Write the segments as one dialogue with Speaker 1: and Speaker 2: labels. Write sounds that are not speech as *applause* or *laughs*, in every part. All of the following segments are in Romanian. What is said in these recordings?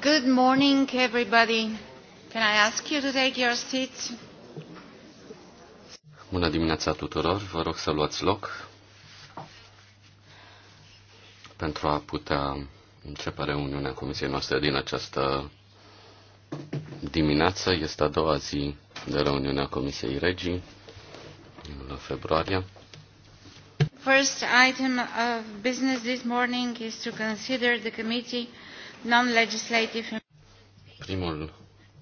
Speaker 1: Good morning, everybody. Can I ask you to take your seats?
Speaker 2: Bună dimineața tuturor, vă rog să luați loc pentru a putea începe reuniunea comisiei noastre din această dimineață. Este a doua zi de reuniunea comisiei regii, în februarie.
Speaker 1: First item of business this morning is to consider the committee
Speaker 2: Primul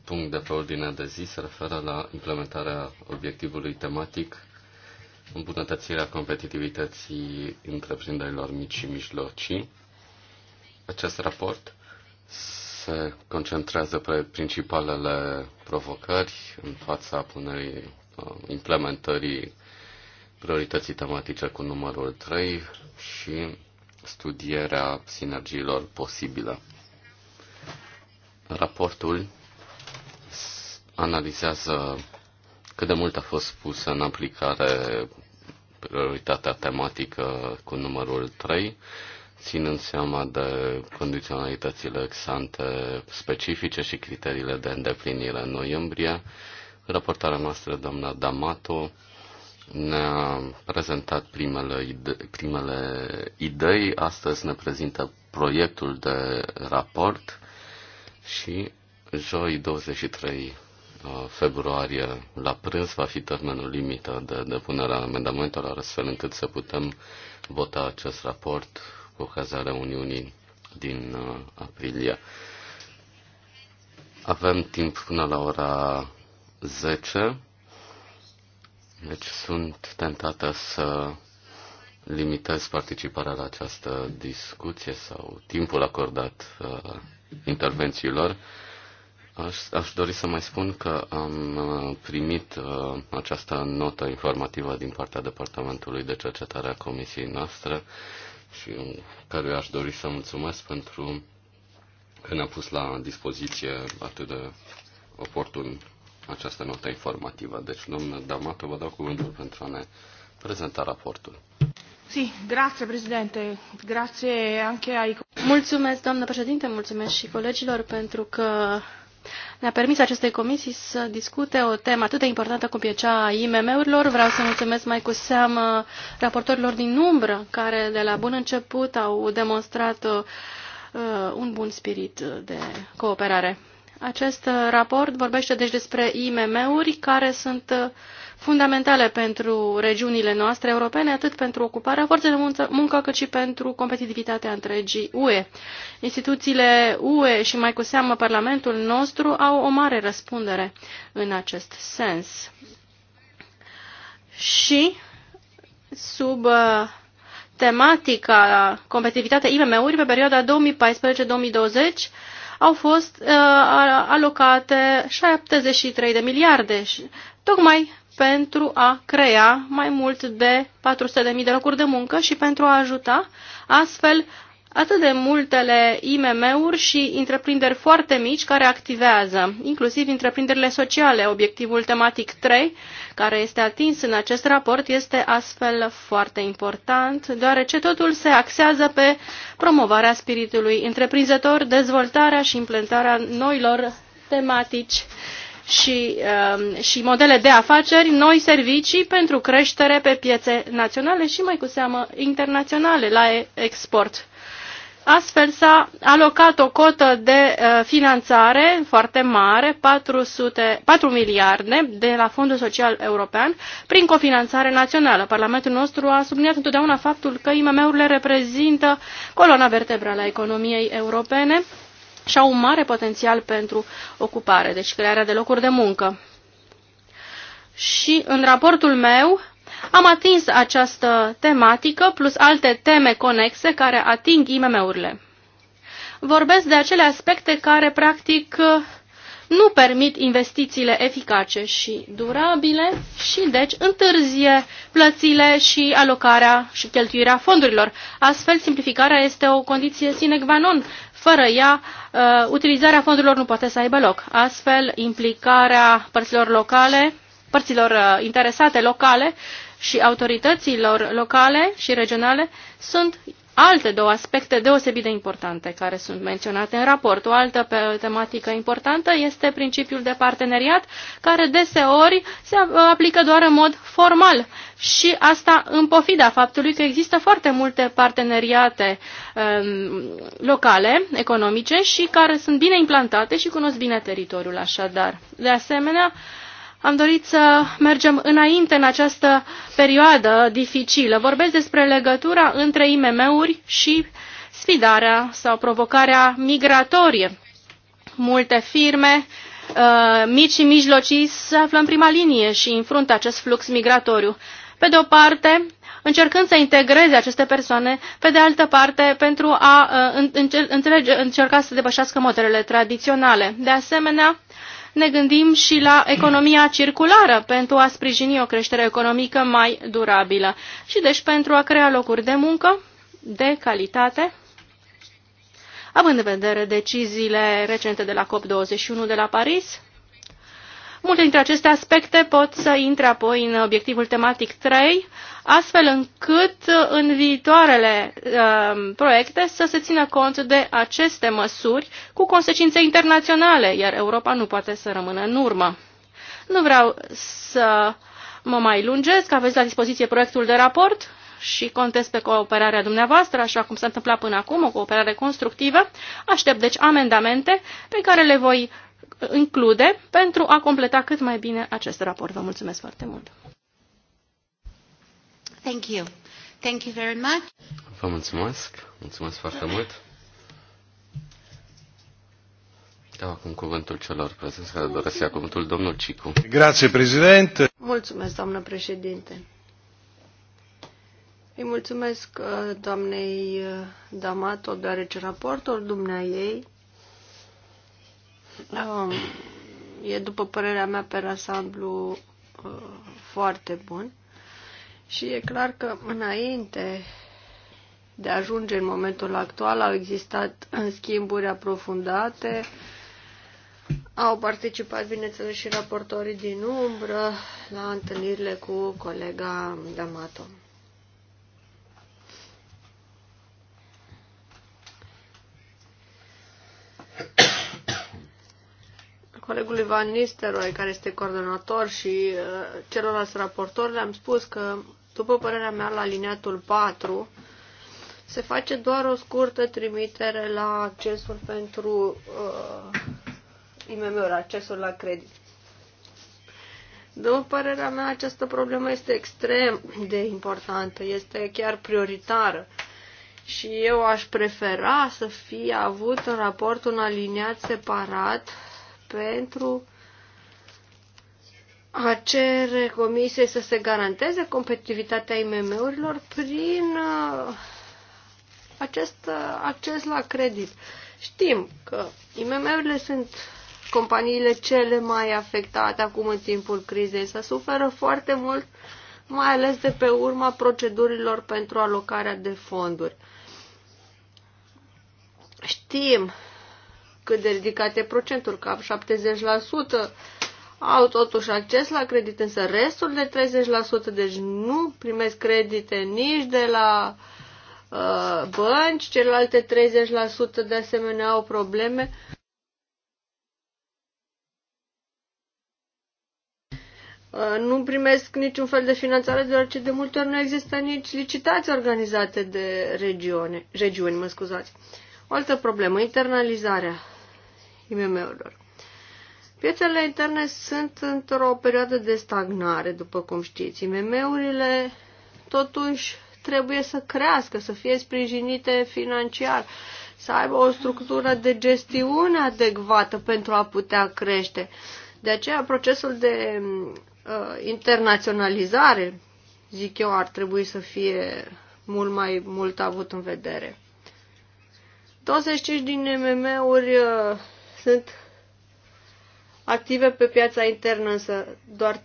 Speaker 2: punct de pe ordinea de zi se referă la implementarea obiectivului tematic îmbunătățirea competitivității întreprinderilor mici și mijlocii. Acest raport se concentrează pe principalele provocări în fața punerii uh, implementării priorității tematice cu numărul 3 și studierea sinergiilor posibile. Raportul analizează cât de mult a fost pusă în aplicare prioritatea tematică cu numărul 3, ținând seama de condiționalitățile exante specifice și criteriile de îndeplinire în noiembrie. Raportarea noastră, doamna D'Amato, ne-a prezentat primele, ide- primele idei. Astăzi ne prezintă proiectul de raport și joi 23 uh, februarie la prânz va fi termenul limită de depunere a amendamentelor, astfel încât să putem vota acest raport cu ocazia reuniunii din uh, aprilie. Avem timp până la ora 10, deci sunt tentată să limitez participarea la această discuție sau timpul acordat uh, intervențiilor. Aș, aș dori să mai spun că am uh, primit uh, această notă informativă din partea Departamentului de Cercetare a Comisiei noastre și care aș dori să mulțumesc pentru că ne-a pus la dispoziție atât de oportun această notă informativă. Deci, domnul Damato, vă dau cuvântul pentru a ne prezenta raportul.
Speaker 3: Mulțumesc, doamnă președinte, mulțumesc și colegilor pentru că ne-a permis acestei comisii să discute o temă atât de importantă cum e cea a IMM-urilor. Vreau să mulțumesc mai cu seamă raportorilor din umbră, care de la bun început au demonstrat uh, uh un bun spirit de cooperare. Acest raport vorbește deci despre IMM-uri care sunt uh, fundamentale pentru regiunile noastre europene, atât pentru ocuparea forței de muncă, cât și pentru competitivitatea întregii UE. Instituțiile UE și mai cu seamă Parlamentul nostru au o mare răspundere în acest sens. Și sub uh, tematica competitivitatea IMM-uri pe perioada 2014-2020 au fost uh, alocate 73 de miliarde, tocmai pentru a crea mai mult de 400.000 de locuri de muncă și pentru a ajuta astfel atât de multele IMM-uri și întreprinderi foarte mici care activează, inclusiv întreprinderile sociale. Obiectivul tematic 3, care este atins în acest raport, este astfel foarte important, deoarece totul se axează pe promovarea spiritului întreprinzător, dezvoltarea și implementarea noilor tematici și, um, și modele de afaceri, noi servicii pentru creștere pe piețe naționale și mai cu seamă internaționale la export. Astfel s-a alocat o cotă de uh, finanțare foarte mare, 400, 4 miliarde, de la Fondul Social European, prin cofinanțare națională. Parlamentul nostru a subliniat întotdeauna faptul că IMM-urile reprezintă coloana vertebrală a economiei europene și au un mare potențial pentru ocupare, deci crearea de locuri de muncă. Și în raportul meu am atins această tematică plus alte teme conexe care ating IMM-urile. Vorbesc de acele aspecte care practic nu permit investițiile eficace și durabile și deci întârzie plățile și alocarea și cheltuirea fondurilor. Astfel, simplificarea este o condiție sine qua non fără ea, uh, utilizarea fondurilor nu poate să aibă loc. Astfel, implicarea părților locale, părților uh, interesate locale și autorităților locale și regionale sunt alte două aspecte deosebit de importante care sunt menționate în raport. O altă tematică importantă este principiul de parteneriat, care deseori se aplică doar în mod formal și asta în pofida faptului că există foarte multe parteneriate um, locale, economice și care sunt bine implantate și cunosc bine teritoriul așadar. De asemenea, uh, am dorit să mergem înainte în această perioadă dificilă. Vorbesc despre legătura între IMM-uri și sfidarea sau provocarea migratorie. Multe firme uh, mici și mijlocii se află în prima linie și înfruntă acest flux migratoriu. Pe de o parte, încercând să integreze aceste persoane, pe de altă parte, pentru a uh, înțelege, încerca să depășească modelele tradiționale. De asemenea, ne gândim și la economia circulară pentru a sprijini o creștere economică mai durabilă și deci pentru a crea locuri de muncă de calitate, având în vedere deciziile recente de la COP21 de la Paris, multe dintre aceste aspecte pot să intre apoi în obiectivul tematic 3, astfel încât în viitoarele uh, proiecte să se țină cont de aceste măsuri cu consecințe internaționale, iar Europa nu poate să rămână în urmă. Nu vreau să mă mai lungesc, aveți la dispoziție proiectul de raport și contez pe cooperarea dumneavoastră, așa cum s-a întâmplat până acum, o cooperare constructivă. Aștept deci amendamente pe care le voi include pentru a completa cât mai bine acest raport. Vă mulțumesc foarte mult!
Speaker 1: Thank you. Thank you very much.
Speaker 2: Vă mulțumesc. Mulțumesc foarte mult. Dau acum cuvântul celor prezenți care doresc să ia cuvântul domnul Cicu. Grație,
Speaker 4: președinte. Mulțumesc, doamnă președinte. Îi mulțumesc uh, doamnei uh, Damato, deoarece raportul dumnea ei Ah, e, după părerea mea, pe rasamblu uh, foarte bun. Și e clar că înainte de a ajunge în momentul actual au existat schimburi aprofundate, au participat, bineînțeles, și raportorii din umbră la întâlnirile cu colega D'Amato. colegului Van Nistelrooy, care este coordonator și uh, celorlalți raportori, le-am spus că, după părerea mea, la liniatul 4 se face doar o scurtă trimitere la accesul pentru uh, IMM-uri, accesul la credit. După părerea mea, această problemă este extrem de importantă, este chiar prioritară. Și eu aș prefera să fie avut în raport un aliniat separat pentru a cere comisiei să se garanteze competitivitatea IMM-urilor prin uh, acest uh, acces la credit. Știm că IMM-urile sunt companiile cele mai afectate acum în timpul crizei, să suferă foarte mult, mai ales de pe urma procedurilor pentru alocarea de fonduri. Știm cât de ridicate procentul, cam 70% au totuși acces la credit, însă restul de 30%, deci nu primesc credite nici de la uh, bănci, celelalte 30% de asemenea au probleme. Uh, nu primesc niciun fel de finanțare, deoarece de multe ori nu există nici licitații organizate de regiune, regiuni. Mă scuzați. O altă problemă, internalizarea IMM-urilor. Piețele interne sunt într-o perioadă de stagnare, după cum știți. IMM-urile totuși trebuie să crească, să fie sprijinite financiar, să aibă o structură de gestiune adecvată pentru a putea crește. De aceea procesul de uh, internaționalizare, zic eu, ar trebui să fie mult mai mult avut în vedere. 25 din MM-uri uh, sunt active pe piața internă, însă doar 13%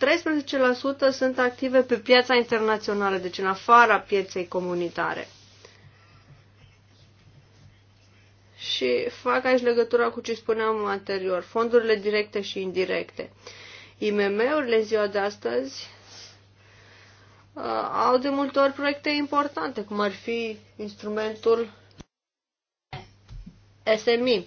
Speaker 4: sunt active pe piața internațională, deci în afara pieței comunitare. Și fac aici legătura cu ce spuneam anterior, fondurile directe și indirecte. IMM-urile în ziua de astăzi uh, au de multe ori proiecte importante, cum ar fi instrumentul SMI.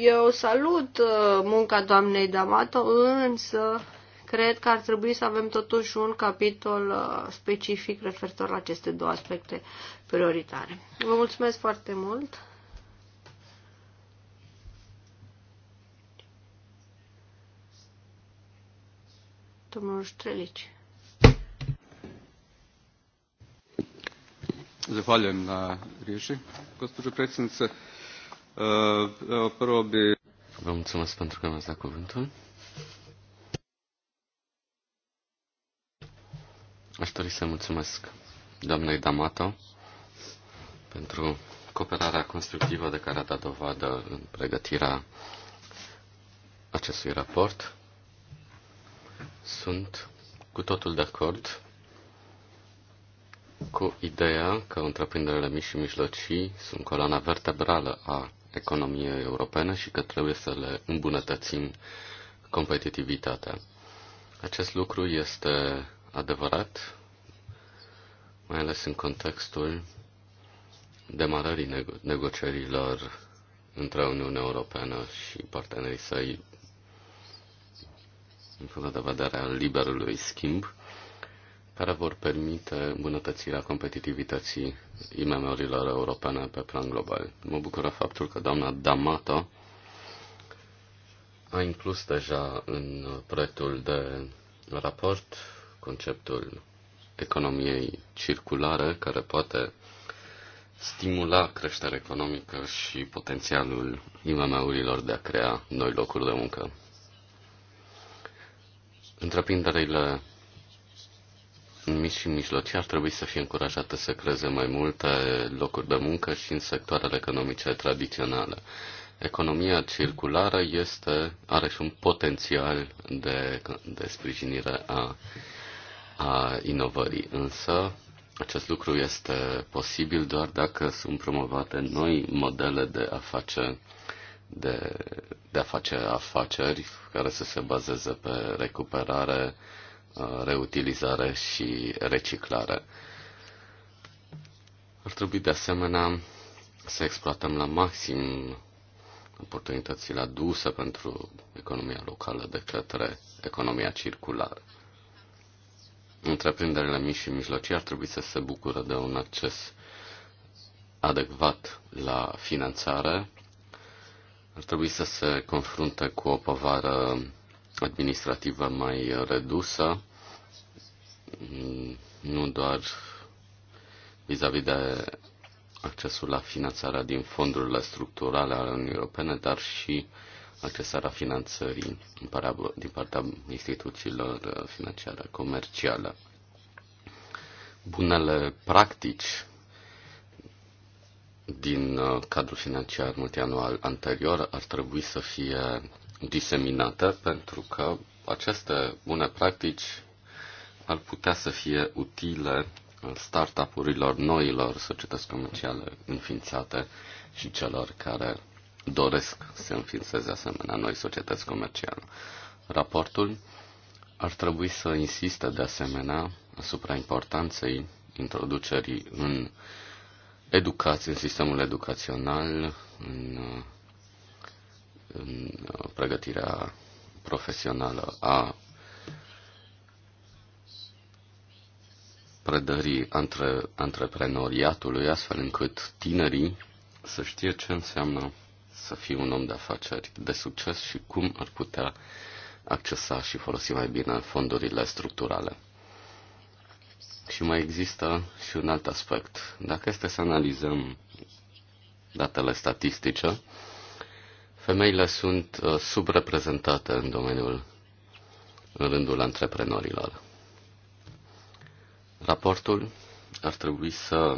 Speaker 4: Eu salut uh, munca doamnei D'Amato, însă cred că ar trebui să avem totuși un capitol uh, specific referitor la aceste două aspecte prioritare. Vă mulțumesc foarte mult! Domnul Ștrelici.
Speaker 2: Zahvaljujem na riječi, gospođo predsjednice probe. Vă mulțumesc pentru că mi-ați dat cuvântul. Aș dori să mulțumesc doamnei Damato pentru cooperarea constructivă de care a dat dovadă în pregătirea acestui raport. Sunt cu totul de acord cu ideea că întreprinderile mici și mijlocii sunt coloana vertebrală a economie europene și că trebuie să le îmbunătățim competitivitatea. Acest lucru este adevărat, mai ales în contextul demarării nego- negocierilor între Uniunea Europeană și partenerii săi în punct de vedere al liberului schimb care vor permite îmbunătățirea competitivității IMM-urilor europene pe plan global. Mă bucură faptul că doamna D'Amato a inclus deja în proiectul de raport conceptul economiei circulare care poate stimula creșterea economică și potențialul IMM-urilor de a crea noi locuri de muncă. Întreprinderile mici și mijlocii ar trebui să fie încurajate să creeze mai multe locuri de muncă și în sectoarele economice tradiționale. Economia circulară este, are și un potențial de, de sprijinire a, a inovării, însă acest lucru este posibil doar dacă sunt promovate noi modele de a face, de, de a face afaceri care să se bazeze pe recuperare, Uh, reutilizare și reciclare. Ar trebui de asemenea să exploatăm la maxim oportunitățile aduse pentru economia locală de către economia circulară. Întreprinderile mici și mijlocii ar trebui să se bucură de un acces adecvat la finanțare, ar trebui să se confrunte cu o povară administrativă mai redusă, nu doar vis-a-vis -vis de accesul la finanțarea din fondurile structurale ale Uniunii Europene, dar și accesarea finanțării din partea instituțiilor financiare comerciale. Bunele practici din uh, cadrul financiar multianual anterior ar trebui să fie diseminată, pentru că aceste bune practici ar putea să fie utile startup-urilor noilor societăți comerciale înființate și celor care doresc să înființeze asemenea noi societăți comerciale. Raportul ar trebui să insiste de asemenea asupra importanței introducerii în educație, în sistemul educațional, în în uh, pregătirea profesională a predării antre, antreprenoriatului, astfel încât tinerii să știe ce înseamnă să fii un om de afaceri de succes și cum ar putea accesa și folosi mai bine fondurile structurale. Și mai există și un alt aspect. Dacă este să analizăm datele statistice, Femeile sunt uh, subreprezentate în domeniul, în rândul antreprenorilor. Raportul ar trebui să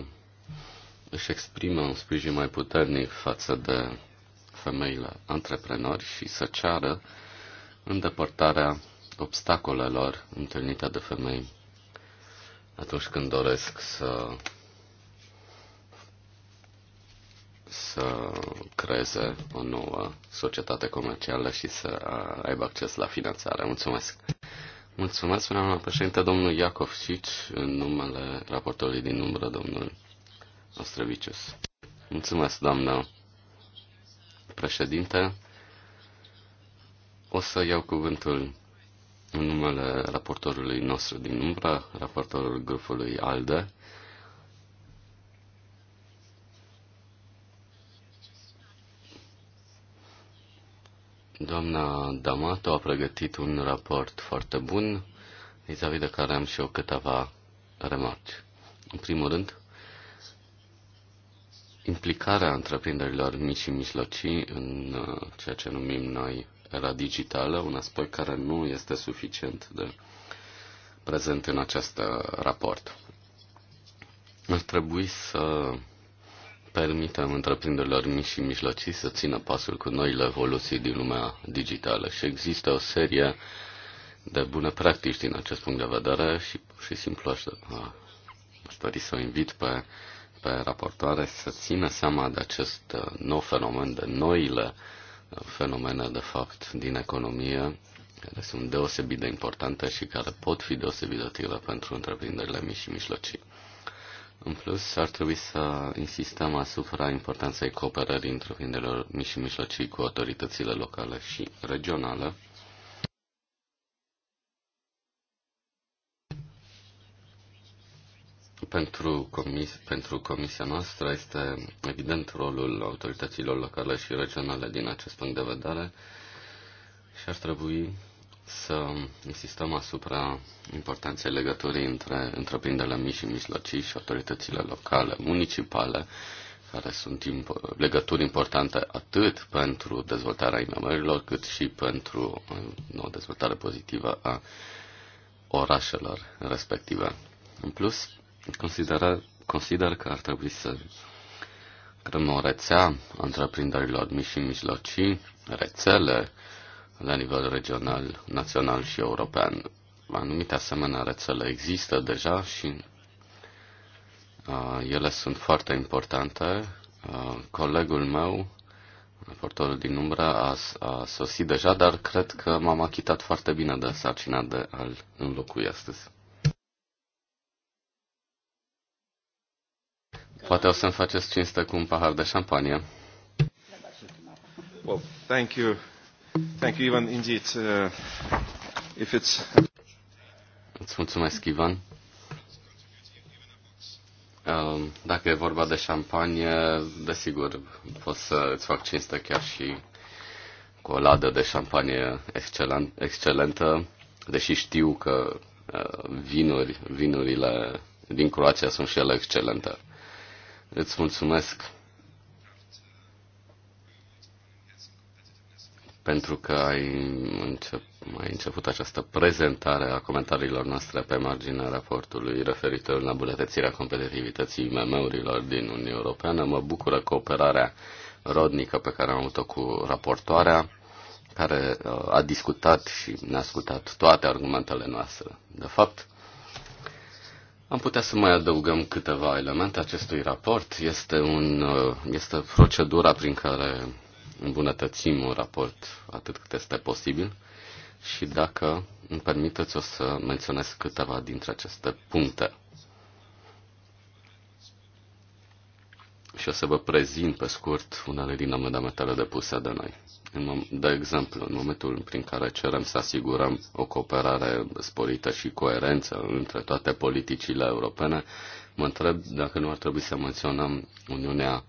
Speaker 2: își exprimă un sprijin mai puternic față de femeile antreprenori și să ceară îndepărtarea obstacolelor întâlnite de femei atunci când doresc să să creeze o nouă societate comercială și să aibă acces la finanțare. Mulțumesc! Mulțumesc, doamna președinte, domnul Iacov Șici, în numele raportorului din umbră, domnul Ostrevicius. Mulțumesc, doamnă președinte. O să iau cuvântul în numele raportorului nostru din umbră, raportorul grupului ALDE, Doamna Damato a pregătit un raport foarte bun, vis-a-vis de care am și eu câteva remarci. În primul rând, implicarea întreprinderilor mici și mijlocii în uh, ceea ce numim noi era digitală, un aspect care nu este suficient de prezent în acest uh, raport. Ar trebui să permitem întreprinderilor mici și mijlocii să țină pasul cu noile evoluții din lumea digitală și există o serie de bune practici din acest punct de vedere și pur și simplu aș, aș dori să o invit pe, pe raportoare să țină seama de acest nou fenomen, de noile fenomene, de fapt, din economie, care sunt deosebit de importante și care pot fi deosebit de utile pentru întreprinderile mici și mijlocii. În plus, ar trebui să insistăm asupra importanței cooperării întreprinderilor mici și mijlocii cu autoritățile locale și regionale. Pentru, comis, pentru comisia noastră este evident rolul autorităților locale și regionale din acest punct de vedere și ar trebui să insistăm asupra importanței legăturii între întreprinderile mici și mijlocii și autoritățile locale, municipale, care sunt imp- legături importante atât pentru dezvoltarea inamărilor, cât și pentru uh, o dezvoltare pozitivă a orașelor respective. În plus, consider, consider că ar trebui să creăm o rețea întreprinderilor mici și mijlocii, rețele la nivel regional, național și european. Anumite asemenea rețele există deja și uh, ele sunt foarte importante. Uh, colegul meu, raportorul din umbră, a, a sosit deja, dar cred că m-am achitat foarte bine de sarcina de a-l înlocui astăzi. Poate o să-mi faceți cinste cu un pahar de șampanie. Well, thank you Thank you, Ivan. Indeed, uh, if it's... Îți mulțumesc, Ivan. Um, dacă e vorba de șampanie, desigur, pot să îți fac cinste chiar și cu o ladă de șampanie excelent, excelentă, deși știu că uh, vinuri, vinurile din Croația sunt și ele excelente. Îți mulțumesc pentru că ai, încep, ai început această prezentare a comentariilor noastre pe marginea raportului referitor la bunătățirea competitivității IMM-urilor din Uniunea Europeană. Mă bucură cooperarea rodnică pe care am avut-o cu raportoarea, care uh, a discutat și ne-a ascultat toate argumentele noastre. De fapt, am putea să mai adăugăm câteva elemente acestui raport. Este, un, uh, este procedura prin care îmbunătățim un raport atât cât este posibil și dacă îmi permiteți o să menționez câteva dintre aceste puncte. Și o să vă prezint pe scurt unele din amendamentele depuse de noi. De exemplu, în momentul prin care cerem să asigurăm o cooperare sporită și coerență între toate politicile europene, mă întreb dacă nu ar trebui să menționăm Uniunea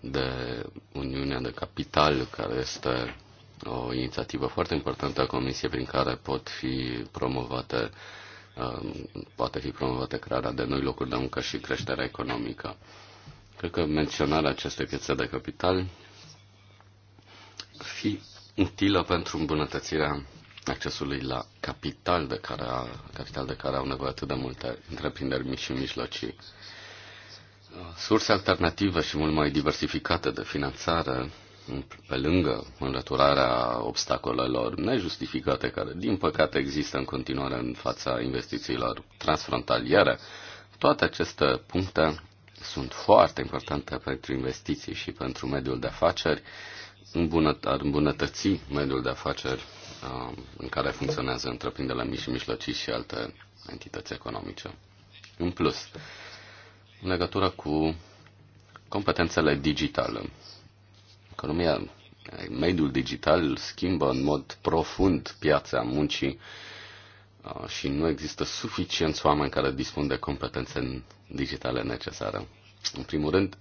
Speaker 2: de Uniunea de Capital, care este o inițiativă foarte importantă a Comisiei prin care pot fi promovate um, poate fi promovată crearea de noi locuri de muncă și creșterea economică. Cred că menționarea acestei piețe de capital fi utilă pentru îmbunătățirea accesului la capital de care, a, capital de care au nevoie atât de multe întreprinderi mici și mijlocii. Surse alternativă și mult mai diversificată de finanțare, pe lângă înlăturarea obstacolelor nejustificate care, din păcate, există în continuare în fața investițiilor transfrontaliere, toate aceste puncte sunt foarte importante pentru investiții și pentru mediul de afaceri, ar îmbunătăți mediul de afaceri um, în care funcționează întreprinderile mici și mijlocii și alte entități economice. În plus, în legătură cu competențele digitale. Economia, mediul digital schimbă în mod profund piața muncii și nu există suficienți oameni care dispun de competențe digitale necesare. În primul rând,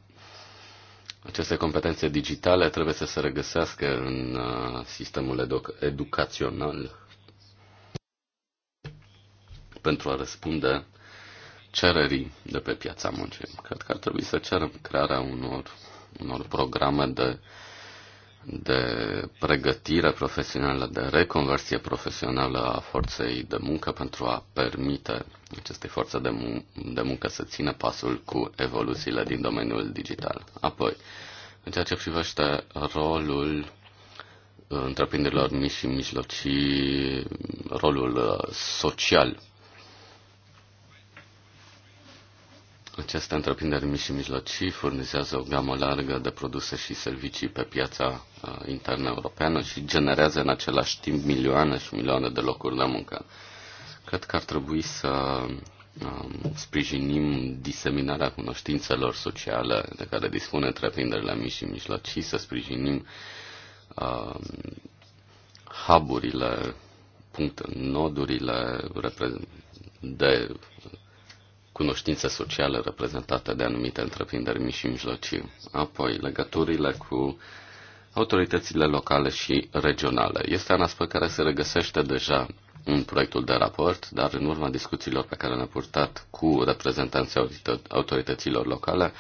Speaker 2: aceste competențe digitale trebuie să se regăsească în sistemul edu- educațional pentru a răspunde cererii de pe piața muncii. Cred că ar trebui să cerem crearea unor, unor programe de, de pregătire profesională, de reconversie profesională a forței de muncă pentru a permite acestei forțe de, mun- de muncă să țină pasul cu evoluțiile din domeniul digital. Apoi, în ceea ce privește rolul întreprinderilor mici și mijlocii, rolul uh, social Această întreprindere mici și mijlocii furnizează o gamă largă de produse și servicii pe piața uh, internă europeană și generează în același timp milioane și milioane de locuri de muncă. Cred că ar trebui să um, sprijinim diseminarea cunoștințelor sociale de care dispune întreprinderile mici și mijlocii, să sprijinim uh, hub-urile, puncte, nodurile de cunoștințe sociale reprezentate de anumite întreprinderi mici și mijlocii, apoi legăturile cu autoritățile locale și regionale. Este un aspect care se regăsește deja în proiectul de raport, dar în urma discuțiilor pe care le-am purtat cu reprezentanții autorităților locale,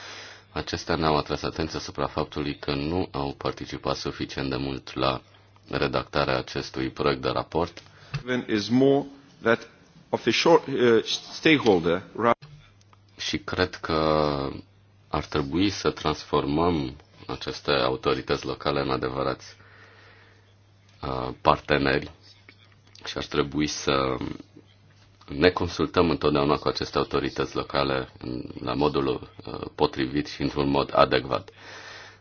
Speaker 2: acestea ne-au atras atenția asupra faptului că nu au participat suficient de mult la redactarea acestui proiect de raport și cred că ar trebui să transformăm aceste autorități locale în adevărați uh, parteneri și ar trebui să ne consultăm întotdeauna cu aceste autorități locale la modul uh, potrivit și într-un mod adecvat.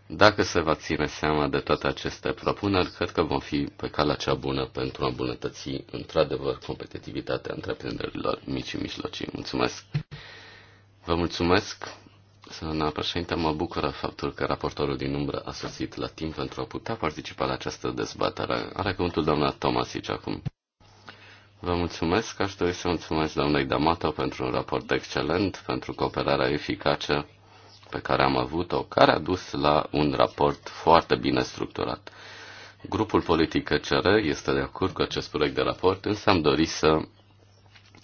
Speaker 2: Dacă se va ține seama de toate aceste propuneri, cred că vom fi pe calea cea bună pentru a îmbunătăți într-adevăr competitivitatea întreprinderilor mici și mijlocii. Mulțumesc! Vă mulțumesc, doamna președinte. Mă bucură faptul că raportorul din umbră a sosit la timp pentru a putea participa la această dezbatere. Are cuvântul doamna Tomasic acum. Vă mulțumesc, aș dori să mulțumesc doamnei Damato pentru un raport excelent, pentru cooperarea eficace pe care am avut-o, care a dus la un raport foarte bine structurat. Grupul politic CR este de acord cu acest proiect de raport, însă am dorit să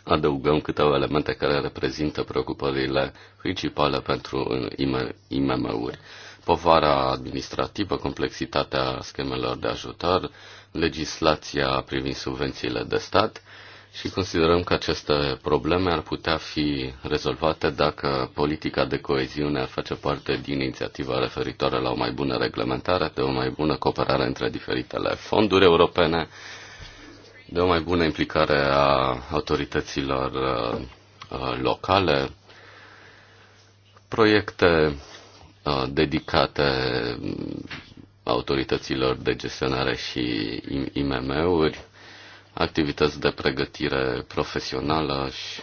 Speaker 2: adăugăm câteva elemente care reprezintă preocupările principale pentru IMM-uri. Povara administrativă, complexitatea schemelor de ajutor, legislația privind subvențiile de stat și considerăm că aceste probleme ar putea fi rezolvate dacă politica de coeziune ar face parte din inițiativa referitoare la o mai bună reglementare, de o mai bună cooperare între diferitele fonduri europene, de o mai bună implicare a autorităților uh, uh, locale, proiecte uh, dedicate mm, autorităților de gestionare și IMM-uri, activități de pregătire profesională și,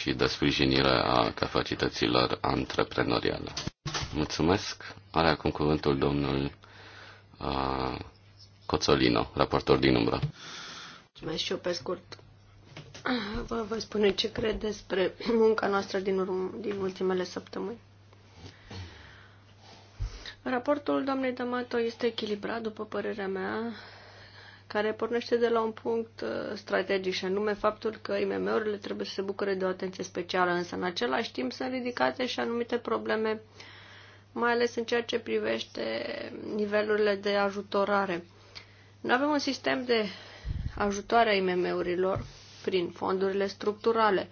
Speaker 2: și de sprijinire a capacităților antreprenoriale. Mulțumesc. Are acum cuvântul domnul uh, Coțolino, raportor din umbră.
Speaker 4: Mulțumesc și eu pe scurt. Vă vă spune ce cred despre munca noastră din, urm- din ultimele săptămâni. Raportul doamnei Damato este echilibrat, după părerea mea, care pornește de la un punct uh, strategic și anume faptul că IMM-urile trebuie să se bucure de o atenție specială, însă în același timp sunt ridicate și anumite probleme, mai ales în ceea ce privește nivelurile de ajutorare. Nu avem un sistem de ajutoarea IMM-urilor prin fondurile structurale,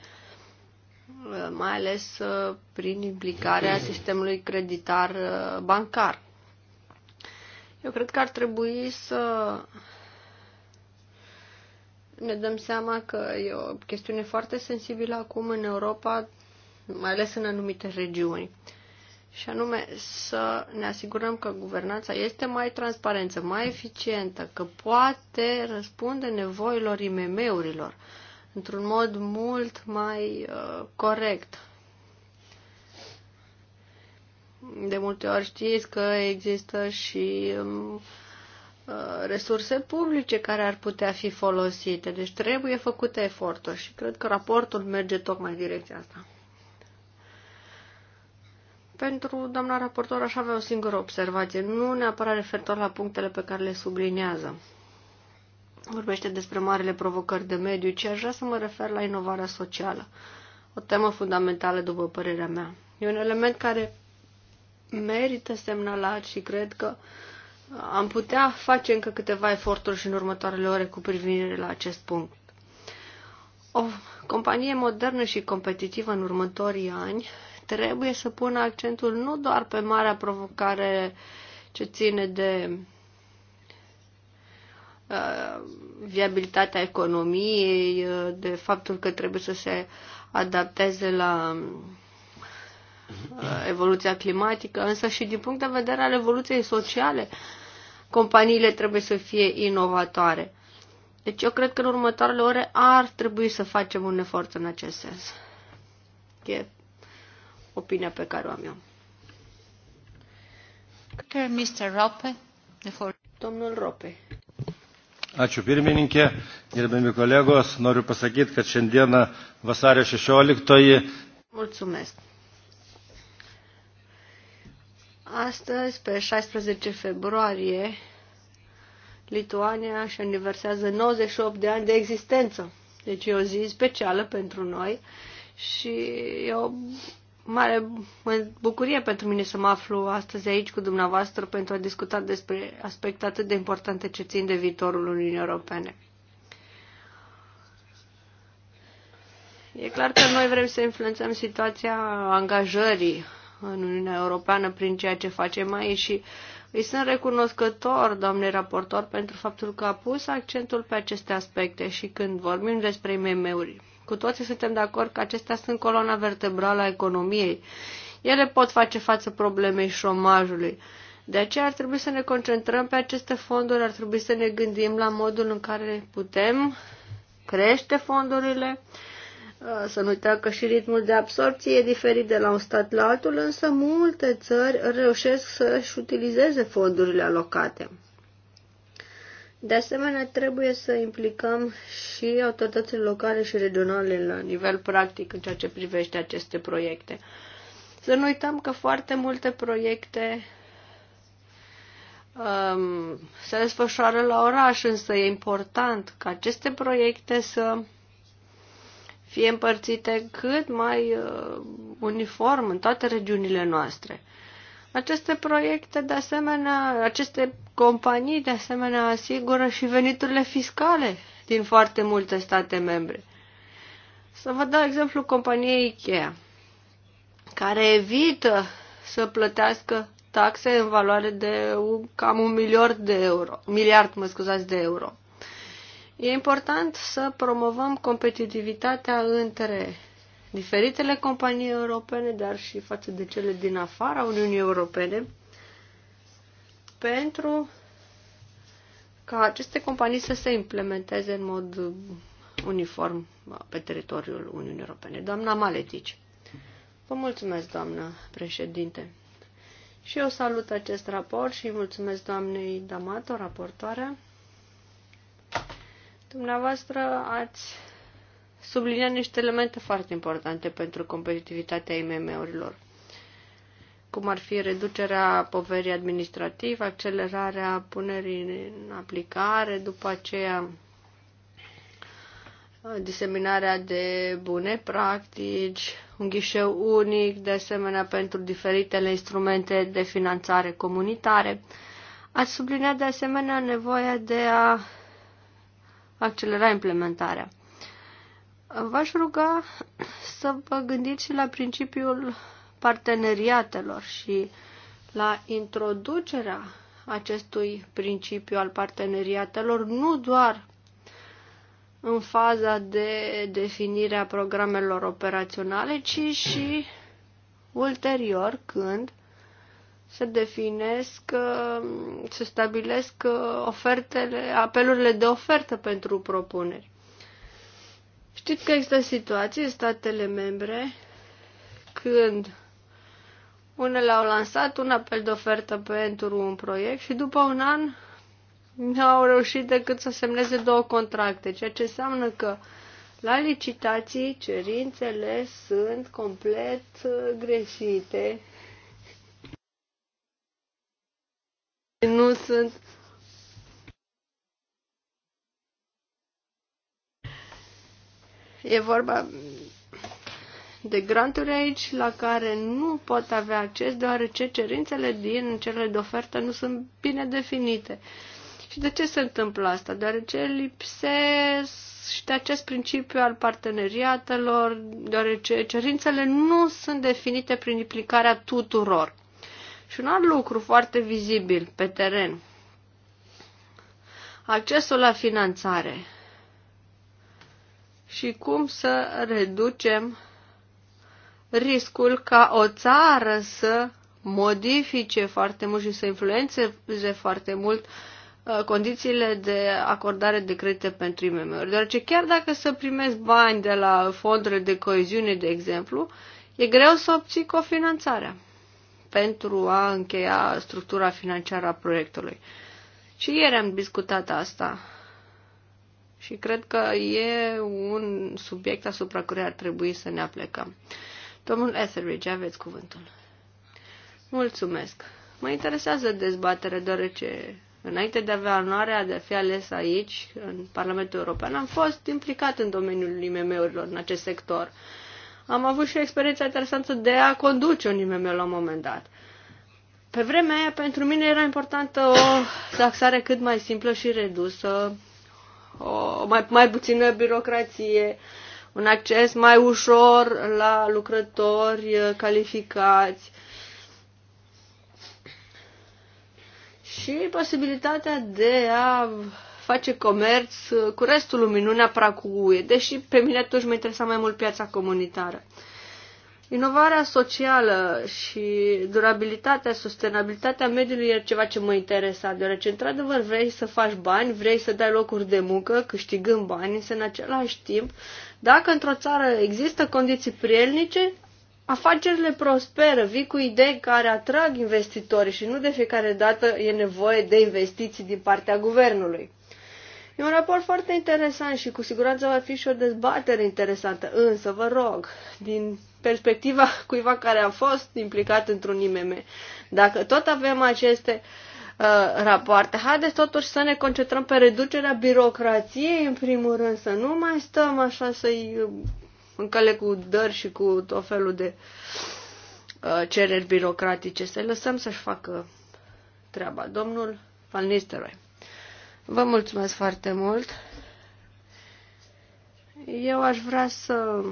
Speaker 4: mai ales uh, prin implicarea sistemului creditar uh, bancar. Eu cred că ar trebui să ne dăm seama că e o chestiune foarte sensibilă acum în Europa, mai ales în anumite regiuni și anume să ne asigurăm că guvernanța este mai transparentă, mai eficientă, că poate răspunde nevoilor IMM-urilor într-un mod mult mai uh, corect. De multe ori știți că există și um, uh, resurse publice care ar putea fi folosite. Deci trebuie făcute eforturi și cred că raportul merge tocmai în direcția asta. Pentru doamna raportor aș avea o singură observație, nu neapărat referitor la punctele pe care le subliniază. Vorbește despre marile provocări de mediu, ci aș vrea să mă refer la inovarea socială, o temă fundamentală după părerea mea. E un element care merită semnalat și cred că am putea face încă câteva eforturi și în următoarele ore cu privire la acest punct. O companie modernă și competitivă în următorii ani trebuie să pună accentul nu doar pe marea provocare ce ține de uh, viabilitatea economiei, uh, de faptul că trebuie să se adapteze la uh, evoluția climatică, însă și din punct de vedere al evoluției sociale, companiile trebuie să fie inovatoare. Deci eu cred că în următoarele ore ar trebui să facem un efort în acest sens. Yeah opinia pe care o am eu. Mr. Rope, Domnul Rope. Ačiū pirmininkė, gerbiami kolegos, noriu pasakyti, kad šiandieną vasario 16-oji. Mulțumesc. Astăzi, pe 16 februarie, Lituania își aniversează 98 de ani de existență. Deci e o zi specială pentru noi și e o mare bucurie pentru mine să mă aflu astăzi aici cu dumneavoastră pentru a discuta despre aspecte atât de importante ce țin de viitorul Uniunii Europene. E clar că noi vrem să influențăm situația angajării în Uniunea Europeană prin ceea ce facem aici și îi sunt recunoscător, doamne raportor, pentru faptul că a pus accentul pe aceste aspecte și când vorbim despre IMM-uri cu toții suntem de acord că acestea sunt coloana vertebrală a economiei. Ele pot face față problemei șomajului. De aceea ar trebui să ne concentrăm pe aceste fonduri, ar trebui să ne gândim la modul în care putem crește fondurile, uh, să nu uităm că și ritmul de absorpție e diferit de la un stat la altul, însă multe țări reușesc să-și utilizeze fondurile alocate. De asemenea, trebuie să implicăm și autoritățile locale și regionale la nivel practic în ceea ce privește aceste proiecte. Să nu uităm că foarte multe proiecte um, se desfășoară la oraș, însă e important ca aceste proiecte să fie împărțite cât mai uh, uniform în toate regiunile noastre. Aceste proiecte, de asemenea, aceste companii, de asemenea, asigură și veniturile fiscale din foarte multe state membre. Să vă dau exemplu companiei Ikea, care evită să plătească taxe în valoare de un cam un miliard de euro. Miliard, mă scuzați, de euro. E important să promovăm competitivitatea între diferitele companii europene, dar și față de cele din afara Uniunii Europene, pentru ca aceste companii să se implementeze în mod uniform pe teritoriul Uniunii Europene. Doamna Maletici. Vă mulțumesc, doamnă președinte. Și eu salut acest raport și mulțumesc doamnei Damato, raportoarea. Dumneavoastră ați sublinia niște elemente foarte importante pentru competitivitatea IMM-urilor, cum ar fi reducerea poverii administrative, accelerarea punerii în aplicare, după aceea diseminarea de bune practici, un ghișeu unic, de asemenea pentru diferitele instrumente de finanțare comunitare. Ați subliniat de asemenea nevoia de a accelera implementarea. V-aș ruga să vă gândiți și la principiul parteneriatelor și la introducerea acestui principiu al parteneriatelor, nu doar în faza de definire a programelor operaționale, ci și ulterior când se definesc, se stabilesc ofertele, apelurile de ofertă pentru propuneri. Știți că există situații în statele membre când unele au lansat un apel de ofertă pentru un proiect și după un an nu au reușit decât să semneze două contracte, ceea ce înseamnă că la licitații cerințele sunt complet uh, greșite. Nu sunt E vorba de granturi aici la care nu pot avea acces deoarece cerințele din cele de ofertă nu sunt bine definite. Și de ce se întâmplă asta? Deoarece de acest principiu al parteneriatelor, deoarece cerințele nu sunt definite prin implicarea tuturor. Și un alt lucru foarte vizibil pe teren. Accesul la finanțare și cum să reducem riscul ca o țară să modifice foarte mult și să influențeze foarte mult uh, condițiile de acordare de credite pentru IMM-uri. Deoarece chiar dacă să primești bani de la fondurile de coeziune, de exemplu, e greu să obții cofinanțarea pentru a încheia structura financiară a proiectului. Și ieri am discutat asta și cred că e un subiect asupra căruia ar trebui să ne aplecăm. Domnul Etheridge, aveți cuvântul. Mulțumesc. Mă interesează dezbaterea, deoarece înainte de a avea onoarea de a fi ales aici, în Parlamentul European, am fost implicat în domeniul IMM-urilor, în acest sector. Am avut și o experiență interesantă de a conduce un IMM la un moment dat. Pe vremea aia, pentru mine era importantă o taxare cât mai simplă și redusă o mai, mai puțină birocrație, un acces mai ușor la lucrători uh, calificați și posibilitatea de a face comerț uh, cu restul lumii, nu neapărat cu UE, deși pe mine atunci mă interesa mai mult piața comunitară. Inovarea socială și durabilitatea, sustenabilitatea mediului e ceva ce mă interesa, deoarece într-adevăr vrei să faci bani, vrei să dai locuri de muncă, câștigând bani, însă în același timp, dacă într-o țară există condiții prielnice, afacerile prosperă, vii cu idei care atrag investitori și nu de fiecare dată e nevoie de investiții din partea guvernului. E un raport foarte interesant și cu siguranță va fi și o dezbatere interesantă, însă vă rog, din perspectiva *laughs* cuiva care a fost implicat într-un IMM. Dacă tot avem aceste uh, rapoarte, haideți totuși să ne concentrăm pe reducerea birocrației, în primul rând, să nu mai stăm așa să-i uh, încăle cu dări și cu tot felul de uh, cereri birocratice, să lăsăm să-și facă treaba. Domnul Falnisteroi, Vă mulțumesc foarte mult. Eu aș vrea să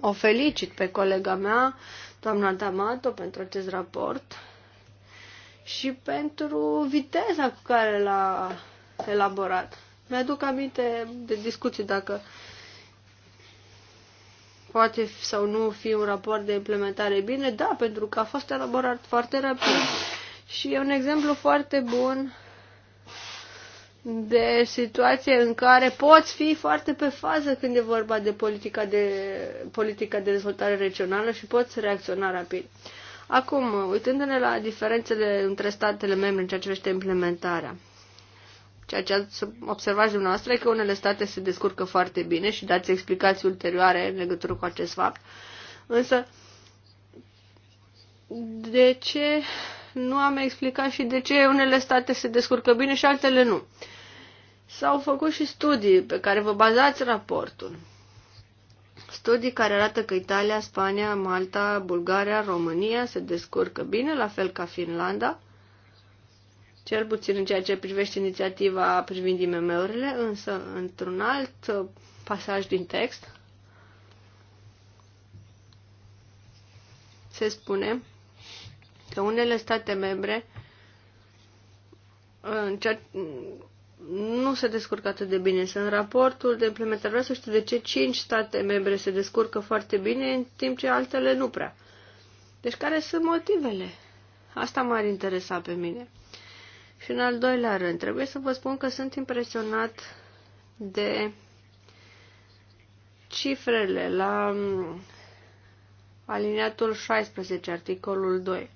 Speaker 4: o felicit pe colega mea, doamna Damato, pentru acest raport și pentru viteza cu care l-a elaborat. Mi-aduc aminte de discuții dacă poate sau nu fi un raport de implementare bine, da, pentru că a fost elaborat foarte rapid și e un exemplu foarte bun de situație în care poți fi foarte pe fază când e vorba de politica de, politica de dezvoltare regională și poți reacționa rapid. Acum, uitându-ne la diferențele între statele membre în ceea ce vește implementarea, ceea ce ați observat dumneavoastră e că unele state se descurcă foarte bine și dați explicații ulterioare în legătură cu acest fapt. Însă, de ce nu am explicat și de ce unele state se descurcă bine și altele nu? S-au făcut și studii pe care vă bazați raportul. Studii care arată că Italia, Spania, Malta, Bulgaria, România se descurcă bine, la fel ca Finlanda, cel puțin în ceea ce privește inițiativa privind IMM-urile, însă într-un alt uh, pasaj din text se spune că unele state membre uh, în ceea nu se descurcă atât de bine. Sunt în raportul de implementare vreau să știu de ce cinci state membre se descurcă foarte bine, în timp ce altele nu prea. Deci care sunt motivele? Asta m-ar interesa pe mine. Și în al doilea rând, trebuie să vă spun că sunt impresionat de cifrele la mm, aliniatul 16, articolul 2.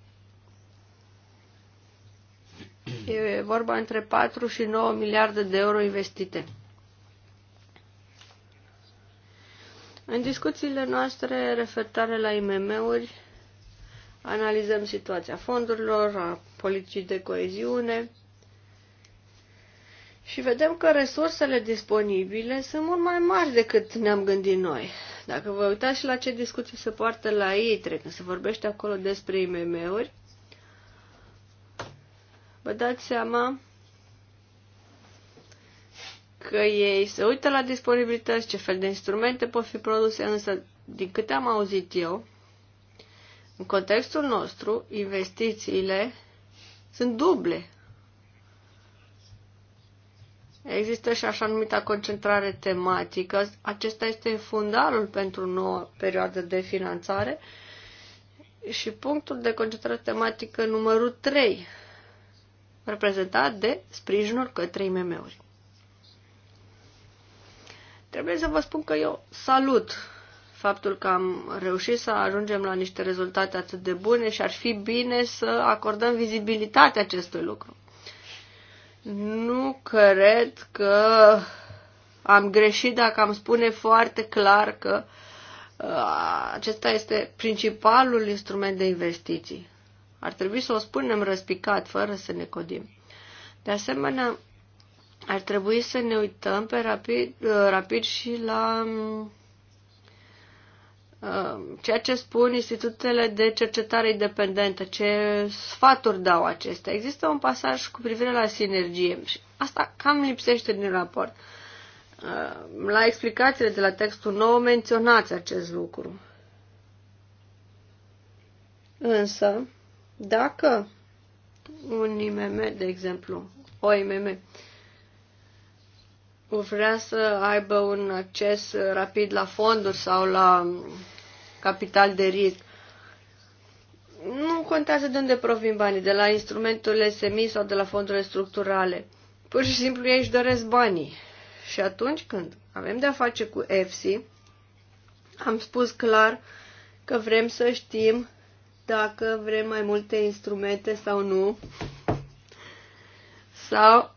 Speaker 4: E vorba între 4 și 9 miliarde de euro investite. În discuțiile noastre referitoare la IMM-uri, analizăm situația fondurilor, a politicii de coeziune și vedem că resursele disponibile sunt mult mai mari decât ne-am gândit noi. Dacă vă uitați și la ce discuții se poartă la ei, când se vorbește acolo despre IMM-uri, vă dați seama că ei se uită la disponibilități, ce fel de instrumente pot fi produse, însă, din câte am auzit eu, în contextul nostru, investițiile sunt duble. Există și așa numita concentrare tematică. Acesta este fundalul pentru noua perioadă de finanțare și punctul de concentrare tematică numărul 3 reprezentat de sprijinul către IMM-uri. Trebuie să vă spun că eu salut faptul că am reușit să ajungem la niște rezultate atât de bune și ar fi bine să acordăm vizibilitate acestui lucru. Nu cred că am greșit dacă am spune foarte clar că uh, acesta este principalul instrument de investiții. Ar trebui să o spunem răspicat, fără să ne codim. De asemenea, ar trebui să ne uităm pe rapid, uh, rapid și la um, uh, ceea ce spun institutele de cercetare independentă, ce sfaturi dau acestea. Există un pasaj cu privire la sinergie și asta cam lipsește din raport. Uh, la explicațiile de la textul nou menționați acest lucru. Însă, dacă un IMM, de exemplu, o IMM, vrea să aibă un acces rapid la fonduri sau la capital de risc, nu contează de unde provin banii, de la instrumentul SMI sau de la fondurile structurale. Pur și simplu ei își doresc banii. Și atunci când avem de-a face cu EFSI, am spus clar că vrem să știm dacă vrem mai multe instrumente sau nu, sau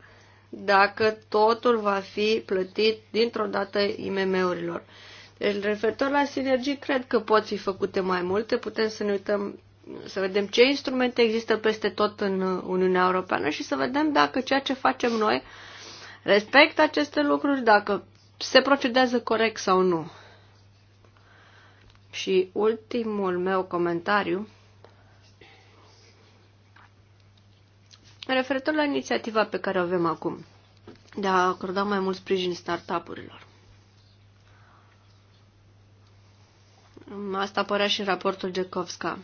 Speaker 4: dacă totul va fi plătit dintr-o dată IMM-urilor. Deci, referitor la sinergii, cred că pot fi făcute mai multe. Putem să ne uităm, să vedem ce instrumente există peste tot în Uniunea Europeană și să vedem dacă ceea ce facem noi respectă aceste lucruri, dacă se procedează corect sau nu. Și ultimul meu comentariu Referitor la inițiativa pe care o avem acum, de a acorda mai mult sprijin startup-urilor. Asta apărea și în raportul Gekovska.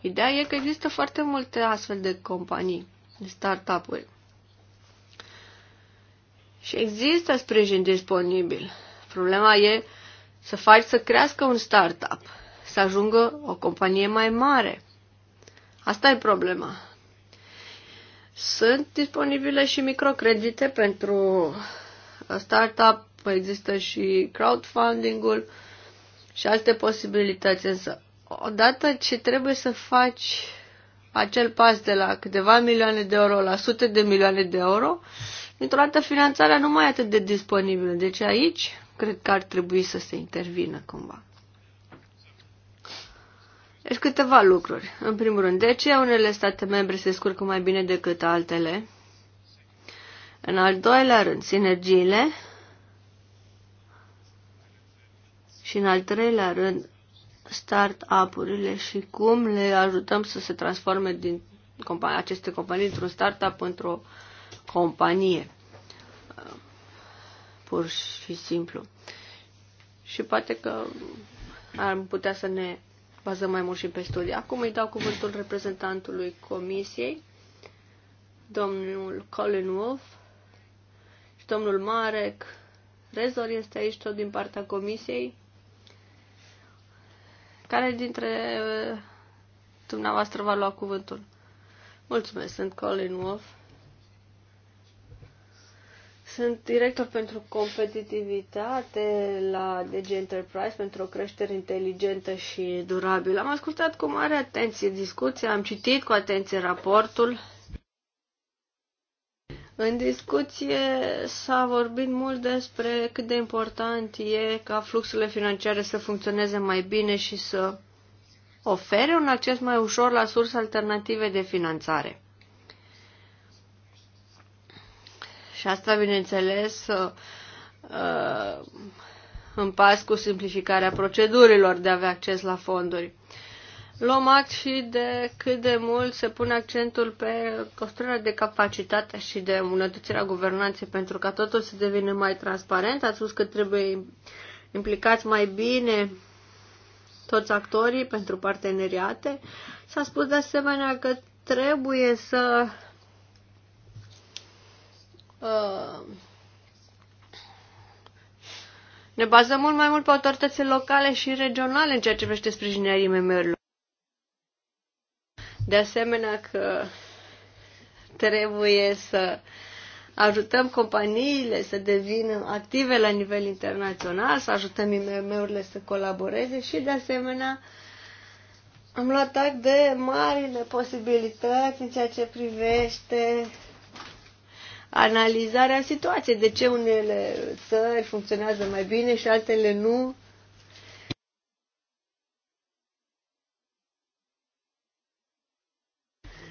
Speaker 4: Ideea e că există foarte multe astfel de companii, de startup-uri. Și există sprijin disponibil. Problema e să faci să crească un startup, să ajungă o companie mai mare. Asta e problema. Sunt disponibile și microcredite pentru startup, există și crowdfunding-ul și alte posibilități, însă odată ce trebuie să faci acel pas de la câteva milioane de euro la sute de milioane de euro, dintr-o dată finanțarea nu mai e atât de disponibilă. Deci aici cred că ar trebui să se intervină cumva. Deci câteva lucruri. În primul rând, de ce unele state membre se scurcă mai bine decât altele? În al doilea rând, sinergiile. Și în al treilea rând, start-up-urile și cum le ajutăm să se transforme din companie, aceste companii într un start-up într-o companie. Pur și simplu. Și poate că am putea să ne bazăm mai mult și pe studii. Acum îi dau cuvântul reprezentantului comisiei, domnul Colin Wolf și domnul Marek Rezor este aici tot din partea comisiei. Care dintre uh, dumneavoastră va lua cuvântul? Mulțumesc, sunt Colin Wolf sunt director pentru competitivitate la DG Enterprise pentru o creștere inteligentă și durabilă. Am ascultat cu mare atenție discuția, am citit cu atenție raportul. În discuție s-a vorbit mult despre cât de important e ca fluxurile financiare să funcționeze mai bine și să ofere un acces mai ușor la surse alternative de finanțare. Și asta, bineînțeles, uh, uh, în pas cu simplificarea procedurilor de a avea acces la fonduri. Luăm act și de cât de mult se pune accentul pe construirea de capacitate și de îmbunătățirea guvernanței pentru ca totul să devină mai transparent. Ați spus că trebuie implicați mai bine toți actorii pentru parteneriate. S-a spus de asemenea că trebuie să Uh, ne bazăm mult mai mult pe autoritățile locale și regionale în ceea ce privește sprijinirea IMM-urilor. De asemenea că trebuie să ajutăm companiile să devină active la nivel internațional, să ajutăm IMM-urile să colaboreze și de asemenea am luat act de marile posibilități în ceea ce privește analizarea situației, de ce unele țări funcționează mai bine și altele nu.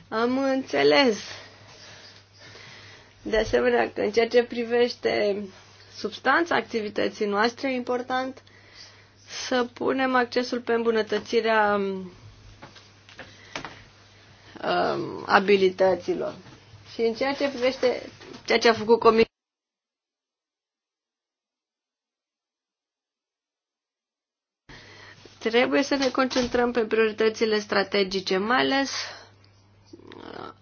Speaker 4: Am înțeles. De asemenea, că în ceea ce privește substanța activității noastre, e important să punem accesul pe îmbunătățirea um, abilităților. Și în ceea ce privește ceea ce a făcut comisia. Trebuie să ne concentrăm pe prioritățile strategice, mai ales uh,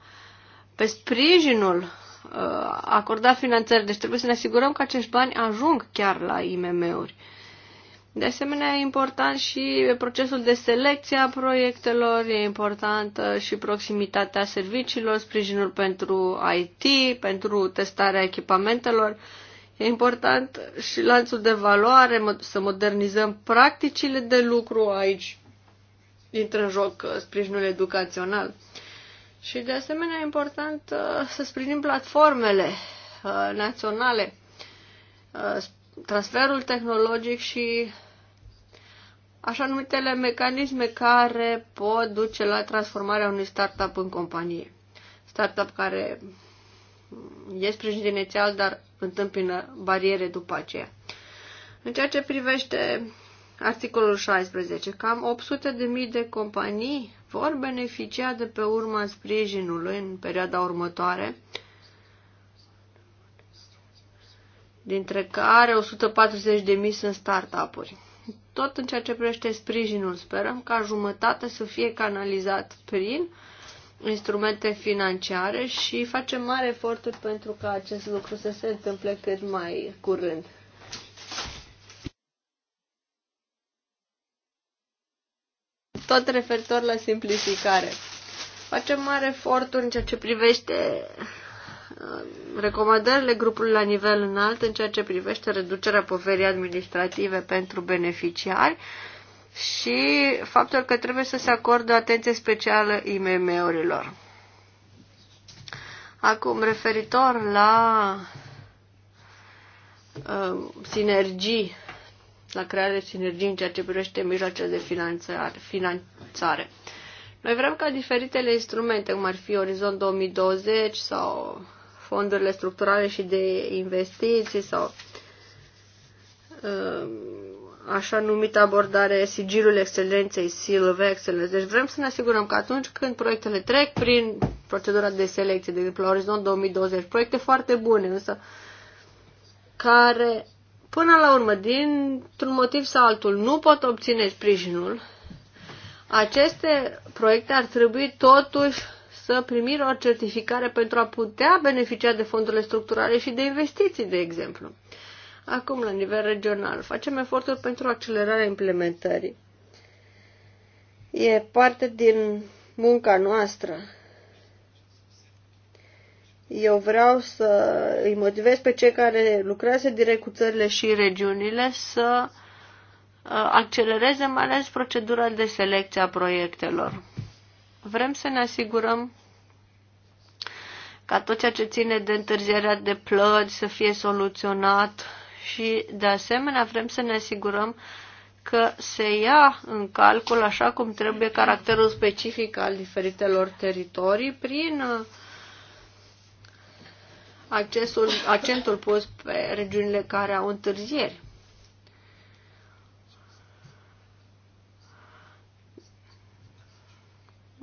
Speaker 4: pe sprijinul uh, acordat finanțări. Deci trebuie să ne asigurăm că acești bani ajung chiar la IMM-uri. Uh, de asemenea, e important și procesul de selecție a proiectelor, e important uh, și proximitatea serviciilor, sprijinul pentru IT, pentru testarea echipamentelor. E important și lanțul de valoare, să modernizăm practicile de lucru aici. Intră în joc uh, sprijinul educațional. Și de asemenea e important uh, să sprijinim platformele naționale transferul tehnologic și așa numitele mecanisme care pot duce la transformarea unui startup în companie. Startup care e sprijinit inițial, dar întâmpină bariere după aceea. În ceea ce privește articolul 16, cam 800.000 de de companii vor beneficia de pe urma sprijinului în perioada următoare, dintre care 140.000 sunt startup-uri. Tot în ceea ce privește sprijinul, sperăm ca jumătate să fie canalizat prin instrumente financiare și facem mari eforturi pentru ca acest lucru să se întâmple cât mai curând. Tot referitor la simplificare. Facem mari eforturi în ceea ce privește recomandările grupului la nivel înalt în ceea ce privește reducerea poverii administrative pentru beneficiari și faptul că trebuie să se acorde o atenție specială IMM-urilor. Acum, referitor la uh, sinergii, la crearea de sinergii în ceea ce privește mijloacele de finanțare, finanțare. Noi vrem ca diferitele instrumente, cum ar fi Orizont 2020 sau fondurile structurale și de investiții sau uh, așa numită abordare sigilul excelenței, seal of excellence. Deci vrem să ne asigurăm că atunci când proiectele trec prin procedura de selecție, de exemplu la Orizont 2020, proiecte foarte bune, însă care până la urmă, dintr-un motiv sau altul, nu pot obține sprijinul, aceste proiecte ar trebui totuși să primiră o certificare pentru a putea beneficia de fondurile structurale și de investiții, de exemplu. Acum, la nivel regional, facem eforturi pentru accelerarea implementării. E parte din munca noastră. Eu vreau să îi motivez pe cei care lucrează direct cu țările și regiunile să uh, accelereze mai ales procedura de selecție a proiectelor. Vrem să ne asigurăm ca tot ceea ce ține de întârzierea de plăți să fie soluționat și, de asemenea, vrem să ne asigurăm că se ia în calcul așa cum trebuie caracterul specific al diferitelor teritorii prin uh, accesul, accentul pus pe regiunile care au întârzieri.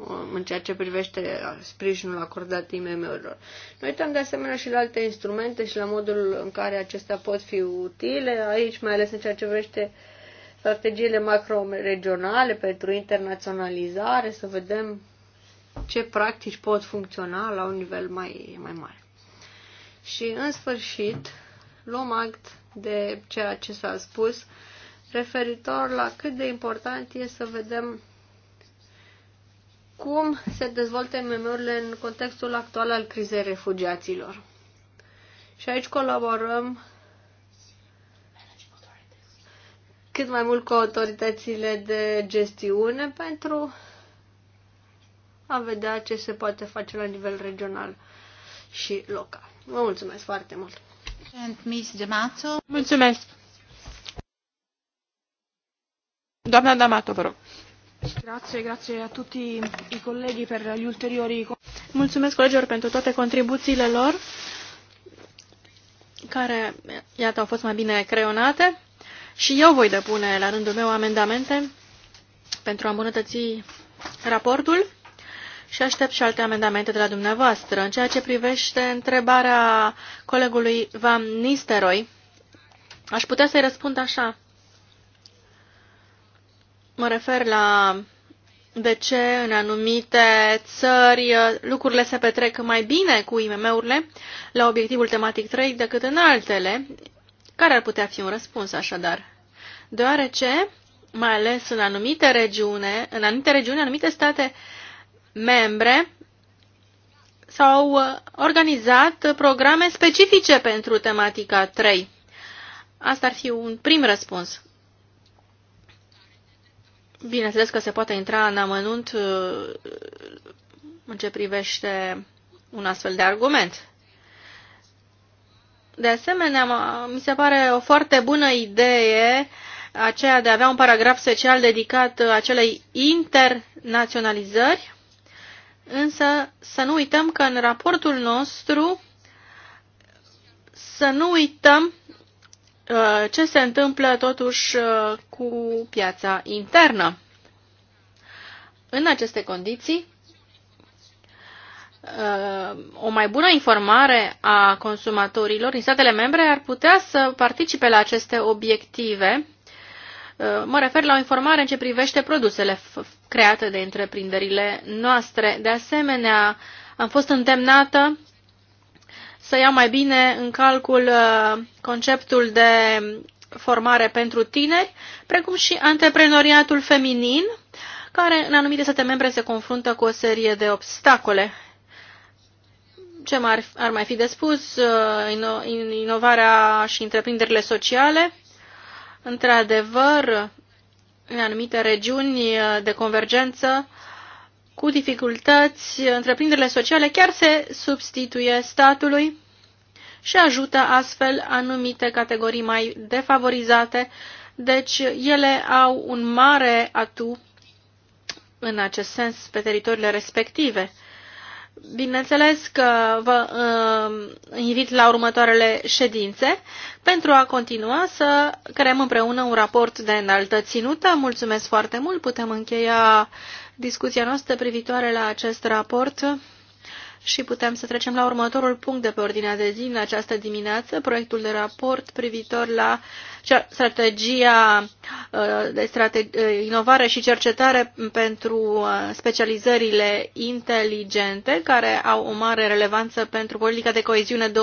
Speaker 4: Uh, în ceea ce privește sprijinul acordat IMM-urilor. Noi uităm de asemenea și la alte instrumente și la modul în care acestea pot fi utile, aici mai ales în ceea ce privește strategiile macro-regionale pentru internaționalizare, să vedem ce practici pot funcționa la un nivel mai, mai mare. Și în sfârșit, luăm act de ceea ce s-a spus referitor la cât de important e să vedem cum se dezvoltă MMO-urile în contextul actual al crizei refugiaților. Și aici colaborăm cât mai mult cu autoritățile de gestiune pentru a vedea ce se poate face la nivel regional și local. Vă mulțumesc foarte mult!
Speaker 1: Mulțumesc!
Speaker 3: Doamna D'Amato, vă rog.
Speaker 1: Grazie, grazie a tutti i colleghi per gli ulteriori...
Speaker 3: Mulțumesc colegilor pentru toate contribuțiile lor, care, iată, au fost mai bine creionate. Și eu voi depune la rândul meu amendamente pentru a îmbunătăți raportul și aștept și alte amendamente de la dumneavoastră. În ceea ce privește întrebarea colegului Van Nisteroi, aș putea să-i răspund așa. Mă refer la de ce în anumite țări uh, lucrurile se petrec mai bine cu IMM-urile la obiectivul tematic 3 decât în altele. Care ar putea fi un răspuns așadar? Deoarece, mai ales în anumite regiune, în anumite regiuni, anumite state membre s-au uh, organizat programe specifice pentru tematica 3. Asta ar fi un prim răspuns. Bineînțeles că se poate intra în amănunt uh, în ce privește un astfel de argument. De asemenea, mi se pare o foarte bună idee aceea de a avea un paragraf special dedicat acelei internaționalizări, însă să nu uităm că în raportul nostru să nu uităm Uh, ce se întâmplă totuși uh, cu piața internă. În aceste condiții, uh, o mai bună informare a consumatorilor din statele membre ar putea să participe la aceste obiective. Mă refer la o informare în ce privește produsele create de întreprinderile noastre. De asemenea, am fost îndemnată să ia mai bine în calcul uh, conceptul de formare pentru tineri, precum și antreprenoriatul feminin, care în anumite state membre se confruntă cu o serie de obstacole. Ce ar, ar mai fi de spus? Uh, inovarea și întreprinderile sociale. Într-adevăr, în anumite regiuni uh, de convergență, cu dificultăți, întreprinderile sociale chiar se substituie statului și ajută astfel anumite categorii mai defavorizate, deci ele au un mare atu în acest sens pe teritoriile respective. Bineînțeles că vă uh, invit la următoarele ședințe pentru a continua să creăm împreună un raport de înaltă ținută. Mulțumesc foarte mult, putem încheia discuția noastră privitoare la acest raport și putem să trecem la următorul punct de pe ordinea de zi în această dimineață, proiectul de raport privitor la strategia uh, de strategi, uh, inovare și cercetare pentru uh, specializările inteligente, care au o mare relevanță pentru politica de coeziune 2014-2020,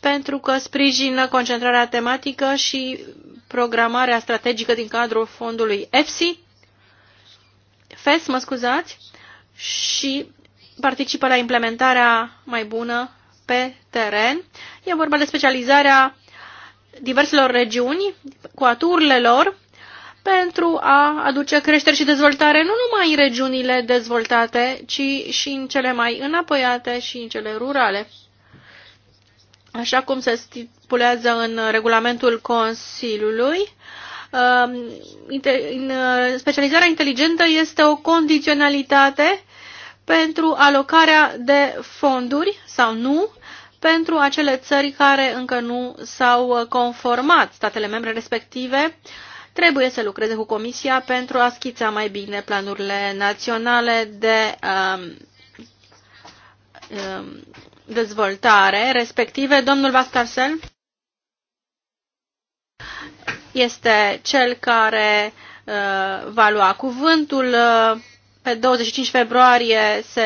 Speaker 3: pentru că sprijină concentrarea tematică și programarea strategică din cadrul fondului EFSI, FES, mă scuzați, și participă la implementarea mai bună pe teren. E vorba de specializarea diverselor regiuni cu aturile lor pentru a aduce creștere și dezvoltare nu numai în regiunile dezvoltate, ci și în cele mai înapoiate și în cele rurale. Așa cum se stipulează în regulamentul Consiliului, Um, uh, specializarea inteligentă este o condiționalitate pentru alocarea de fonduri sau nu pentru acele țări care încă nu s-au uh, conformat. Statele membre respective trebuie să lucreze cu Comisia pentru a schița mai bine planurile naționale de um, um, dezvoltare, respective domnul Vascarsel? este cel care uh, va lua cuvântul. Uh, pe 25 februarie se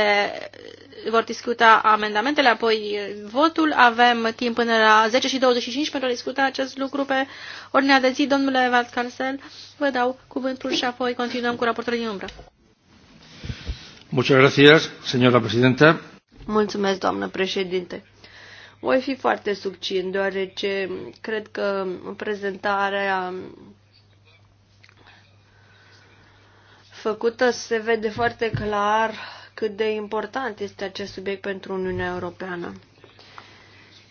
Speaker 3: vor discuta amendamentele, apoi votul. Avem timp până la 10 și 25 pentru a discuta acest lucru pe ordinea de zi. Domnule Valcarcel, vă dau cuvântul și apoi continuăm
Speaker 4: cu raportul din umbră.
Speaker 1: Muchas gracias, señora presidenta.
Speaker 4: Mulțumesc, doamnă președinte. Voi fi foarte subțin, deoarece cred că prezentarea făcută se vede foarte clar cât de important este acest subiect pentru Uniunea Europeană.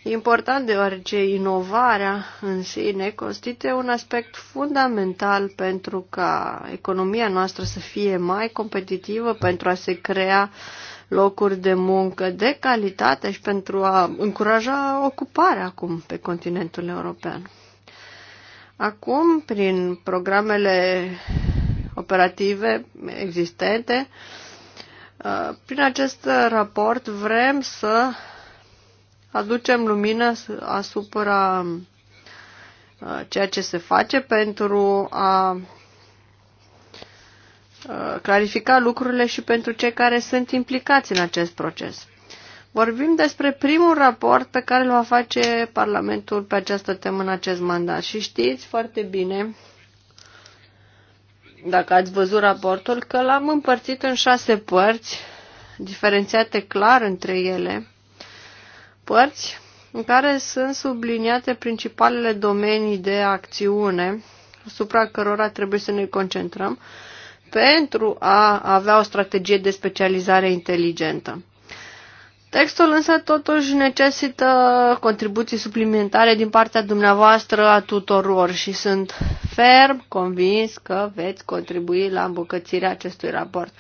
Speaker 4: Important deoarece inovarea în sine constituie un aspect fundamental pentru ca economia noastră să fie mai competitivă, pentru a se crea uh, locuri de muncă de calitate și pentru a încuraja ocuparea acum pe continentul european. Acum, prin programele operative existente, uh, prin acest raport vrem să aducem lumină asupra uh, ceea ce se face pentru a Uh, clarifica lucrurile și pentru cei care sunt implicați în acest proces. Vorbim despre primul raport pe care îl va face Parlamentul pe această temă în acest mandat și știți foarte bine, dacă ați văzut raportul, că l-am împărțit în șase părți, diferențiate clar între ele, părți în care sunt subliniate principalele domenii de acțiune asupra cărora trebuie să ne concentrăm, pentru a avea o strategie de specializare inteligentă. Textul însă totuși necesită contribuții suplimentare din partea dumneavoastră a tuturor și sunt ferm convins că veți contribui la îmbucățirea acestui raport.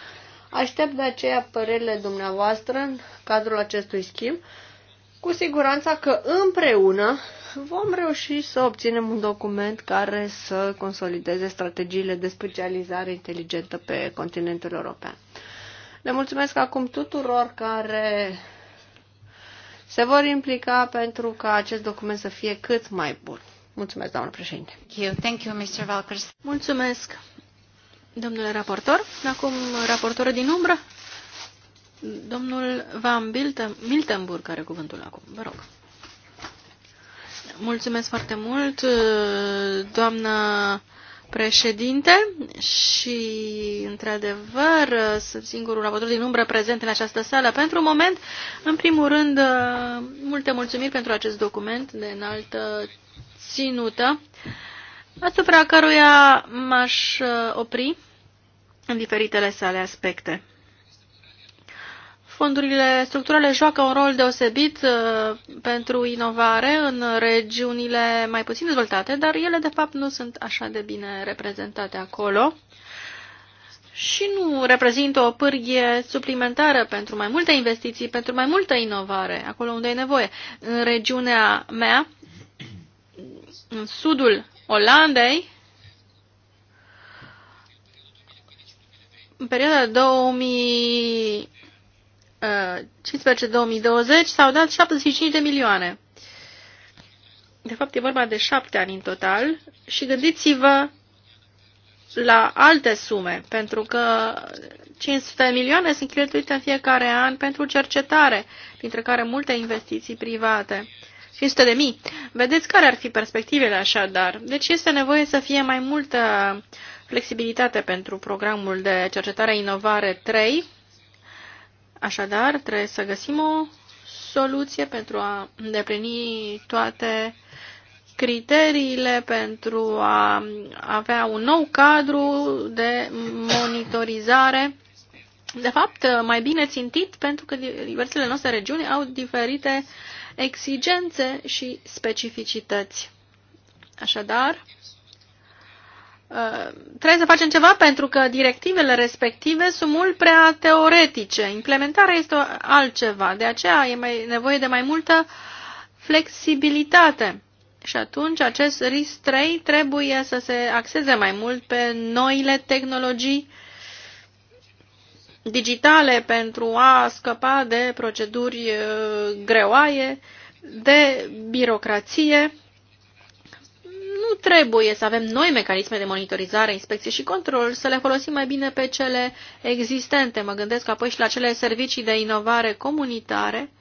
Speaker 4: Aștept de aceea părerile dumneavoastră în cadrul acestui schimb, cu siguranța că împreună vom reuși să obținem un document care să consolideze strategiile de specializare inteligentă pe continentul european. Le mulțumesc acum tuturor care se vor implica pentru ca acest document să fie cât mai bun. Mulțumesc, doamnă președinte.
Speaker 1: Thank you. Thank you, Mr. Valkers. Mulțumesc, domnule
Speaker 3: raportor. Acum, raportorul din umbră, domnul Van Miltenburg, are cuvântul acum. Vă rog. Mulțumesc foarte mult, uh, doamna președinte și, într-adevăr, uh, sunt singurul raportor din umbră prezent în această sală. Pentru un moment, în primul rând, uh, multe mulțumiri pentru acest document de înaltă ținută, asupra căruia m-aș opri în diferitele sale aspecte. Fondurile structurale joacă un rol deosebit uh, pentru inovare în regiunile mai puțin dezvoltate, dar ele de fapt nu sunt așa de bine reprezentate acolo și nu reprezintă o pârghie suplimentară pentru mai multe investiții, pentru mai multă inovare, acolo unde e nevoie. În regiunea mea, în sudul Olandei, în perioada 2000 2015-2020 uh, s-au dat 75 de milioane. De fapt, e vorba de șapte ani în total și gândiți-vă la alte sume, pentru că 500 milioane sunt cheltuite în fiecare an pentru cercetare, dintre care multe investiții private. 500 de mii. Vedeți care ar fi perspectivele așadar. Deci este nevoie să fie mai multă flexibilitate pentru programul de cercetare inovare 3, Așadar, trebuie să găsim o soluție pentru a îndeplini toate criteriile pentru a avea un nou cadru de monitorizare. De fapt, mai bine țintit pentru că diversele noastre regiuni au diferite exigențe și specificități. Așadar, Uh, trebuie să facem ceva pentru că directivele respective sunt mult prea teoretice. Implementarea este altceva, de aceea e mai nevoie de mai multă flexibilitate. Și atunci acest RIS 3 trebuie să se axeze mai mult pe noile tehnologii digitale pentru a scăpa de proceduri uh, greoaie, de birocrație nu trebuie să avem noi mecanisme de monitorizare, inspecție și control, să le folosim mai bine pe cele existente. Mă gândesc apoi și la cele servicii de inovare comunitare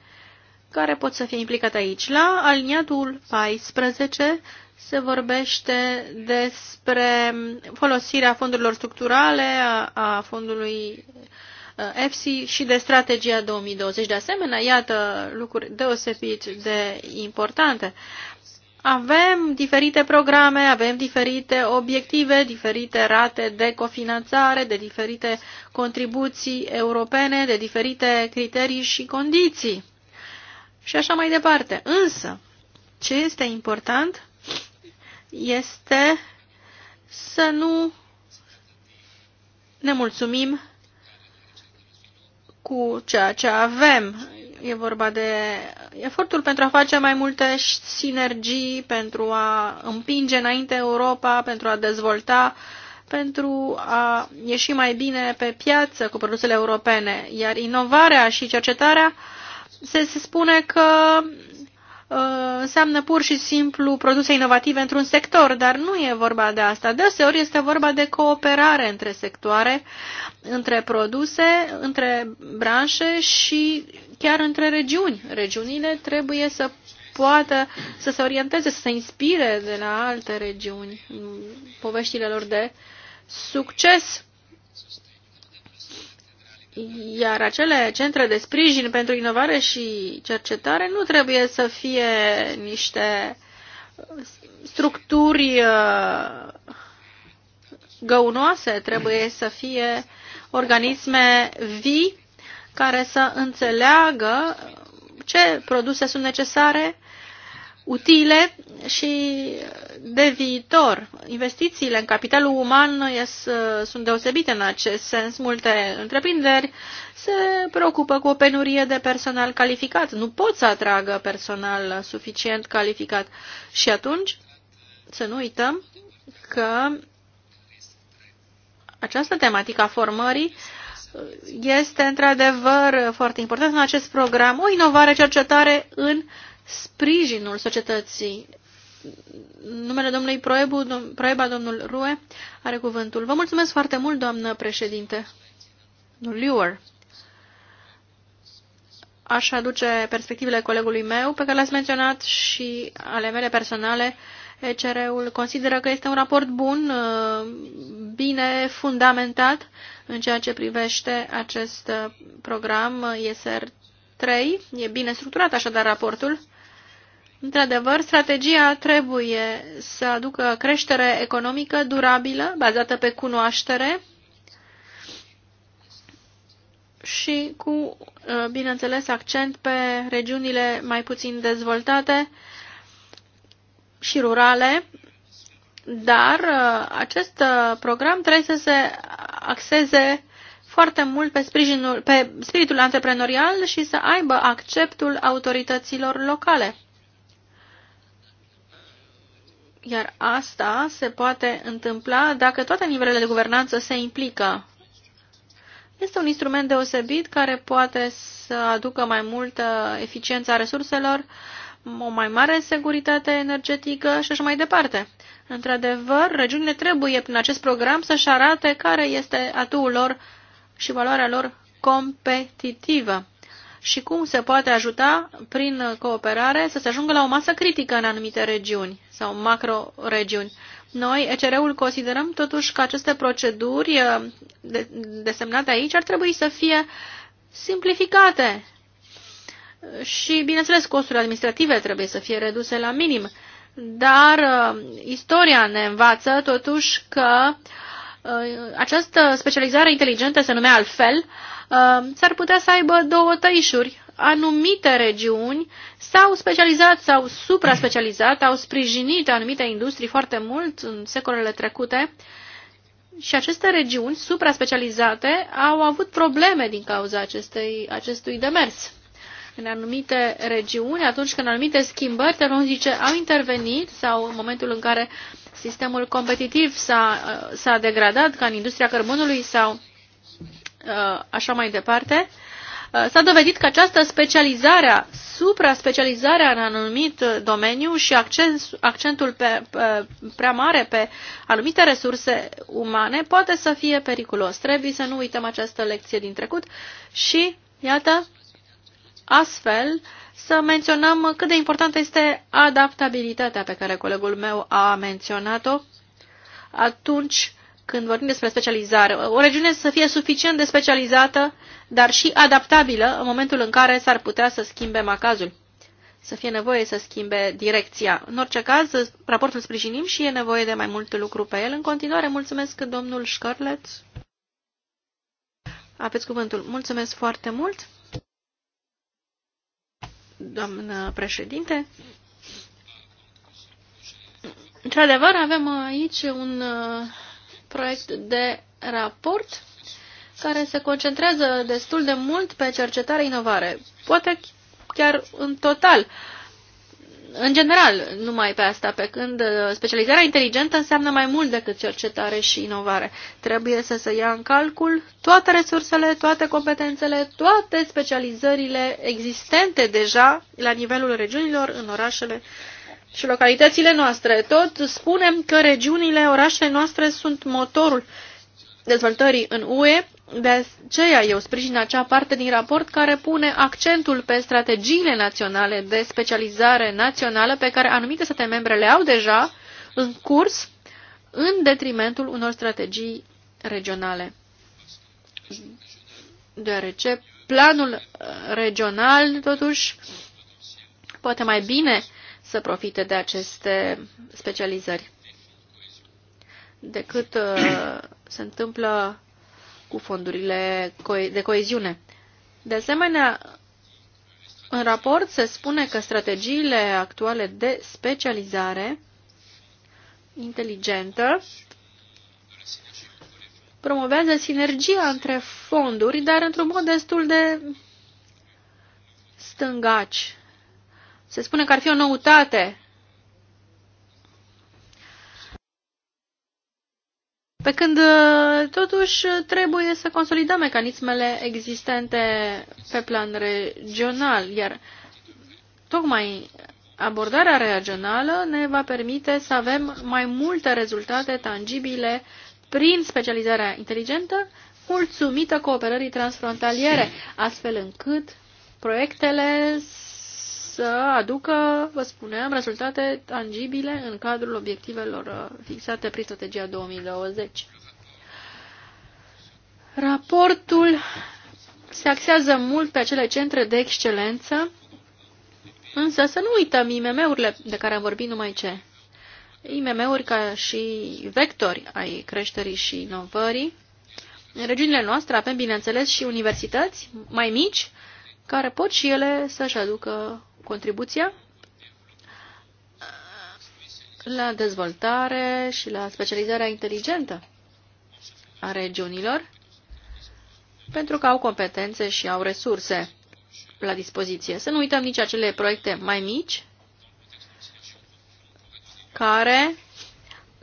Speaker 3: care pot să fie implicate aici. La aliniatul 14 se vorbește despre folosirea fondurilor structurale, a fondului EFSI și de strategia 2020. De asemenea, iată lucruri deosebit de importante. Avem diferite programe, avem diferite obiective, diferite rate de cofinanțare, de diferite contribuții europene, de diferite criterii și condiții și așa mai departe. Însă, ce este important este să nu ne mulțumim cu ceea ce avem. E vorba de efortul pentru a face mai multe sinergii, pentru a împinge înainte Europa, pentru a dezvolta, pentru a ieși mai bine pe piață cu produsele europene. Iar inovarea și cercetarea se, se spune că Uh, înseamnă pur și simplu produse inovative într-un sector, dar nu e vorba de asta. Deseori este vorba de cooperare între sectoare, între produse, între branșe și chiar între regiuni. Regiunile trebuie să poată să se orienteze, să se inspire de la alte regiuni, poveștile lor de succes. Iar acele centre de sprijin pentru inovare și cercetare nu trebuie să fie niște structuri uh, găunoase, trebuie să fie organisme vii care să înțeleagă ce produse sunt necesare utile și de viitor. Investițiile în capitalul uman yes, sunt deosebite în acest sens. Multe întreprinderi se preocupă cu o penurie de personal calificat. Nu pot să atragă personal suficient calificat. Și atunci, să nu uităm că această tematică a formării este într-adevăr foarte importantă în acest program. O inovare, cercetare în sprijinul societății. Numele domnului Proebu, dom Proeba, domnul Rue, are cuvântul. Vă mulțumesc foarte mult, doamnă președinte. Luer. Aș aduce perspectivele colegului meu, pe care l-ați menționat, și ale mele personale. ECR-ul consideră că este un raport bun, uh, bine fundamentat în ceea ce privește acest uh, program uh, ESR 3. E bine structurat așadar raportul Într-adevăr, strategia trebuie să aducă creștere economică durabilă, bazată pe cunoaștere și cu, uh, bineînțeles, accent pe regiunile mai puțin dezvoltate și rurale, dar uh, acest uh, program trebuie să se axeze foarte mult pe, sprijinul, pe spiritul antreprenorial și să aibă acceptul autorităților locale. Iar asta se poate întâmpla dacă toate nivelele de guvernanță se implică. Este un instrument deosebit care poate să aducă mai multă eficiență a resurselor, o mai mare securitate energetică și așa mai departe. Într-adevăr, regiunile trebuie prin acest program să-și arate care este atul lor și valoarea lor competitivă și cum se poate ajuta prin cooperare să se ajungă la o masă critică în anumite regiuni sau macro-regiuni. Noi, ECR-ul, considerăm totuși că aceste proceduri uh, desemnate aici ar trebui să fie simplificate și, bineînțeles, costurile administrative trebuie să fie reduse la minim, dar uh, istoria ne învață totuși că uh, această specializare inteligentă se numea altfel, uh, Um, s-ar putea să aibă două tăișuri. Anumite regiuni s-au specializat sau supra-specializat, au sprijinit anumite industrii foarte mult în secolele trecute și aceste regiuni supra-specializate au avut probleme din cauza acestei, acestui demers. În anumite regiuni, atunci când anumite schimbări tehnologice au intervenit sau în momentul în care sistemul competitiv s-a uh, degradat, ca în industria cărbunului sau Uh, așa mai departe, uh, s-a dovedit că această specializare, supra-specializarea în anumit uh, domeniu și accent, accentul pe, pe, prea mare pe anumite resurse umane poate să fie periculos. Trebuie să nu uităm această lecție din trecut și, iată, astfel să menționăm cât de importantă este adaptabilitatea pe care colegul meu a menționat-o atunci când vorbim despre specializare, o regiune să fie suficient de specializată, dar și adaptabilă în momentul în care s-ar putea să schimbe macazul, să fie nevoie să schimbe direcția. În orice caz, raportul sprijinim și e nevoie de mai mult lucru pe el. În continuare, mulțumesc domnul Șcărleț. Aveți cuvântul. Mulțumesc foarte mult, doamnă președinte. Într-adevăr, avem aici un proiect de raport care se concentrează destul de mult pe cercetare inovare. Poate chiar în total, în general, numai pe asta, pe când uh, specializarea inteligentă înseamnă mai mult decât cercetare și inovare. Trebuie să se ia în calcul toate resursele, toate competențele, toate specializările existente deja la nivelul regiunilor, în orașele și localitățile noastre. Tot spunem că regiunile, orașele noastre sunt motorul dezvoltării în UE, de aceea eu sprijin acea parte din raport care pune accentul pe strategiile naționale de specializare națională pe care anumite state membre le au deja în curs în detrimentul unor strategii regionale. Deoarece planul regional, totuși, poate mai bine să profite de aceste specializări decât uh, se întâmplă cu fondurile de coeziune. De asemenea, în raport se spune că strategiile actuale de specializare inteligentă promovează sinergia între fonduri, dar într-un mod destul de stângaci. Se spune că ar fi o noutate. Pe când, uh, totuși, trebuie să consolidăm mecanismele existente pe plan regional, iar tocmai abordarea regională ne va permite să avem mai multe rezultate tangibile prin specializarea inteligentă, mulțumită cooperării transfrontaliere, astfel încât proiectele să aducă, vă spuneam, rezultate tangibile în cadrul obiectivelor uh, fixate prin strategia 2020. Raportul se axează mult pe acele centre de excelență, însă să nu uităm IMM-urile de care am vorbit numai ce. IMM-uri ca și vectori ai creșterii și inovării. În regiunile noastre avem, bineînțeles, și universități mai mici, care pot și ele să-și aducă contribuția la dezvoltare și la specializarea inteligentă a regiunilor, pentru că au competențe și au resurse la dispoziție. Să nu uităm nici acele proiecte mai mici, care,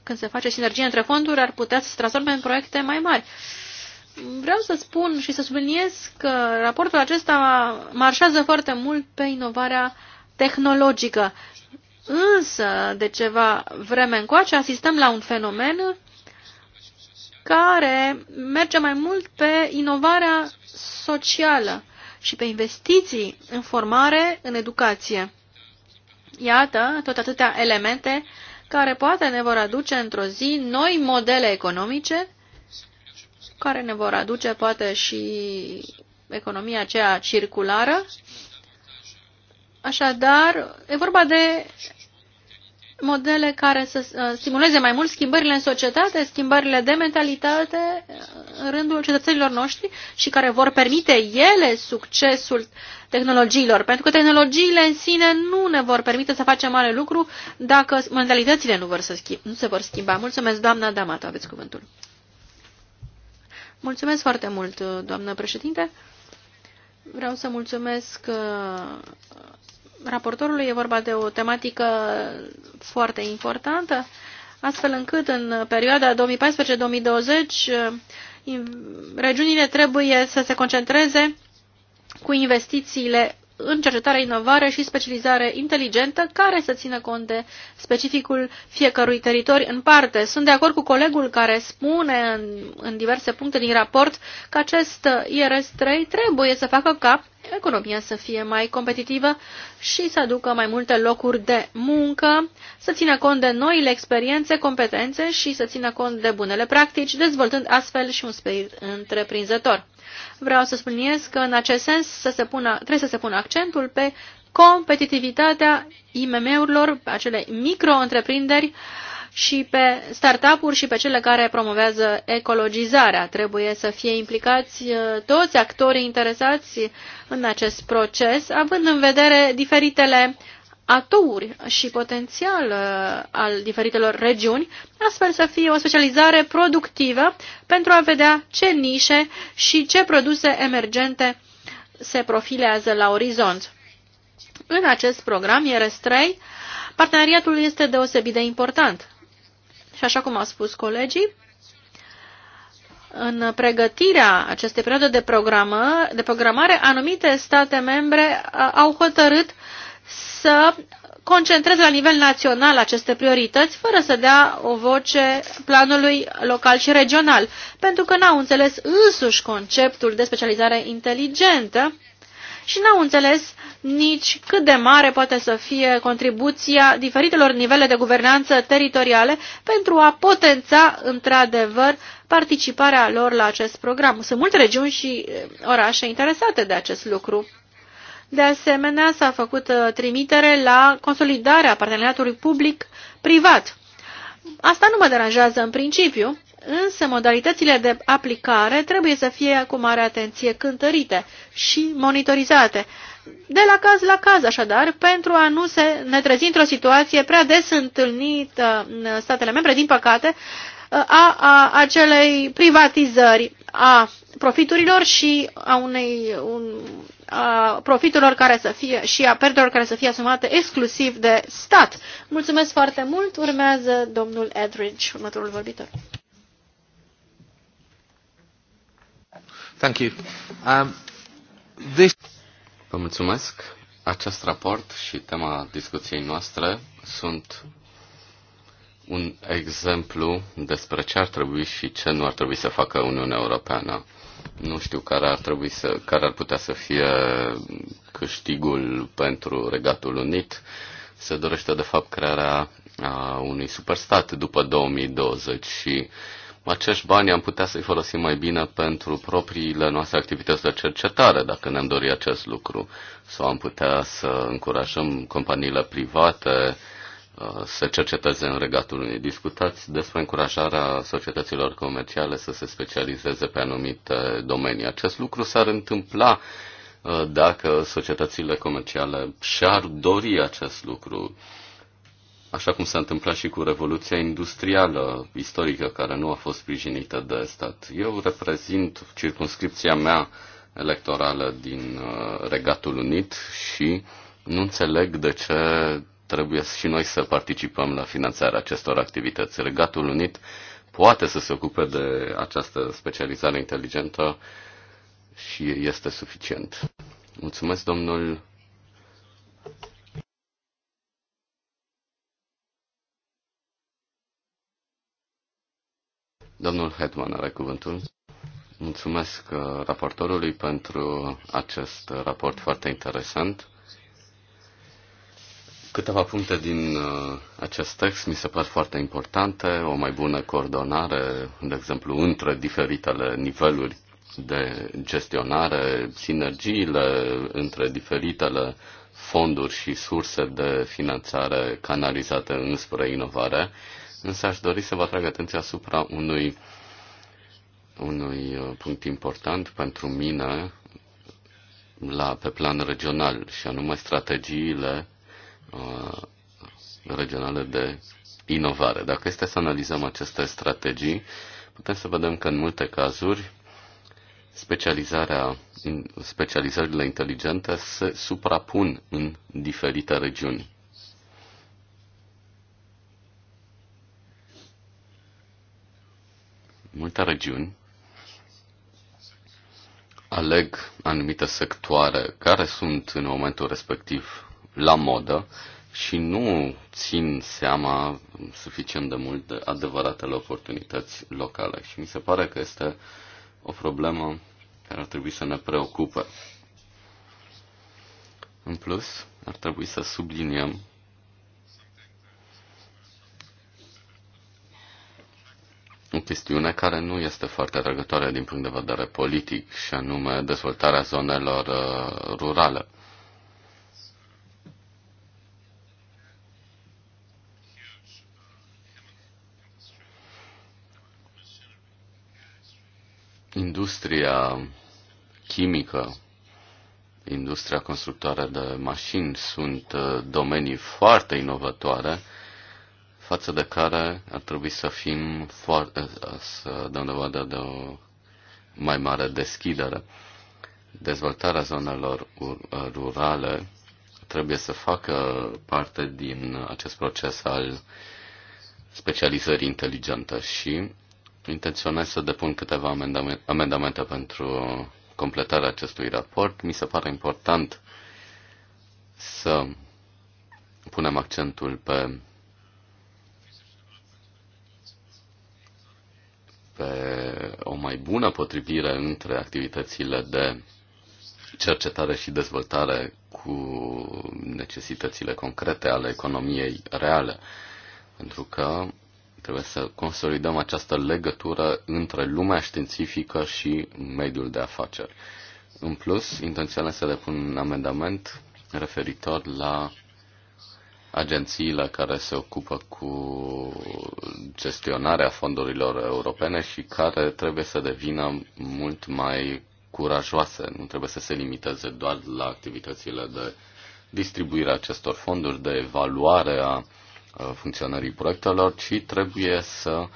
Speaker 3: când se face sinergie între fonduri, ar putea să se transforme în proiecte mai mari vreau să spun și să subliniez că raportul acesta marșează foarte mult pe inovarea tehnologică. Însă, de ceva vreme încoace, asistăm la un fenomen care merge mai mult pe inovarea socială și pe investiții în formare, în educație. Iată tot atâtea elemente care poate ne vor aduce într-o zi noi modele economice care ne vor aduce poate și economia aceea circulară. Așadar, e vorba de modele care să stimuleze mai mult schimbările în societate, schimbările de mentalitate în rândul cetățenilor noștri și care vor permite ele succesul tehnologiilor. Pentru că tehnologiile în sine nu ne vor permite să facem mare lucru dacă mentalitățile nu, vor să schimb, nu se vor schimba. Mulțumesc, doamna Damato, aveți cuvântul. Mulțumesc foarte mult, doamnă președinte. Vreau să mulțumesc uh, raportorului. E vorba de o tematică foarte importantă, astfel încât în perioada 2014-2020 uh, regiunile trebuie să se concentreze cu investițiile în cercetare, inovare și specializare inteligentă care să țină cont de specificul fiecărui teritoriu în parte. Sunt de acord cu colegul care spune în, în diverse puncte din raport că acest IRS-3 trebuie să facă ca economia să fie mai competitivă și să aducă mai multe locuri de muncă, să țină cont de noile experiențe, competențe și să țină cont de bunele practici, dezvoltând astfel și un spirit întreprinzător. Vreau să subliniez că în acest sens să se pună, trebuie să se pună accentul pe competitivitatea IMM-urilor, pe acele micro-întreprinderi și pe startup-uri și pe cele care promovează ecologizarea. Trebuie să fie implicați uh, toți actorii interesați în acest proces, având în vedere diferitele atouri și potențial uh, al diferitelor regiuni, astfel să fie o specializare productivă pentru a vedea ce nișe și ce produse emergente se profilează la orizont. În acest program, IRS3, parteneriatul este deosebit de important. Și așa cum au spus colegii, în pregătirea acestei perioade de, programă, de programare, anumite state membre uh, au hotărât uh, să concentreze la nivel național aceste priorități, fără să dea o voce planului local și regional, pentru că n-au înțeles însuși conceptul de specializare inteligentă și n-au înțeles nici cât de mare poate să fie contribuția diferitelor nivele de guvernanță teritoriale pentru a potența într-adevăr participarea lor la acest program. Sunt multe regiuni și eh, orașe interesate de acest lucru. De asemenea, s-a făcut uh, trimitere la consolidarea parteneriatului public-privat. Asta nu mă deranjează în principiu, însă modalitățile de aplicare trebuie să fie cu mare atenție cântărite și monitorizate, de la caz la caz așadar, pentru a nu se ne trezi într-o situație prea des întâlnită în statele membre, din păcate, uh, a, a acelei privatizări a profiturilor și a, unei, un, a profiturilor care să fie, și a pierderilor care să fie asumate exclusiv de stat. Mulțumesc foarte mult. Urmează domnul Edridge, următorul vorbitor.
Speaker 2: Thank you. Um, this... Vă mulțumesc. Acest raport și tema discuției noastre sunt un exemplu despre ce ar trebui și ce nu ar trebui să facă Uniunea Europeană. Nu știu care ar, trebui să, care ar putea să fie câștigul pentru Regatul Unit. Se dorește, de fapt, crearea a unui superstat după 2020 și acești bani am putea să-i folosim mai bine pentru propriile noastre activități de cercetare, dacă ne-am dorit acest lucru. Sau am putea să încurajăm companiile private, Uh, se cerceteze în regatul unii. Discutați despre încurajarea societăților comerciale să se specializeze pe anumite domenii. Acest lucru s-ar întâmpla uh, dacă societățile comerciale și-ar dori acest lucru, așa cum s-a întâmplat și cu Revoluția Industrială istorică, care nu a fost sprijinită de stat. Eu reprezint circunscripția mea electorală din uh, Regatul Unit și nu înțeleg de ce trebuie și noi să participăm la finanțarea acestor activități. Regatul Unit poate să se ocupe de această specializare inteligentă și este suficient. Mulțumesc, domnul. Domnul Hetman are cuvântul. Mulțumesc uh, raportorului pentru acest raport foarte interesant. Câteva puncte din uh, acest text mi se par foarte importante, o mai bună coordonare, de exemplu, între diferitele niveluri de gestionare, sinergiile între diferitele fonduri și surse de finanțare canalizate înspre inovare, însă aș dori să vă atrag atenția asupra unui, unui uh, punct important pentru mine la, pe plan regional, și anume strategiile Uh, regionale de inovare. Dacă este să analizăm aceste strategii, putem să vedem că în multe cazuri specializarea, specializările inteligente se suprapun în diferite regiuni. Multe regiuni aleg anumite sectoare care sunt în momentul respectiv la modă și nu țin seama suficient de mult de adevăratele oportunități locale. Și mi se pare că este o problemă care ar trebui să ne preocupe. În plus, ar trebui să subliniem o chestiune care nu este foarte atrăgătoare din punct de vedere politic, și anume dezvoltarea zonelor uh, rurale. Industria chimică, industria constructoare de mașini sunt uh, domenii foarte inovatoare față de care ar trebui să fim foarte, uh, uh, să dăm dovadă de o mai mare deschidere. Dezvoltarea zonelor rurale trebuie să facă parte din acest proces al specializării inteligente și intenționez să depun câteva amendamente, pentru completarea acestui raport. Mi se pare important să punem accentul pe, pe o mai bună potrivire între activitățile de cercetare și dezvoltare cu necesitățile concrete ale economiei reale. Pentru că Trebuie să consolidăm această legătură între lumea științifică și mediul de afaceri. În plus, intenționez să depun un amendament referitor la agențiile care se ocupă cu gestionarea fondurilor europene și care trebuie să devină mult mai curajoase. Nu trebuie să se limiteze doar la activitățile de distribuire a acestor fonduri, de evaluare a funcționării proiectelor, ci trebuie să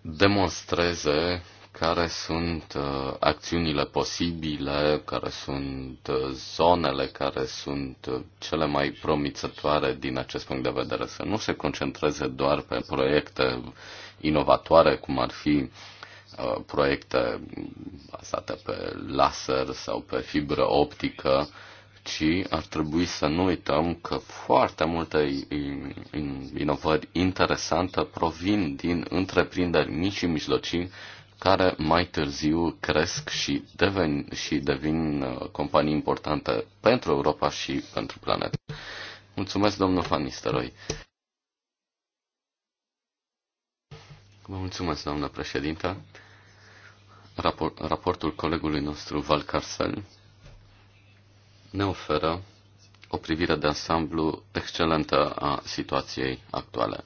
Speaker 2: demonstreze care sunt uh, acțiunile posibile, care sunt uh, zonele care sunt uh, cele mai promițătoare din acest punct de vedere. Să nu se concentreze doar pe proiecte inovatoare, cum ar fi proiecte bazate pe laser sau pe fibră optică, ci ar trebui să nu uităm că foarte multe inovări interesante provin din întreprinderi mici și mijlocii care mai târziu cresc și, deven, și devin uh, companii importante pentru Europa și pentru planetă. Mulțumesc, domnul Fanisteroi. Vă mulțumesc, doamnă președintă. raportul colegului nostru, Val Carcel, ne oferă o privire de ansamblu excelentă a situației actuale.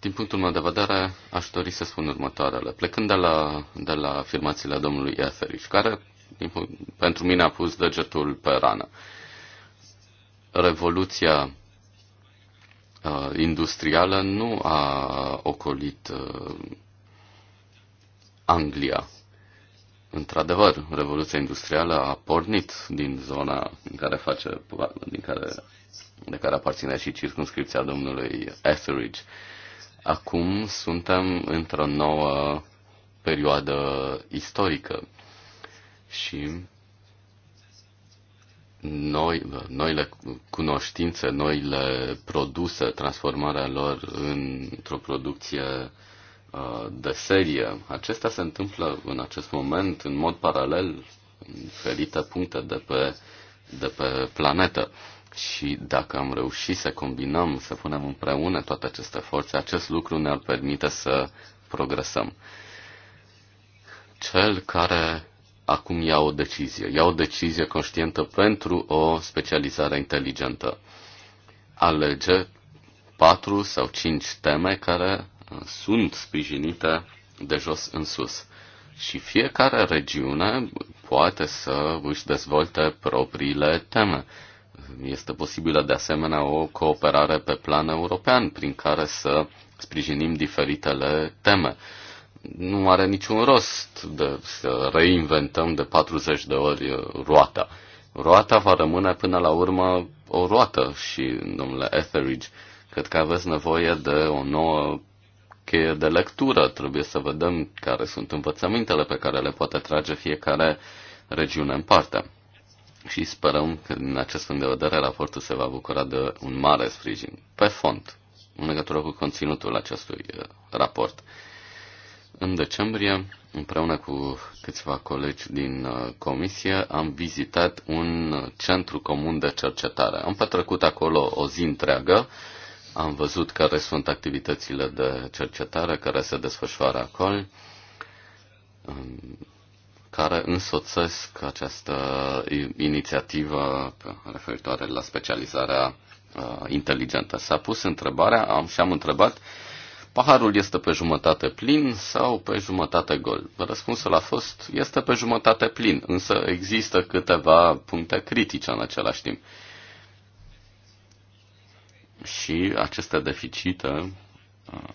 Speaker 2: Din punctul meu de vedere, aș dori să spun următoarele. Plecând de la, de la afirmațiile domnului Etheridge, care din punct, pentru mine a pus degetul pe rană. Revoluția uh, industrială nu a ocolit uh, Anglia. Într-adevăr, Revoluția Industrială a pornit din zona din care face, din care, de care aparține și circunscripția domnului Etheridge. Acum suntem într-o nouă perioadă istorică și noi, noile cunoștințe, noile produse, transformarea lor într-o producție Uh, de serie. Acestea se întâmplă în acest moment în mod paralel în diferite puncte de pe, de pe planetă. Și dacă am reușit să combinăm, să punem împreună toate aceste forțe, acest lucru ne-ar permite să progresăm. Cel care acum ia o decizie, ia o decizie conștientă pentru o specializare inteligentă, alege patru sau cinci teme care sunt sprijinite de jos în sus. Și fiecare regiune poate să își dezvolte propriile teme. Este posibilă de asemenea o cooperare pe plan european prin care să sprijinim diferitele teme. Nu are niciun rost de să reinventăm de 40 de ori roata. Roata va rămâne până la urmă o roată și, domnule Etheridge, cred că aveți nevoie de o nouă cheie de lectură. Trebuie să vedem care sunt învățămintele pe care le poate trage fiecare regiune în parte. Și sperăm că, din acest punct de vedere, raportul se va bucura de un mare sprijin pe fond, în legătură cu conținutul acestui eh, raport. În decembrie, împreună cu câțiva colegi din eh, comisie, am vizitat un eh, centru comun de cercetare. Am petrecut acolo o zi întreagă am văzut care sunt activitățile de cercetare care se desfășoară acolo, um, care însoțesc această inițiativă referitoare la specializarea uh, inteligentă. S-a pus întrebarea am, și am întrebat paharul este pe jumătate plin sau pe jumătate gol? Răspunsul a fost este pe jumătate plin, însă există câteva puncte critice în același timp și aceste deficite uh,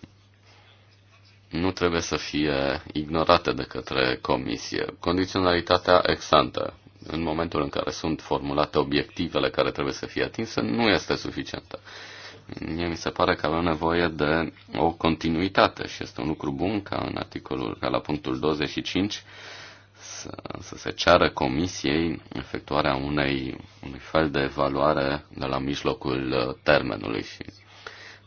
Speaker 2: nu trebuie să fie ignorate de către comisie. Condiționalitatea exantă, în momentul în care sunt formulate obiectivele care trebuie să fie atinse, nu este suficientă. Mie mi se pare că avem nevoie de o continuitate și este un lucru bun ca în articolul, ca la punctul 25, să, să se ceară comisiei efectuarea unei, unui fel de evaluare de la mijlocul uh, termenului și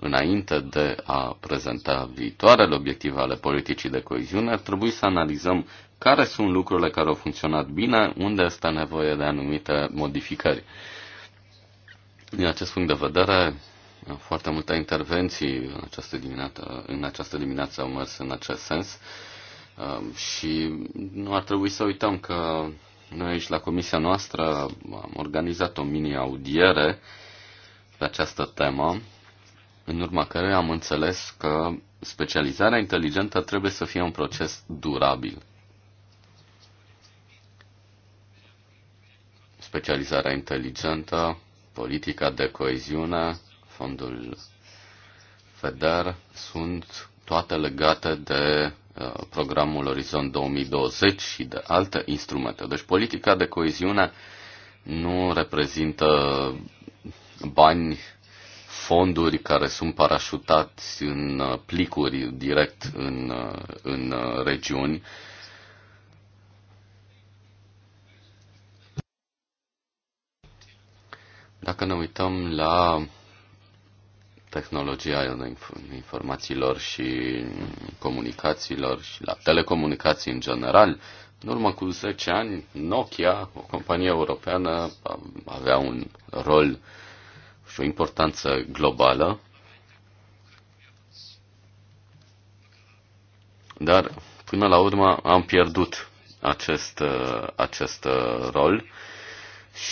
Speaker 2: înainte de a prezenta viitoarele obiective ale politicii de coeziune, ar trebui să analizăm care sunt lucrurile care au funcționat bine, unde este nevoie de anumite modificări. Din acest punct de vedere, foarte multe intervenții în această dimineață, în această dimineață au mers în acest sens Um, și nu ar trebui să uităm că noi aici la comisia noastră am organizat o mini-audiere pe această temă, în urma care am înțeles că specializarea inteligentă trebuie să fie un proces durabil. Specializarea inteligentă, politica de coeziune, fondul FEDER sunt toate legate de Uh, programul Orizont 2020 și de alte instrumente. Deci politica de coeziune nu reprezintă bani, fonduri care sunt parașutați în uh, plicuri direct în, uh, în regiuni. Dacă ne uităm la tehnologia informațiilor și comunicațiilor și la telecomunicații în general. În urmă cu 10 ani, Nokia, o companie europeană, avea un rol și o importanță globală. Dar, până la urmă, am pierdut acest, acest rol.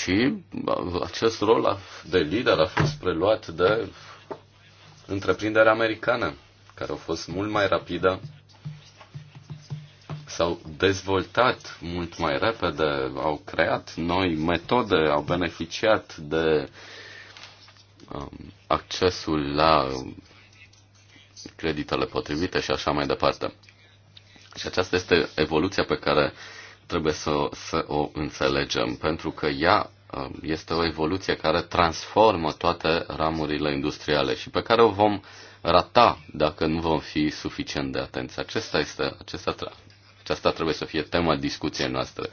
Speaker 2: Și acest rol de lider a fost preluat de întreprinderea americană, care a fost mult mai rapidă, s-au dezvoltat mult mai repede, au creat noi metode, au beneficiat de um, accesul la creditele potrivite și așa mai departe. Și aceasta este evoluția pe care trebuie să, să o înțelegem, pentru că ea Um, este o evoluție care transformă toate ramurile industriale și pe care o vom rata dacă nu vom fi suficient de atenți. Acesta este, acesta, aceasta trebuie să fie tema discuției noastre.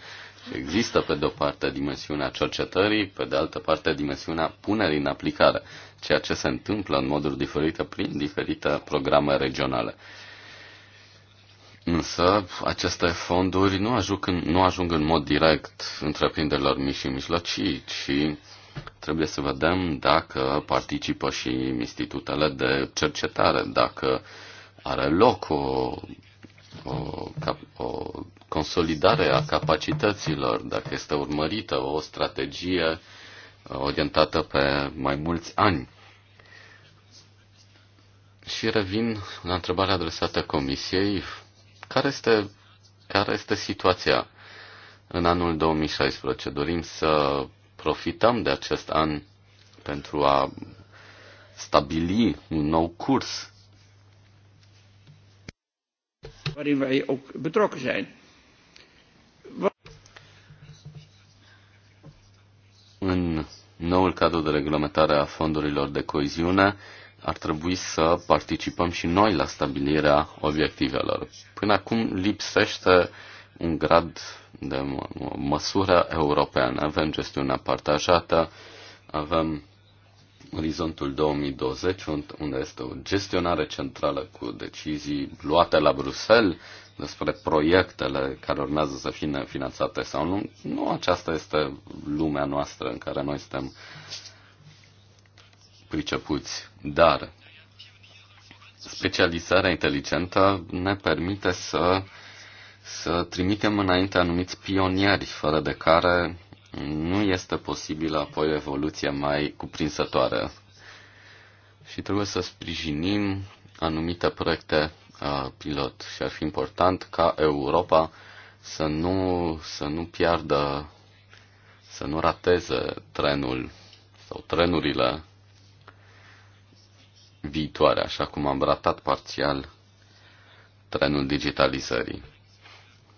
Speaker 2: Există, pe de o parte, dimensiunea cercetării, pe de altă parte, dimensiunea punerii în aplicare, ceea ce se întâmplă în moduri diferite prin diferite programe regionale. Însă aceste fonduri nu ajung în, nu ajung în mod direct întreprinderilor mici și mijlocii, ci trebuie să vedem dacă participă și institutele de cercetare, dacă are loc o, o, o consolidare a capacităților, dacă este urmărită o strategie orientată pe mai mulți ani. Și revin la întrebarea adresată Comisiei, care este, care este situația în anul 2016? Dorim să profităm de acest an pentru a stabili un nou curs
Speaker 1: waarin wij ook betrokken zijn.
Speaker 2: În noul cadru de reglementare a fondurilor de coeziune, ar trebui să participăm și noi la stabilirea obiectivelor. Până acum lipsește un grad de măsură europeană. Avem gestiunea partajată, avem orizontul 2020, unde este o gestionare centrală cu decizii luate la Bruxelles despre proiectele care urmează să fie finanțate sau nu. Nu aceasta este lumea noastră în care noi suntem pricepuți, dar specializarea inteligentă ne permite să, să trimitem înainte anumiți pionieri, fără de care nu este posibilă apoi o evoluție mai cuprinsătoare. Și trebuie să sprijinim anumite proiecte uh, pilot și ar fi important ca Europa să nu, să nu piardă, să nu rateze trenul sau trenurile viitoare, așa cum am ratat parțial trenul digitalizării.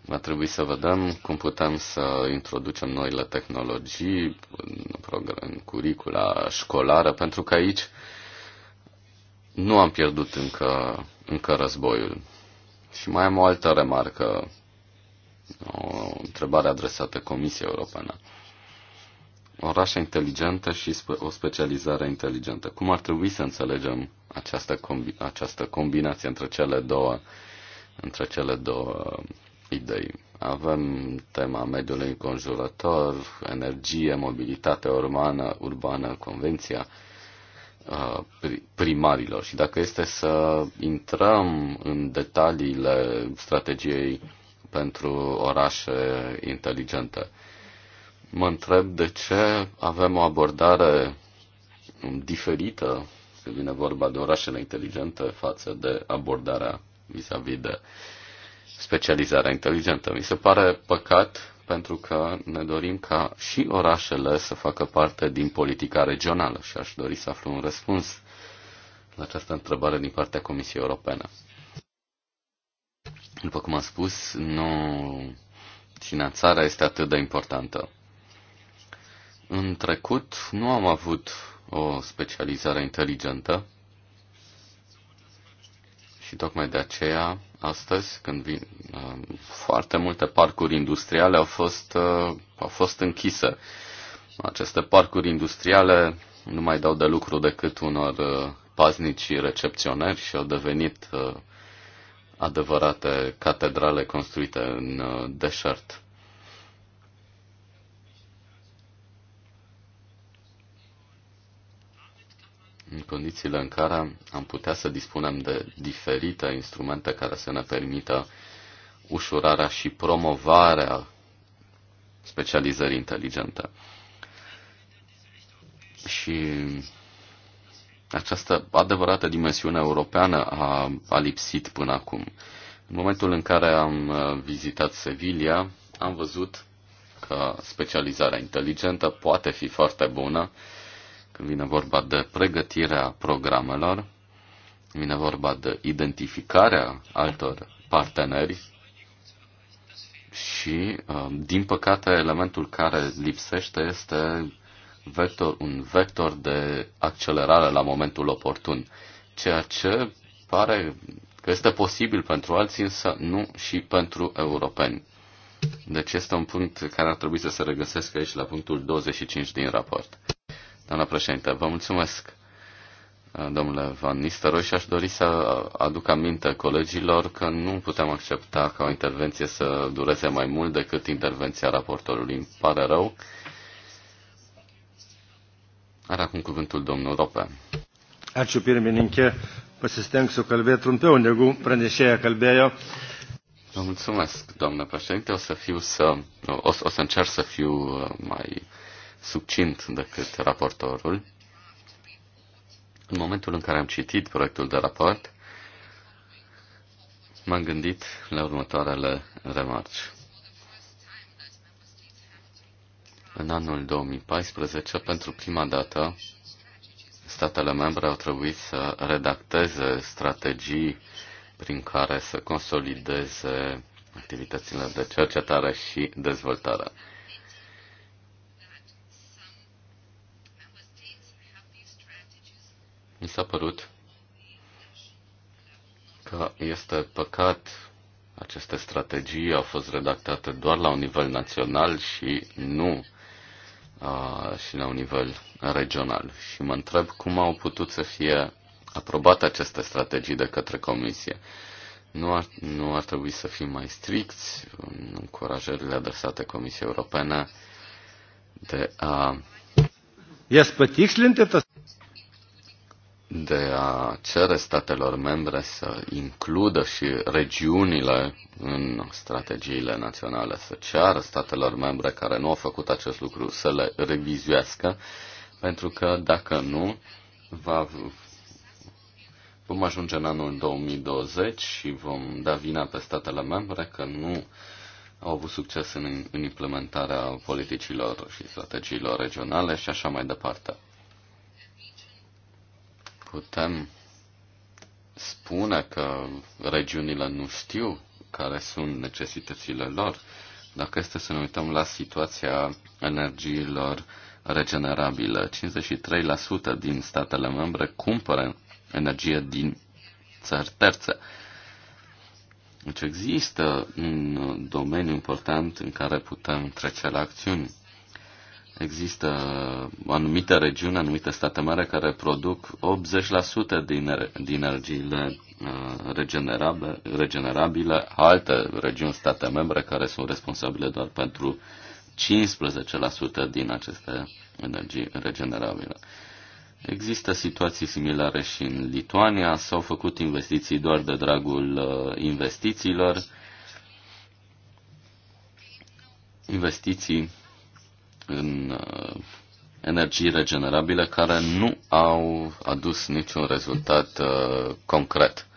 Speaker 2: Va trebui să vedem cum putem să introducem noile tehnologii în, în curicula școlară, pentru că aici nu am pierdut încă, încă războiul. Și mai am o altă remarcă, o întrebare adresată Comisiei Europene orașe inteligente și o specializare inteligentă. Cum ar trebui să înțelegem această, combi- această combinație între cele două, între cele două idei? Avem tema mediului înconjurător, energie, mobilitate urbană, urbană convenția uh, primarilor. Și dacă este să intrăm în detaliile strategiei pentru orașe inteligente, mă întreb de ce avem o abordare diferită, se vine vorba de orașele inteligente, față de abordarea vis-a-vis -vis de specializarea inteligentă. Mi se pare păcat pentru că ne dorim ca și orașele să facă parte din politica regională și aș dori să aflu un răspuns la această întrebare din partea Comisiei Europene. După cum am spus, nu finanțarea este atât de importantă. În trecut nu am avut o specializare inteligentă și tocmai de aceea astăzi, când vin, uh, foarte multe parcuri industriale au fost, uh, au fost închise. Aceste parcuri industriale nu mai dau de lucru decât unor uh, paznici recepționeri și au devenit adevărate catedrale construite în deșert. în condițiile în care am putea să dispunem de diferite instrumente care să ne permită ușurarea și promovarea specializării inteligente. Și această adevărată dimensiune europeană a, a lipsit până acum. În momentul în care am uh, vizitat Sevilla, am văzut că specializarea inteligentă poate fi foarte bună, când vine vorba de pregătirea programelor, când vine vorba de identificarea altor parteneri și, uh, din păcate, elementul care lipsește este vector, un vector de accelerare la momentul oportun, ceea ce pare că este posibil pentru alții, însă nu și pentru europeni. Deci este un punct care ar trebui să se regăsesc aici la punctul 25 din raport doamna președinte. Vă mulțumesc, domnule Van Nistelrooy, și aș dori să aduc aminte colegilor că nu putem accepta ca o intervenție să dureze mai mult decât intervenția raportorului. Îmi pare rău. Are acum cuvântul domnul Rope.
Speaker 1: Ačiū pirmininkė, pasistengsiu kalbėti trumpiau negu pranešėja kalbėjo.
Speaker 2: Vă mulțumesc, domnule președinte. O să, fiu să, o, o să încerc să fiu mai succint decât raportorul. În momentul în care am citit proiectul de raport, m-am gândit la următoarele remarci. În anul 2014, pentru prima dată, statele membre au trebuit să redacteze strategii prin care să consolideze activitățile de cercetare și dezvoltare. mi s-a părut că este păcat aceste strategii au fost redactate doar la un nivel național și nu a, și la un nivel regional. Și mă întreb cum au putut să fie aprobate aceste strategii de către Comisie. Nu ar, nu ar trebui să fim mai stricți în încurajările adresate Comisiei Europene de a Yes, de a cere statelor membre să includă și regiunile în strategiile naționale, să ceară statelor membre care nu au făcut acest lucru să le revizuiască, pentru că dacă nu, va, vom ajunge în anul 2020 și vom da vina pe statele membre că nu au avut succes în, în implementarea politicilor și strategiilor regionale și așa mai departe. Putem spune că regiunile nu știu care sunt necesitățile lor. Dacă este să ne uităm la situația energiilor regenerabile, 53% din statele membre cumpără energie din țări terțe. Deci există un domeniu important în care putem trece la acțiuni. Există anumite regiuni, anumite state mari care produc 80% din, din energiile uh, regenerabile, regenerabile, alte regiuni, state membre care sunt responsabile doar pentru 15% din aceste energii regenerabile. Există situații similare și în Lituania, s-au făcut investiții doar de dragul uh, investițiilor, investiții în uh, energii regenerabile care nu au adus niciun rezultat uh, concret.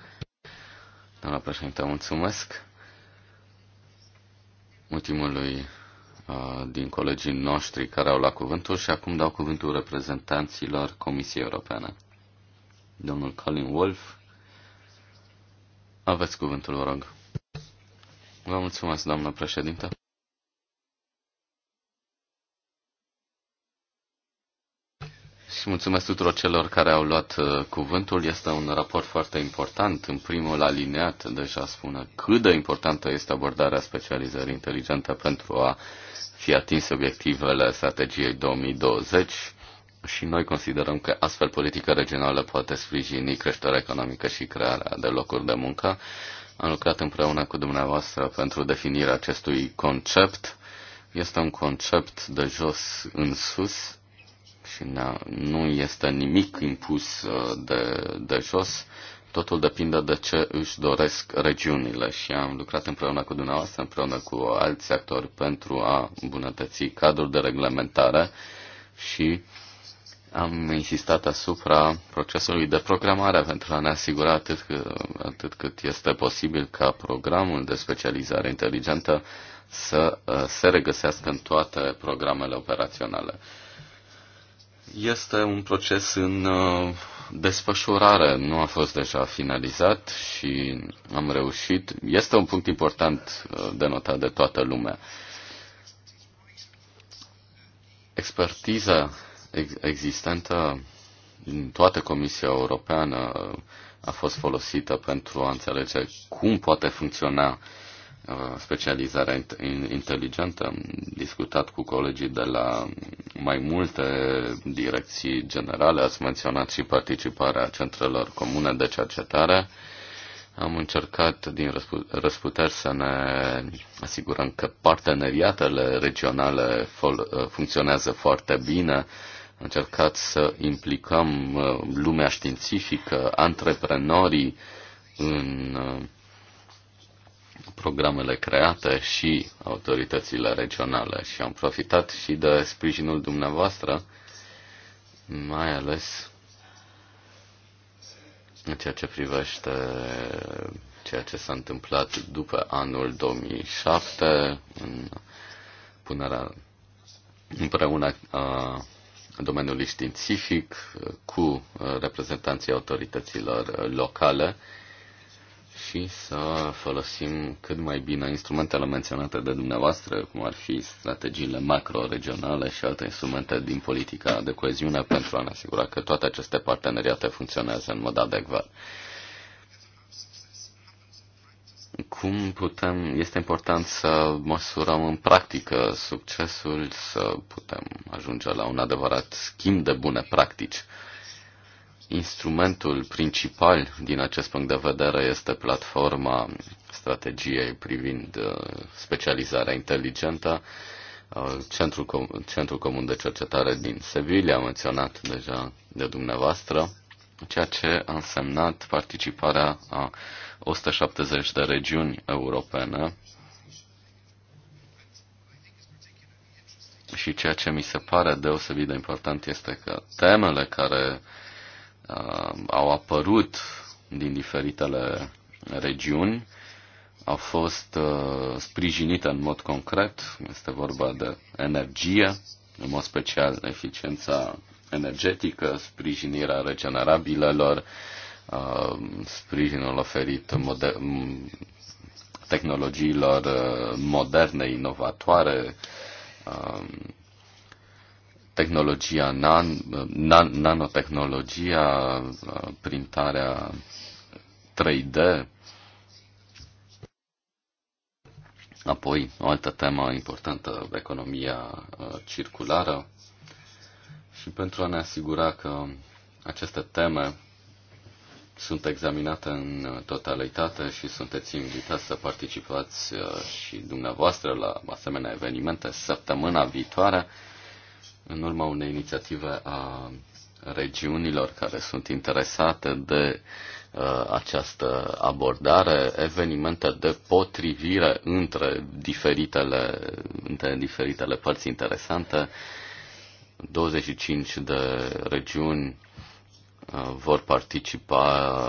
Speaker 2: Doamna președinte, mulțumesc ultimului uh, din colegii noștri care au luat cuvântul și acum dau cuvântul reprezentanților Comisiei Europene. Domnul Colin Wolf, aveți cuvântul, vă rog. Vă mulțumesc, doamnă președinte. și mulțumesc tuturor celor care au luat uh, cuvântul. Este un raport foarte important. În primul alineat deja spune cât de importantă este abordarea specializării inteligente pentru a fi atins obiectivele strategiei 2020 și noi considerăm că astfel politica regională poate sprijini creșterea economică și crearea de locuri de muncă. Am lucrat împreună cu dumneavoastră pentru definirea acestui concept. Este un concept de jos în sus, și nu este nimic impus uh, de, de jos. Totul depinde de ce își doresc regiunile și am lucrat împreună cu dumneavoastră, împreună cu alți actori pentru a îmbunătăți cadrul de reglementare și am insistat asupra procesului de programare pentru a ne asigura atât, că, atât cât este posibil ca programul de specializare inteligentă să uh, se regăsească în toate programele operaționale. Este un proces în uh, desfășurare, nu a fost deja finalizat și am reușit. Este un punct important uh, de notat de toată lumea. Expertiza existentă în toată Comisia Europeană uh, a fost folosită pentru a înțelege cum poate funcționa Uh, specializarea inteligentă. Am discutat cu colegii de la mai multe direcții generale, ați menționat și participarea centrelor comune de cercetare. Am încercat din răsputeri să ne asigurăm că parteneriatele regionale uh, funcționează foarte bine. Am încercat să implicăm uh, lumea științifică, antreprenorii în programele create și autoritățile regionale și am profitat și de sprijinul dumneavoastră, mai ales în ceea ce privește ceea ce s-a întâmplat după anul 2007 în punerea împreună a domeniului științific cu reprezentanții autorităților locale și să folosim cât mai bine instrumentele menționate de dumneavoastră, cum ar fi strategiile macro-regionale și alte instrumente din politica de coeziune pentru a ne asigura că toate aceste parteneriate funcționează în mod adecvat. Cum putem, este important să măsurăm în practică succesul, să putem ajunge la un adevărat schimb de bune practici Instrumentul principal din acest punct de vedere este platforma strategiei privind uh, specializarea inteligentă, uh, Centrul, Centrul Comun de Cercetare din Sevilla, menționat deja de dumneavoastră, ceea ce a însemnat participarea a 170 de regiuni europene și ceea ce mi se pare deosebit de important este că temele care uh, Uh, au apărut din diferitele regiuni, au fost uh, sprijinite în mod concret, este vorba de energie, în mod special eficiența energetică, sprijinirea regenerabilelor, uh, sprijinul oferit moder- tehnologiilor moderne, inovatoare, tehnologia nan, nan, nanotehnologia, printarea 3D. Apoi, o altă temă importantă, economia uh, circulară. Și pentru a ne asigura că aceste teme sunt examinate în totalitate și sunteți invitați să participați uh, și dumneavoastră la asemenea evenimente săptămâna viitoare în urma unei inițiative a regiunilor care sunt interesate de uh, această abordare, evenimente de potrivire între diferitele, între diferitele părți interesante, 25 de regiuni Uh, vor participa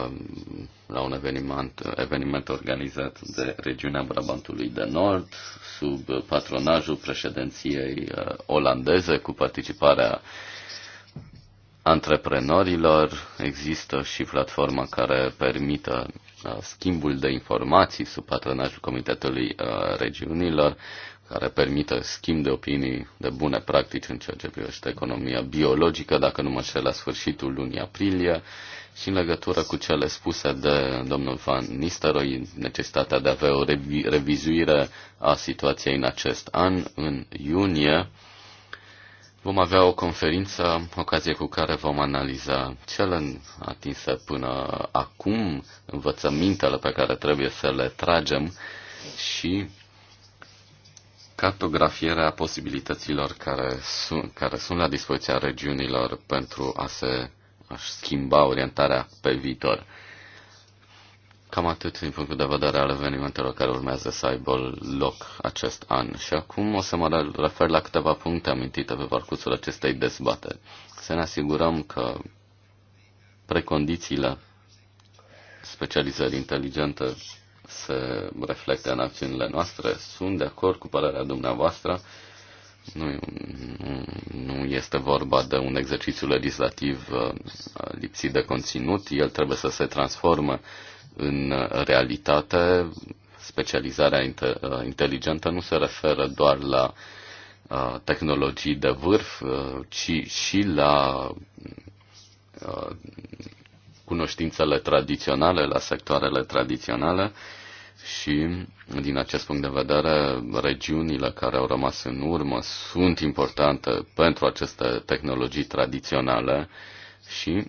Speaker 2: uh, la un eveniment, eveniment organizat de regiunea Brabantului de Nord sub patronajul președinției uh, olandeze cu participarea antreprenorilor. Există și platforma care permită schimbul de informații sub patronajul Comitetului Regiunilor care permită schimb de opinii de bune practici în ceea ce privește economia biologică, dacă nu mă șel la sfârșitul lunii aprilie, și în legătură cu cele spuse de domnul Van Nistelrooy, necesitatea de a avea o revi- revizuire a situației în acest an, în iunie, vom avea o conferință, ocazie cu care vom analiza cele atinse până acum, învățămintele pe care trebuie să le tragem și cartografierea posibilităților care sunt, care sunt la dispoziția regiunilor pentru a se a schimba orientarea pe viitor. Cam atât din punctul de vedere al evenimentelor care urmează să aibă loc acest an. Și acum o să mă refer la câteva puncte amintite pe parcursul acestei dezbateri. Să ne asigurăm că precondițiile specializării inteligente se reflecte în acțiunile noastre. Sunt de acord cu părerea dumneavoastră. Nu, nu, nu este vorba de un exercițiu legislativ uh, lipsit de conținut. El trebuie să se transformă în realitate. Specializarea uh, inteligentă nu se referă doar la uh, tehnologii de vârf, ci și la cunoștințele tradiționale, la sectoarele tradiționale și, din acest punct de vedere, regiunile care au rămas în urmă sunt importante pentru aceste tehnologii tradiționale și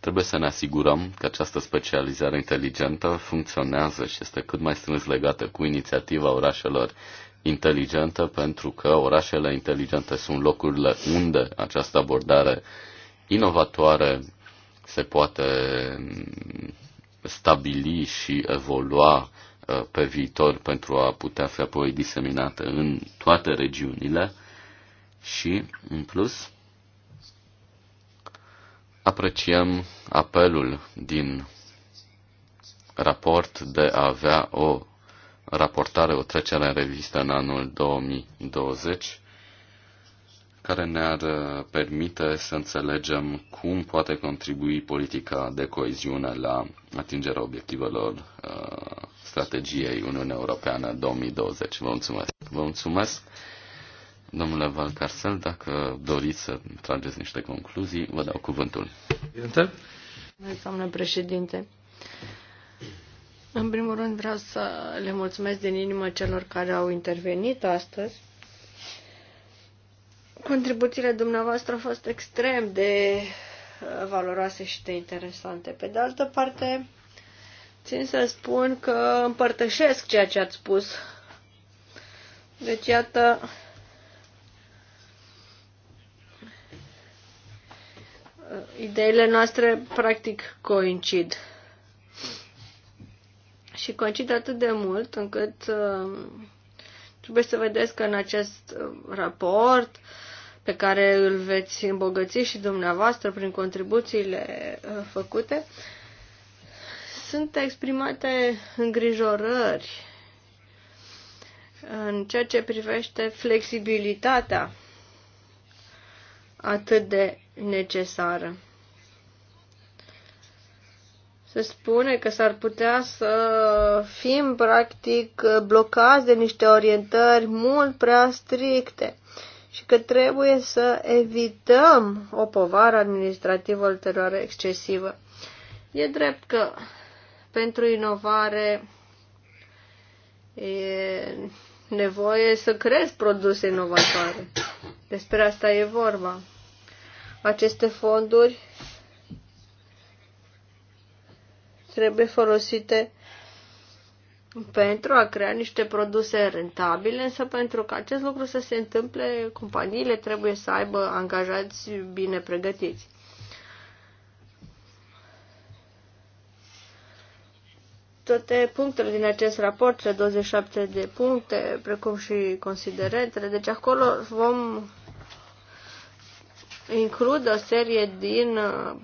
Speaker 2: trebuie să ne asigurăm că această specializare inteligentă funcționează și este cât mai strâns legată cu inițiativa orașelor inteligente, pentru că orașele inteligente sunt locurile unde această abordare inovatoare se poate stabili și evolua uh, pe viitor pentru a putea fi apoi diseminată în toate regiunile și, în plus, apreciem apelul din raport de a avea o raportare, o trecere în revistă în anul 2020 care ne-ar uh, permite să înțelegem cum poate contribui politica de coeziune la atingerea obiectivelor uh, strategiei Uniunea Europeană 2020. Vă mulțumesc! Vă mulțumesc, domnule Valcarcel, dacă doriți să trageți niște concluzii, vă dau cuvântul.
Speaker 4: Domnule președinte, în primul rând vreau să le mulțumesc din inimă celor care au intervenit astăzi Contribuțiile dumneavoastră au fost extrem de uh, valoroase și de interesante. Pe de altă parte, țin să spun că împărtășesc ceea ce ați spus. Deci, iată, uh, ideile noastre practic coincid. Și coincid atât de mult încât uh, trebuie să vedeți că în acest uh, raport uh, pe care îl veți îmbogăți și dumneavoastră prin contribuțiile uh, făcute, sunt exprimate îngrijorări uh, în ceea ce privește flexibilitatea atât de necesară. Se spune că s-ar putea să fim practic blocați de niște orientări mult prea stricte și că trebuie să evităm o povară administrativă ulterioară excesivă. E drept că pentru inovare e nevoie să crezi produse inovatoare. Despre asta e vorba. Aceste fonduri trebuie folosite pentru a crea niște produse rentabile, însă pentru că acest lucru să se întâmple, companiile trebuie să aibă angajați bine pregătiți. toate punctele din acest raport, cele 27 de puncte, precum și considerentele. Deci acolo vom include o serie din uh,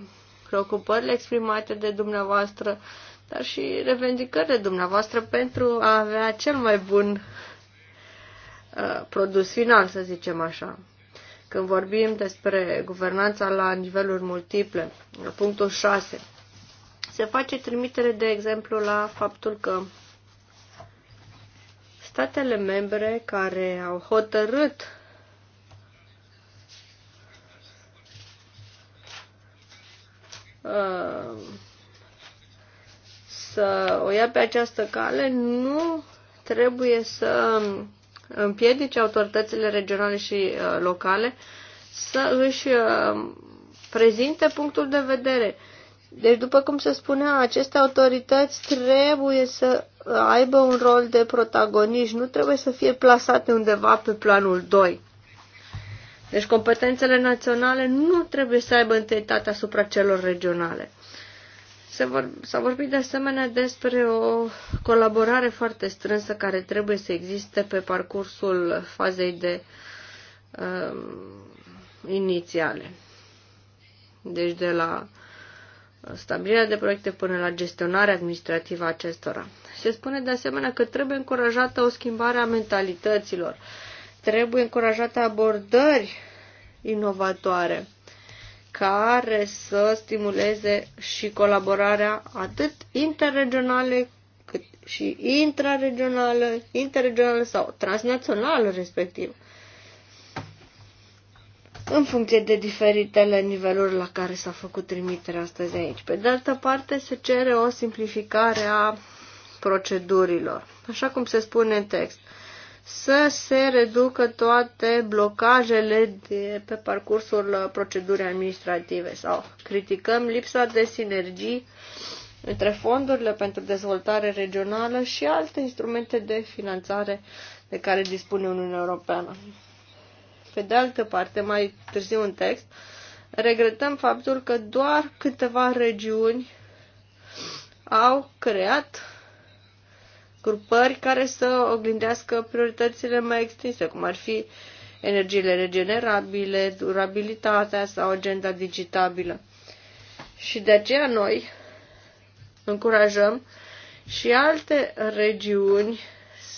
Speaker 4: preocupările exprimate de dumneavoastră, dar și revendicările dumneavoastră pentru a avea cel mai bun uh, produs final, să zicem așa. Când vorbim despre guvernanța la niveluri multiple, punctul 6, se face trimitere, de exemplu, la faptul că statele membre care au hotărât uh, să o ia pe această cale, nu trebuie să împiedice autoritățile regionale și uh, locale să își uh, prezinte punctul de vedere. Deci, după cum se spunea, aceste autorități trebuie să aibă un rol de protagoniști, nu trebuie să fie plasate undeva pe planul 2. Deci competențele naționale nu trebuie să aibă întâietate asupra celor regionale. Se vor, s-a vorbit de asemenea despre o colaborare foarte strânsă care trebuie să existe pe parcursul fazei de uh, inițiale. Deci de la stabilirea de proiecte până la gestionarea administrativă a acestora. Se spune de asemenea că trebuie încurajată o schimbare a mentalităților, trebuie încurajate abordări inovatoare care să stimuleze și colaborarea atât interregionale cât și intraregională, interregională sau transnațională respectiv în funcție de diferitele niveluri la care s-a făcut trimiterea astăzi aici. Pe de altă parte, se cere o simplificare a procedurilor, așa cum se spune în text. Uh, să se reducă toate blocajele de, pe parcursul uh, procedurii administrative sau criticăm lipsa de sinergii între fondurile pentru dezvoltare regională și alte instrumente de finanțare de care dispune Uniunea Europeană. Pe de altă parte, mai târziu un text, regretăm faptul că doar câteva regiuni au creat grupări care să oglindească prioritățile mai extinse, cum ar fi energiile regenerabile, durabilitatea sau agenda digitabilă. Și de aceea noi încurajăm și alte regiuni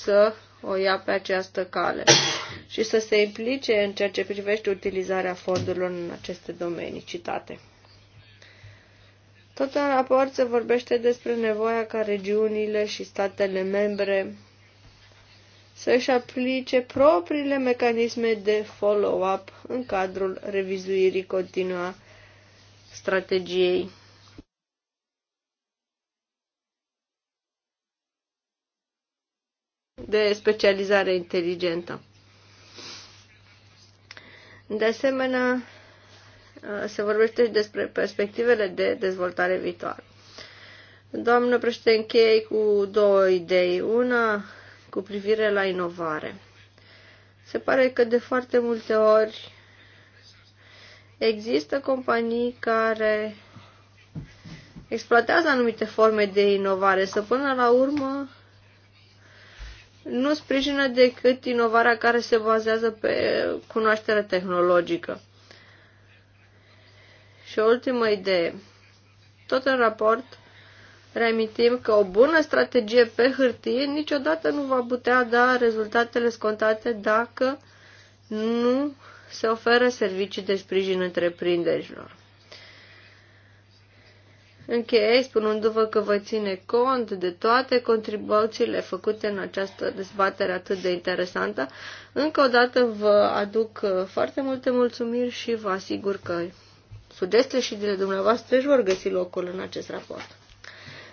Speaker 4: să o ia pe această cale și să se implice în ceea ce privește utilizarea fondurilor în aceste domenii citate. Tot în raport se vorbește despre nevoia ca regiunile și statele membre să-și aplice propriile mecanisme de follow-up în cadrul revizuirii continua strategiei. de specializare inteligentă. De asemenea, Eh, se vorbește și despre perspectivele de dezvoltare viitoare. Doamnă președinte, închei cu două idei. Una cu privire la inovare. Se pare că de foarte multe ori există companii care exploatează anumite forme de inovare, să până la urmă nu sprijină decât inovarea care se bazează pe cunoașterea tehnologică. Și o ultimă idee. Tot în raport reamintim că o bună strategie pe hârtie niciodată nu va putea da rezultatele scontate dacă nu se oferă servicii de sprijin întreprinderilor. Închei spunându-vă că vă ține cont de toate contribuțiile făcute în această dezbatere atât de interesantă. Încă o dată vă aduc foarte multe mulțumiri și vă asigur că Sugestiile și de dumneavoastră își vor găsi locul în acest raport.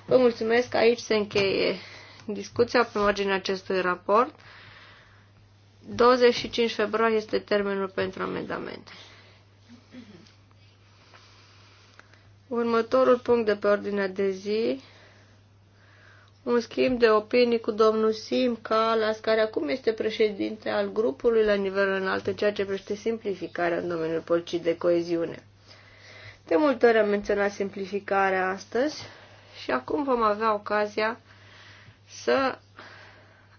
Speaker 4: Vă mulțumesc, aici se încheie discuția pe marginea acestui raport. 25 februarie este termenul pentru amendamente. Următorul punct de pe ordinea de zi, un schimb de opinii cu domnul Sim Calas, care acum este președinte al grupului la nivel înalt în ceea ce privește simplificarea în domeniul politicii de coeziune. De multe ori am menționat simplificarea astăzi și acum vom avea ocazia să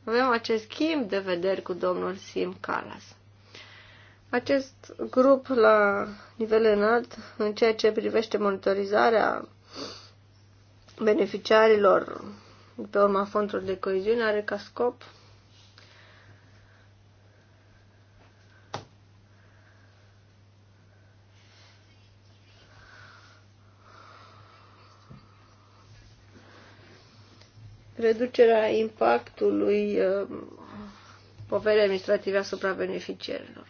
Speaker 4: avem acest schimb de vederi cu domnul Sim Calas. Acest grup la nivel înalt, în ceea ce privește monitorizarea beneficiarilor pe urma fondurilor de coeziune, are ca scop reducerea impactului uh, poverii administrative asupra beneficiarilor.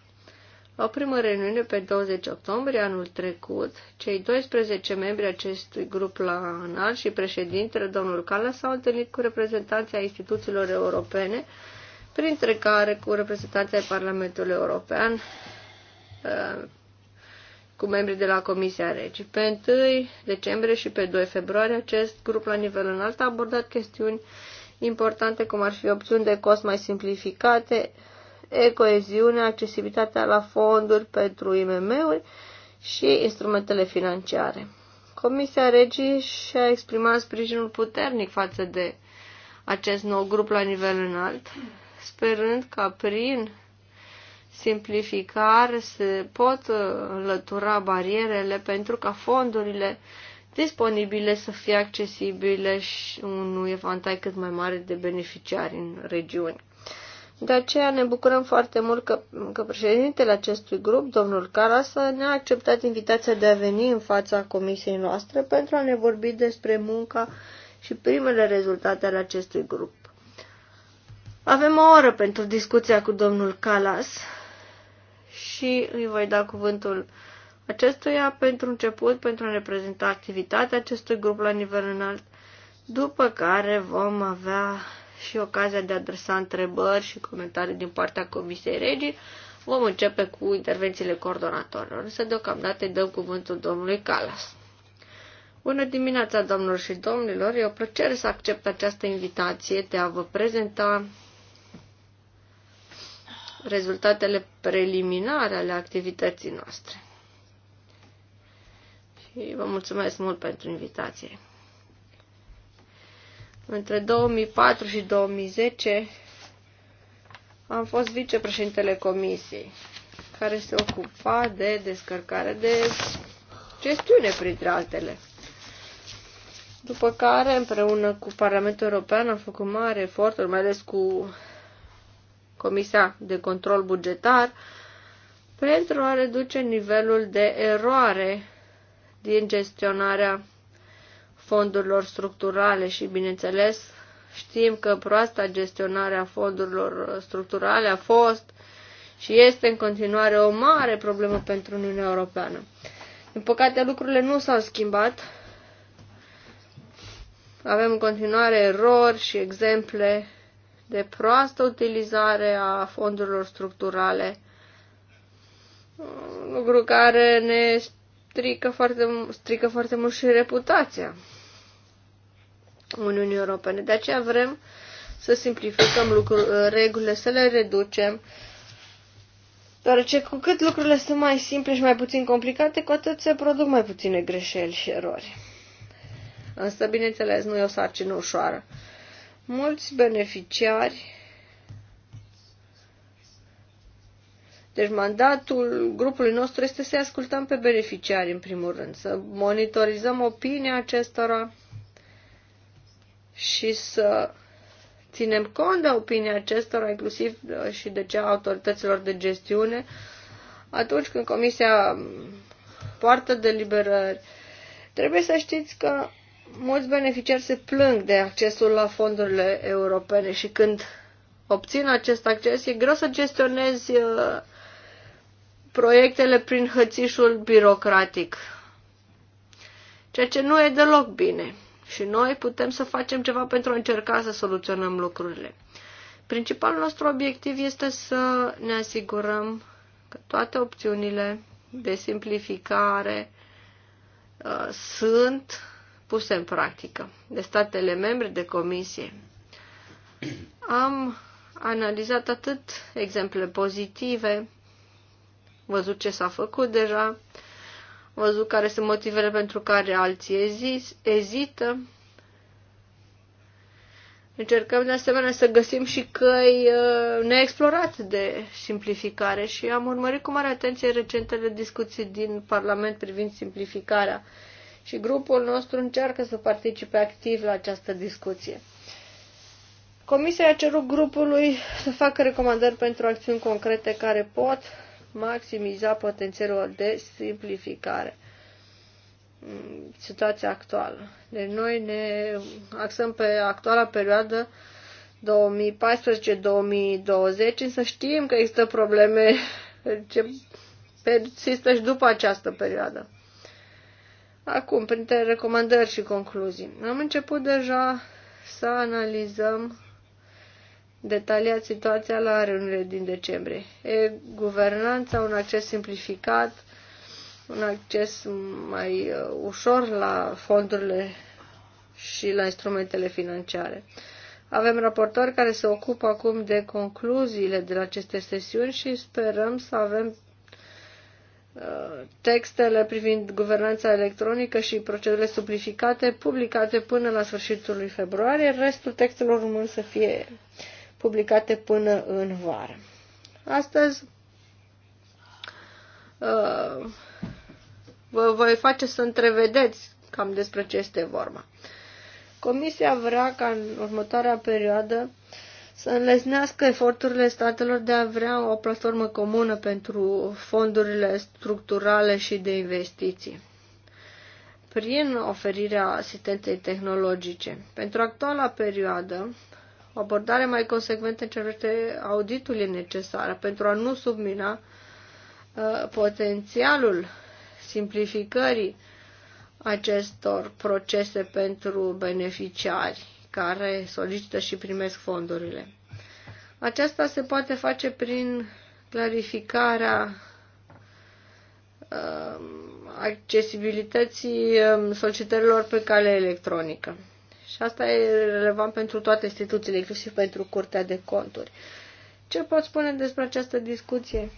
Speaker 4: La o primă reuniune pe 20 octombrie anul trecut, cei 12 membri acestui grup la ANAL și președintele, domnul Cala s-au întâlnit cu reprezentanții a instituțiilor europene, printre care cu reprezentanții Parlamentului European, uh, cu membrii de la Comisia Regi. Pe 1 decembrie și pe 2 februarie acest grup la nivel înalt a abordat chestiuni importante cum ar fi opțiuni de cost mai simplificate, ecoeziune, accesibilitatea la fonduri pentru IMM-uri și instrumentele financiare. Comisia Regii și-a exprimat sprijinul puternic față de acest nou grup la nivel înalt, sperând ca prin simplificare se pot uh, înlătura barierele pentru ca fondurile disponibile să fie accesibile și unui evantai cât mai mare de beneficiari în regiuni. De aceea ne bucurăm foarte mult că, că președintele acestui grup, domnul Caras, ne-a acceptat invitația de a veni în fața comisiei noastre pentru a ne vorbi despre munca și primele rezultate ale acestui grup. Avem o oră pentru discuția cu domnul Calas, și îi voi da cuvântul acestuia pentru început, pentru a reprezenta activitatea acestui grup la nivel înalt, după care vom avea și ocazia de a adresa întrebări și comentarii din partea Comisiei Regii. Vom începe cu intervențiile coordonatorilor, însă deocamdată îi dăm cuvântul domnului Calas. Bună dimineața, domnilor și domnilor! E o plăcere să accept această invitație de a vă prezenta rezultatele preliminare ale activității noastre. Și vă mulțumesc mult pentru invitație. Între 2004 și 2010 am fost vicepreședintele comisiei care se ocupa de descărcare de gestiune, printre altele. După care, împreună cu Parlamentul European, am făcut mare eforturi, mai ales cu Comisia de Control Bugetar pentru a reduce nivelul de eroare din gestionarea fondurilor structurale și, bineînțeles, știm că proasta gestionare a fondurilor structurale a fost și este în continuare o mare problemă pentru Uniunea Europeană. Din păcate, lucrurile nu s-au schimbat. Avem în continuare erori și exemple de proastă utilizare a fondurilor structurale, lucru care ne strică foarte, strică foarte mult și reputația Uniunii Europene. De aceea vrem să simplificăm lucru, regulile, să le reducem, deoarece cu cât lucrurile sunt mai simple și mai puțin complicate, cu atât se produc mai puține greșeli și erori. Însă, bineînțeles, nu e o sarcină ușoară. Mulți beneficiari Deci mandatul grupului nostru este să-i ascultăm pe beneficiari, în primul rând, să monitorizăm opinia acestora și să ținem cont de opinia acestora, inclusiv uh, și de cea autorităților de gestiune, atunci când comisia poartă deliberări. Trebuie să știți că mulți beneficiari se plâng de accesul la fondurile europene și când obțin acest acces, e greu să gestionezi uh, proiectele prin hățișul birocratic, ceea ce nu e deloc bine. Și noi putem să facem ceva pentru a încerca să soluționăm lucrurile. Principalul nostru obiectiv este să ne asigurăm că toate opțiunile de simplificare uh, sunt puse în practică de statele membre, de comisie. Am analizat atât exemple pozitive, văzut ce s-a făcut deja, văzut care sunt motivele pentru care alții ezită. Încercăm de asemenea să găsim și căi uh, neexplorate de simplificare și am urmărit cu mare atenție recentele discuții din Parlament privind simplificarea uh, și grupul nostru încearcă să participe activ la această discuție. Comisia a cerut grupului să facă recomandări pentru acțiuni concrete care pot maximiza potențialul de simplificare situația actuală. Deci noi ne axăm pe actuala perioadă 2014-2020, însă știm că există probleme ce persistă și după această perioadă. Acum, printre recomandări și concluzii, am început deja să analizăm detaliat situația la reuniunile din decembrie. E guvernanța, un acces simplificat, un acces mai uh, ușor la fondurile și la instrumentele financiare. Avem raportori care se ocupă acum de concluziile de la aceste sesiuni și sperăm să avem textele privind guvernanța electronică și procedurile simplificate publicate până la sfârșitul lui februarie, restul textelor urmând să fie publicate până în vară. Astăzi uh, vă voi face să întrevedeți cam despre ce este vorba. Comisia vrea ca în următoarea perioadă uh, să înlesnească eforturile statelor de a vrea o platformă comună pentru fondurile structurale și de investiții prin oferirea asistenței tehnologice. Pentru actuala perioadă, o abordare mai consecventă în ce privește auditul e necesară pentru a nu submina uh, potențialul simplificării acestor procese pentru beneficiari care solicită și primesc fondurile. Aceasta se poate face prin clarificarea um, accesibilității um, solicitărilor pe cale electronică. Și asta e relevant pentru toate instituțiile, inclusiv pentru Curtea de Conturi. Ce pot spune despre această discuție?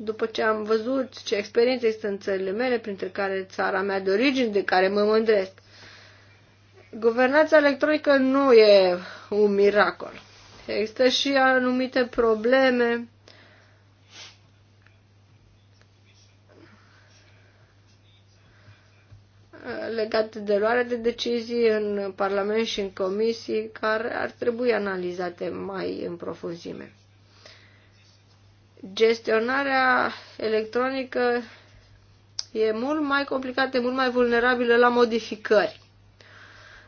Speaker 4: după ce am văzut ce experiențe există în țările mele, printre care țara mea de origine, de care mă mândresc, guvernanța electronică nu e un miracol. Există și anumite probleme legate de luarea de decizii în Parlament și în comisii care ar trebui analizate mai în profunzime gestionarea electronică e mult mai complicată, e mult mai vulnerabilă la modificări,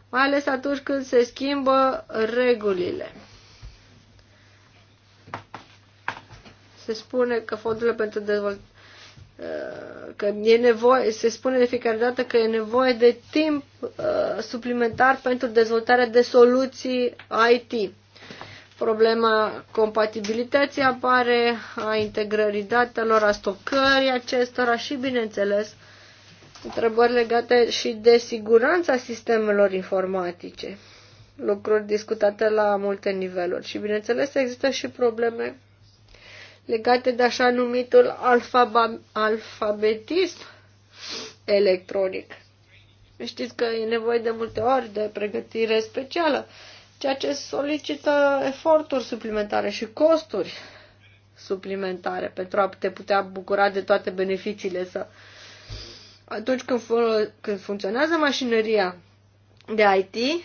Speaker 4: mai ales atunci când se schimbă regulile. Se spune că fondurile pentru dezvoltare uh, că e nevoie, se spune de fiecare dată că e nevoie de timp uh, suplimentar pentru dezvoltarea de soluții IT. Problema compatibilității apare, a integrării datelor, a stocării acestora și, bineînțeles, întrebări legate și de siguranța sistemelor informatice, lucruri discutate la multe niveluri. Și, bineînțeles, există și probleme legate de așa numitul alfabetism electronic. Știți că e nevoie de multe ori de pregătire specială ceea ce solicită eforturi suplimentare și costuri suplimentare pentru a te putea bucura de toate beneficiile. Să... Atunci când, fun- când funcționează mașinăria de IT,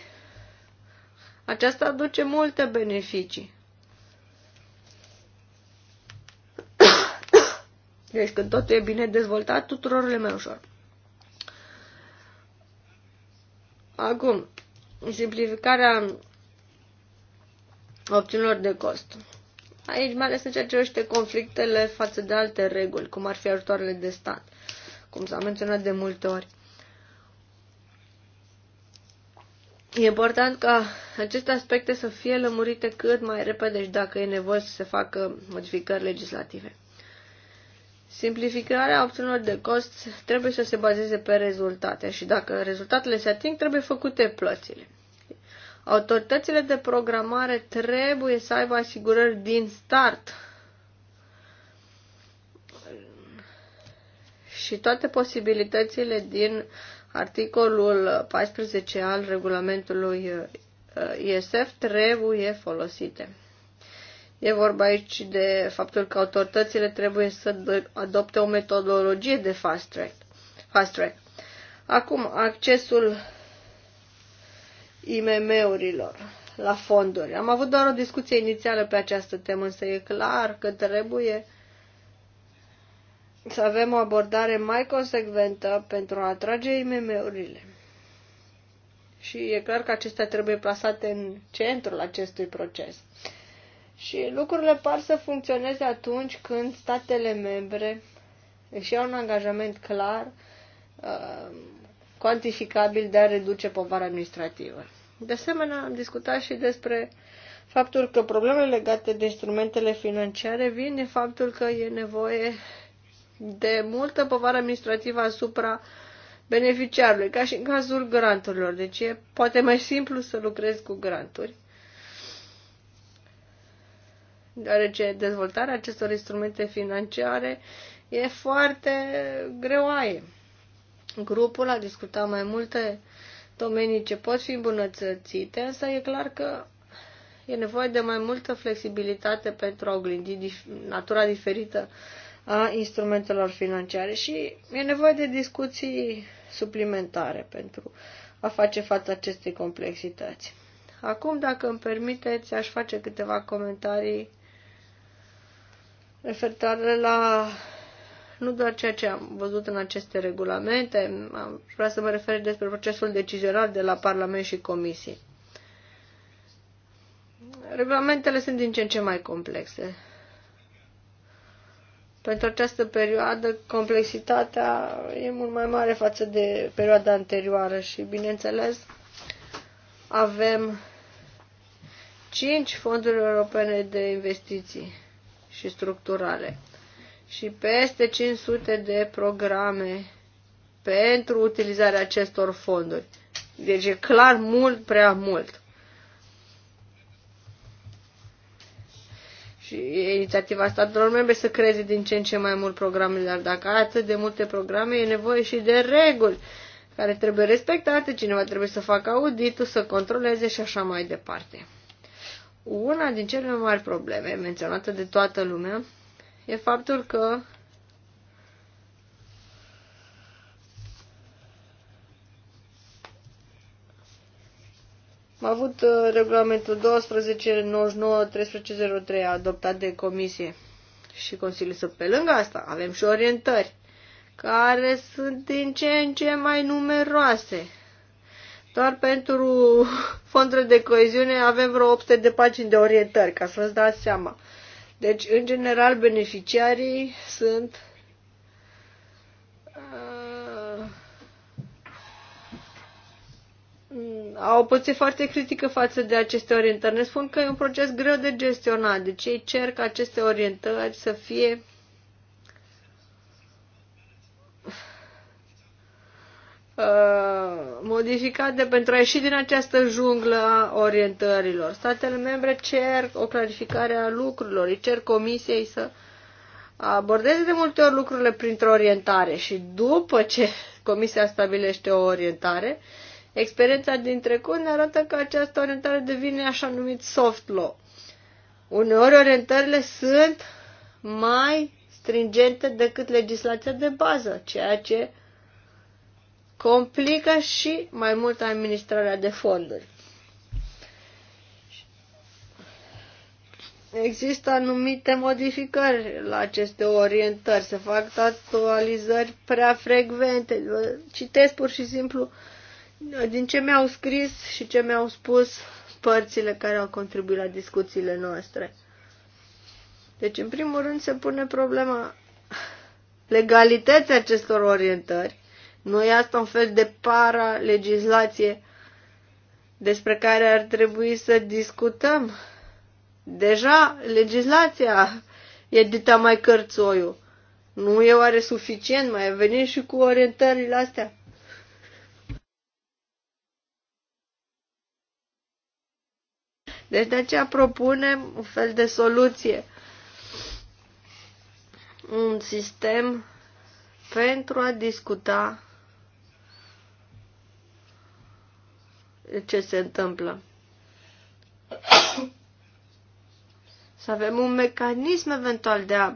Speaker 4: aceasta aduce multe beneficii. Deci când totul e bine dezvoltat, tuturor le mai ușor. Acum, simplificarea opțiunilor de cost. Aici, mai ales în ceea ce privește conflictele față de alte reguli, cum ar fi ajutoarele de stat, cum s-a menționat de multe ori. E important ca aceste aspecte să fie lămurite cât mai repede și dacă e nevoie să se facă modificări legislative. Simplificarea opțiunilor de cost trebuie să se bazeze pe rezultate și dacă rezultatele se ating, trebuie făcute plățile. Autoritățile de programare trebuie să aibă asigurări din start și toate posibilitățile din articolul 14 al regulamentului uh, ISF trebuie folosite. E vorba aici de faptul că autoritățile trebuie să adopte o metodologie de fast track. Fast track. Acum, accesul IMM-urilor la fonduri. Am avut doar o discuție inițială pe această temă, însă e clar că trebuie să avem o abordare mai consecventă pentru a atrage IMM-urile. Și e clar că acestea trebuie plasate în centrul acestui proces. Și lucrurile par să funcționeze atunci când statele membre își iau un angajament clar uh, cuantificabil de a reduce povara administrativă. De asemenea, am discutat și despre faptul că problemele legate de instrumentele financiare vin din faptul că e nevoie de multă povară administrativă asupra beneficiarului, ca și în cazul granturilor. Deci e poate mai simplu să lucrezi cu granturi, deoarece dezvoltarea acestor instrumente financiare e foarte greoaie. Grupul a discutat mai multe domenii ce pot fi îmbunătățite, însă e clar că e nevoie de mai multă flexibilitate pentru a oglindi natura diferită a instrumentelor financiare și e nevoie de discuții suplimentare pentru a face față acestei complexități. Acum, dacă îmi permiteți, aș face câteva comentarii referitoare la nu doar ceea ce am văzut în aceste regulamente, vreau să mă refer despre procesul decizional de la Parlament și Comisie. Regulamentele sunt din ce în ce mai complexe. Pentru această perioadă, complexitatea e mult mai mare față de perioada anterioară și, bineînțeles, avem cinci fonduri europene de investiții și structurale și peste 500 de programe pentru utilizarea acestor fonduri. Deci e clar mult prea mult. Și inițiativa statelor membre să creeze din ce în ce mai mult programe, dar dacă ai atât de multe programe, e nevoie și de reguli care trebuie respectate, cineva trebuie să facă auditul, să controleze și așa mai departe. Una din cele mai mari probleme menționată de toată lumea e faptul că Am avut uh, regulamentul 12.99.1303 adoptat de comisie și Consiliul sub pe lângă asta avem și orientări care sunt din ce în ce mai numeroase. Doar pentru *laughs* fondurile de coeziune avem vreo 800 de pagini de orientări, ca să vă dați seama. Deci, în general, beneficiarii sunt uh, au o poziție foarte critică față de aceste orientări. Ne spun că e un proces greu de gestionat, deci ei cer ca aceste orientări să fie Uh, modificate pentru a ieși din această junglă a orientărilor. Statele membre cer o clarificare a lucrurilor, îi cer comisiei să abordeze de multe ori lucrurile printr-o orientare și după ce comisia stabilește o orientare, experiența din trecut ne arată că această orientare devine așa numit soft law. Uneori orientările sunt mai stringente decât legislația de bază, ceea ce uh, complică și mai mult administrarea de fonduri. Există anumite modificări la aceste orientări, se fac actualizări prea frecvente. Citesc pur și simplu din ce mi-au scris și ce mi-au spus părțile care au contribuit la discuțiile noastre. Deci, în primul rând, se pune problema legalității acestor orientări nu e asta un fel de para-legislație despre care ar trebui să discutăm? Deja legislația e dita mai cărțoiu. Nu e oare suficient? Mai venim și cu orientările astea. Deci de aceea propunem un fel de soluție, un sistem pentru a discuta ce se întâmplă. Să avem un mecanism eventual de a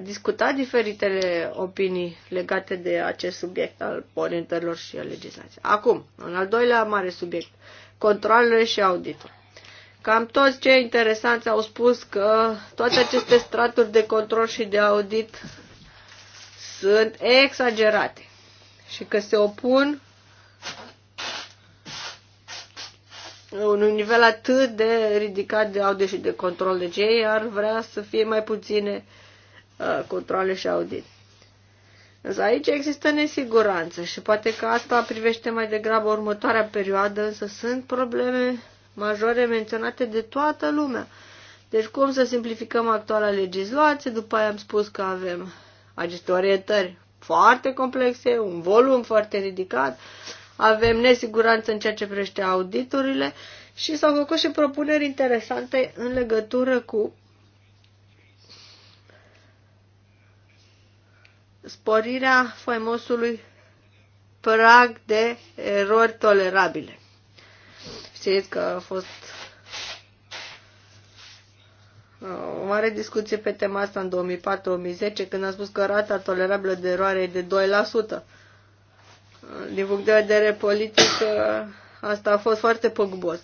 Speaker 4: discuta diferitele opinii legate de acest subiect al orientărilor și a legislației. Acum, în al doilea mare subiect, controlele și auditul. Cam toți cei interesanți au spus că toate aceste straturi de control și de audit sunt exagerate și că se opun un nivel atât de ridicat de audit și de control. de ei ar vrea să fie mai puține uh, controle și audit. Însă aici există nesiguranță și poate că asta privește mai degrabă următoarea perioadă, însă sunt probleme majore menționate de toată lumea. Deci cum să simplificăm actuala legislație, după aia am spus că avem aceste orientări foarte complexe, un volum foarte ridicat, avem nesiguranță în ceea ce privește auditurile și s-au făcut și propuneri interesante în legătură cu sporirea faimosului prag de erori tolerabile. Știți că a fost uh, o mare discuție pe tema asta în 2004-2010, când a spus că rata tolerabilă de eroare e de 2% din punct de vedere politic, ă, asta a fost foarte păgubos.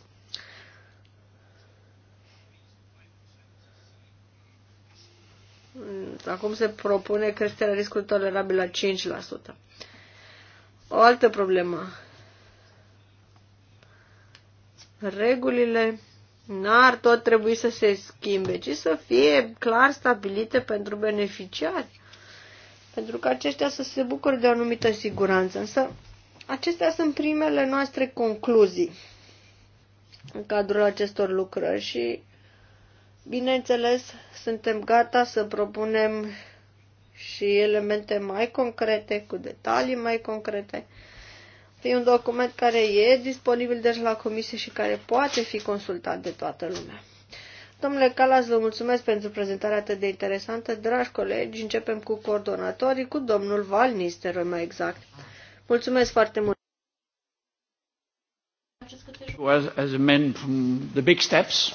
Speaker 4: Acum se propune creșterea riscului tolerabil la 5%. O altă problemă. Regulile n-ar tot trebui să se schimbe, ci să fie clar stabilite pentru beneficiari pentru că aceștia să se bucure de o anumită siguranță. Însă, acestea sunt primele noastre concluzii în cadrul acestor lucrări și, bineînțeles, suntem gata să propunem și elemente mai concrete, cu detalii mai concrete. E un document care e disponibil deja la comisie și care poate fi consultat de toată lumea. Domnule Calas, vă mulțumesc pentru prezentarea atât de interesantă. Dragi colegi, începem cu coordonatorii, cu domnul Valnister, mai exact. Mulțumesc foarte mult.
Speaker 1: Well, as a man from the big steps.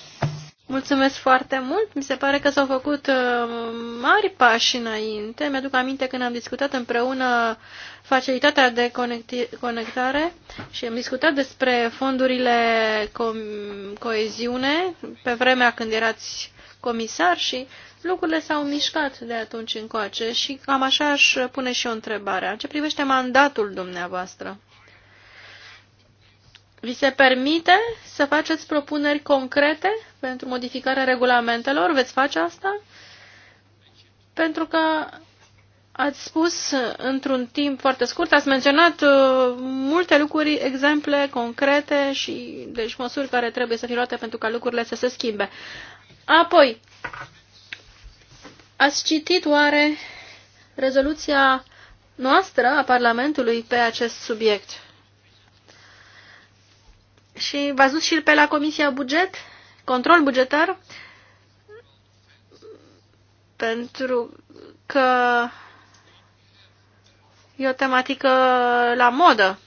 Speaker 3: Mulțumesc foarte mult. Mi se pare că s-au făcut uh, mari pași înainte. Mi-aduc aminte când am discutat împreună facilitatea de conectare și am discutat despre fondurile co- coeziune pe vremea când erați comisar și lucrurile s-au mișcat de atunci încoace și cam așa aș pune și o întrebare. Ce privește mandatul dumneavoastră? Vi se permite să faceți propuneri concrete pentru modificarea regulamentelor? Veți face asta? Pentru că ați spus într-un timp foarte scurt, ați menționat uh, multe lucruri, exemple concrete și deci măsuri care trebuie să fie luate pentru ca lucrurile să se schimbe. Apoi, ați citit oare rezoluția noastră a Parlamentului pe acest subiect? Și v-ați dus și pe la Comisia Buget, control bugetar, pentru că e o tematică la modă.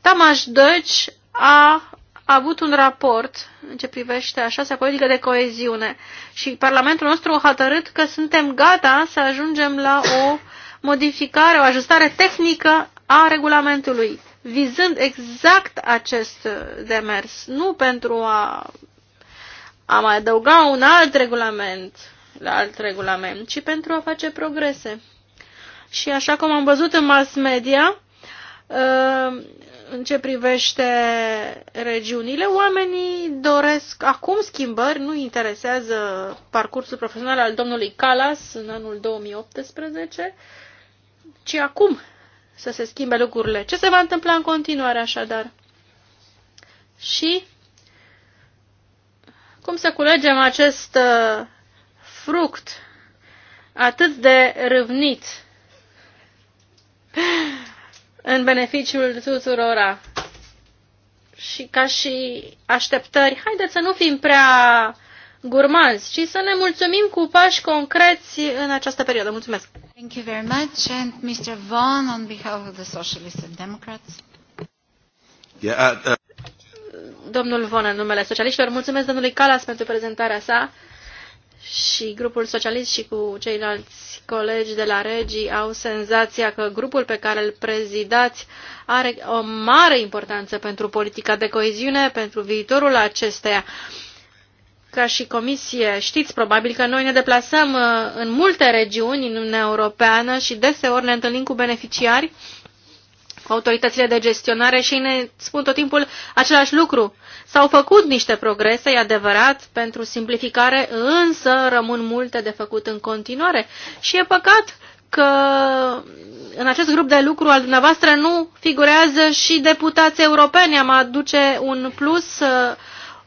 Speaker 3: Tamas Deutsch a avut un raport în ce privește așa se politică de coeziune și Parlamentul nostru a hotărât că suntem gata să ajungem la o modificare, o ajustare tehnică a regulamentului vizând exact acest demers, nu pentru a, a mai adăuga un alt regulament la alt regulament, ci pentru a face progrese. Și așa cum am văzut în mass media, uh, în ce privește regiunile, oamenii doresc acum schimbări, nu interesează parcursul profesional al domnului Calas în anul 2018, ci acum să se schimbe lucrurile. Ce se va întâmpla în continuare așadar? Și cum să culegem acest uh, fruct atât de râvnit *laughs* în beneficiul tuturora? Și ca și așteptări, haideți să nu fim prea gurmanzi,
Speaker 1: și să ne mulțumim cu pași concreți în această perioadă. Mulțumesc! Thank you very much and Mr. Vaughan on behalf of the Socialists and Democrats. Yeah, uh, uh... Domnul
Speaker 3: Von, în numele socialiștilor, mulțumesc domnului Calas pentru prezentarea sa și grupul socialist și cu ceilalți colegi de la Regii au senzația că grupul pe care îl prezidați are o mare importanță pentru politica de coeziune, pentru viitorul acesteia ca și comisie știți probabil că noi ne deplasăm uh, în multe regiuni în Uniunea Europeană și deseori ne întâlnim cu beneficiari, cu autoritățile de gestionare și ne spun tot timpul același lucru. S-au făcut niște progrese, e adevărat, pentru simplificare, însă rămân multe de făcut în continuare și e păcat că în acest grup de lucru al dumneavoastră nu figurează și deputații europeni. Am aduce un plus uh,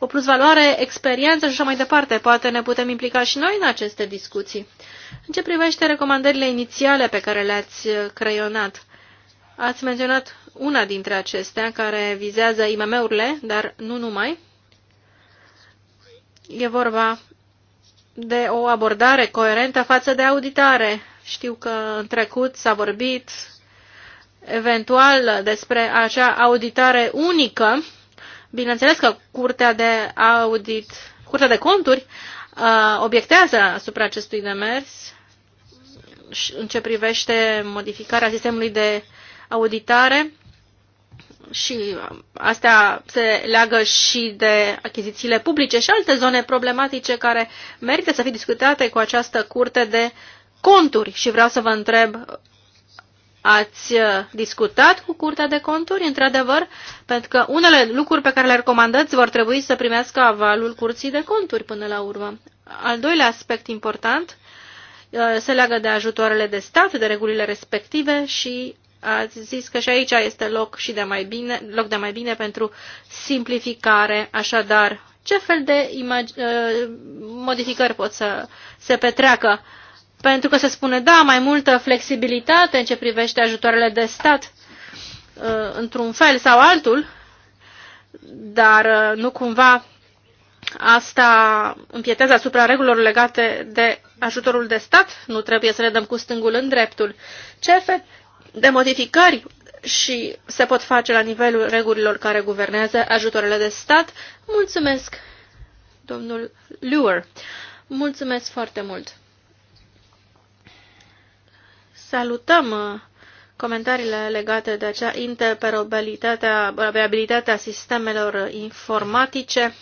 Speaker 3: o plusvaloare, experiență și așa mai departe. Poate ne putem implica și noi în aceste discuții. În ce privește recomandările inițiale pe care le-ați creionat, ați menționat una dintre acestea care vizează IMM-urile, dar nu numai. E vorba de o abordare coerentă față de auditare. Știu că în trecut s-a vorbit eventual despre acea auditare unică, Bineînțeles că Curtea de Audit, Curtea de Conturi, uh, obiectează asupra acestui demers în ce privește modificarea sistemului de auditare și astea se leagă și de achizițiile publice și alte zone problematice care merită să fie discutate cu această curte de conturi. Și vreau să vă întreb Ați uh, discutat cu Curtea de Conturi, într-adevăr, pentru că unele lucruri pe care le recomandați vor trebui să primească avalul Curții de Conturi până la urmă. Al doilea aspect important uh, se leagă de ajutoarele de stat, de regulile respective și ați zis că și aici este loc, și de mai bine, loc de mai bine pentru simplificare. Așadar, ce fel de uh, modificări pot să se petreacă pentru că se spune, da, mai multă flexibilitate în ce privește ajutoarele de stat uh, într-un fel sau altul, dar uh, nu cumva asta împietează asupra regulilor legate de ajutorul de stat. Nu trebuie să le dăm cu stângul în dreptul. Ce fel de modificări și se pot face la nivelul regulilor care guvernează ajutoarele de stat? Mulțumesc, domnul Luer. Mulțumesc foarte mult. Salutăm uh, comentariile legate de acea interoperabilitatea sistemelor informatice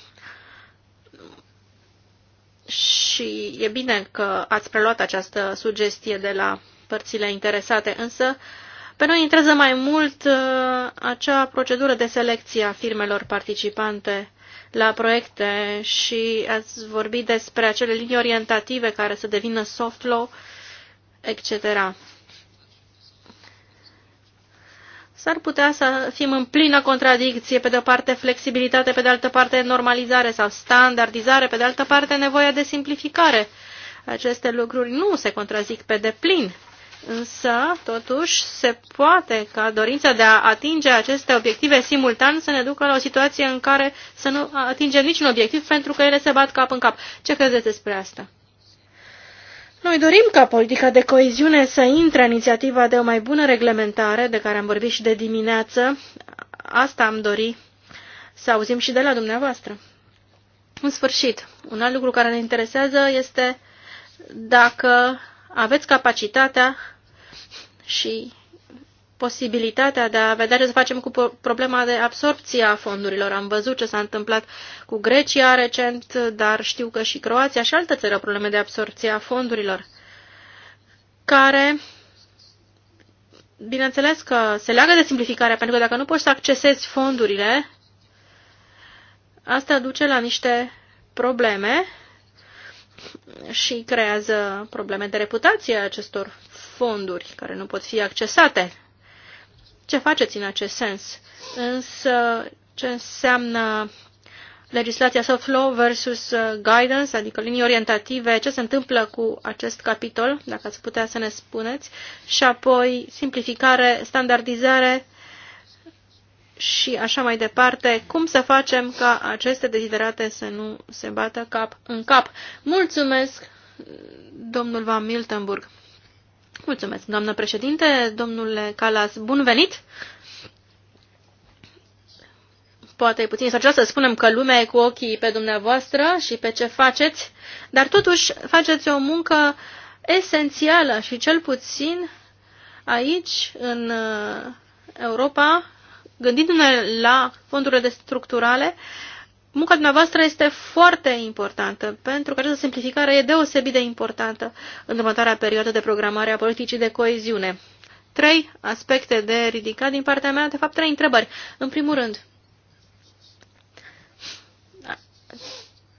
Speaker 3: și e bine că ați preluat această sugestie de la părțile interesate, însă pe noi intrează mai mult uh, acea procedură de selecție a firmelor participante la proiecte și ați vorbit despre acele linii orientative care să devină soft law, etc s-ar putea să fim în plină contradicție, pe de-o parte flexibilitate, pe de altă parte normalizare sau standardizare, pe de altă parte nevoia de simplificare. Aceste lucruri nu se contrazic pe deplin, însă, totuși, se poate ca dorința de a atinge aceste obiective simultan să ne ducă la o situație în care să nu atingem niciun obiectiv pentru că ele se bat cap în cap. Ce credeți despre asta? Noi dorim ca politica de coeziune să intre în inițiativa de o mai bună reglementare, de care am vorbit și de dimineață. Asta am dori să auzim și de la dumneavoastră. În sfârșit, un alt lucru care ne interesează este dacă aveți capacitatea și posibilitatea de a vedea ce să facem cu problema de absorpție a fondurilor. Am văzut ce s-a întâmplat cu Grecia recent, dar știu că și Croația și alte țări au probleme de absorpție a fondurilor, care, bineînțeles că se leagă de simplificarea pentru că dacă nu poți să accesezi fondurile, asta duce la niște probleme și creează probleme de reputație a acestor fonduri care nu pot fi accesate ce faceți în acest sens. Însă, ce înseamnă legislația soft law versus uh, guidance, adică linii orientative, ce se întâmplă cu acest capitol, dacă ați putea să ne spuneți, și apoi simplificare, standardizare și așa mai departe, cum să facem ca aceste deziderate să nu se bată cap în cap. Mulțumesc, domnul Van Miltenburg. Mulțumesc, doamnă președinte, domnule Calas, bun venit! Poate puțin puțin exagerat să spunem că lumea e cu ochii pe dumneavoastră și pe ce faceți, dar totuși faceți o muncă esențială și cel puțin aici, în uh, Europa, gândindu-ne la fondurile de structurale, Munca dumneavoastră este foarte importantă, pentru că această simplificare e deosebit de importantă în următoarea perioadă de programare a politicii de coeziune. Trei aspecte de ridicat din partea mea, de fapt trei întrebări. În primul rând,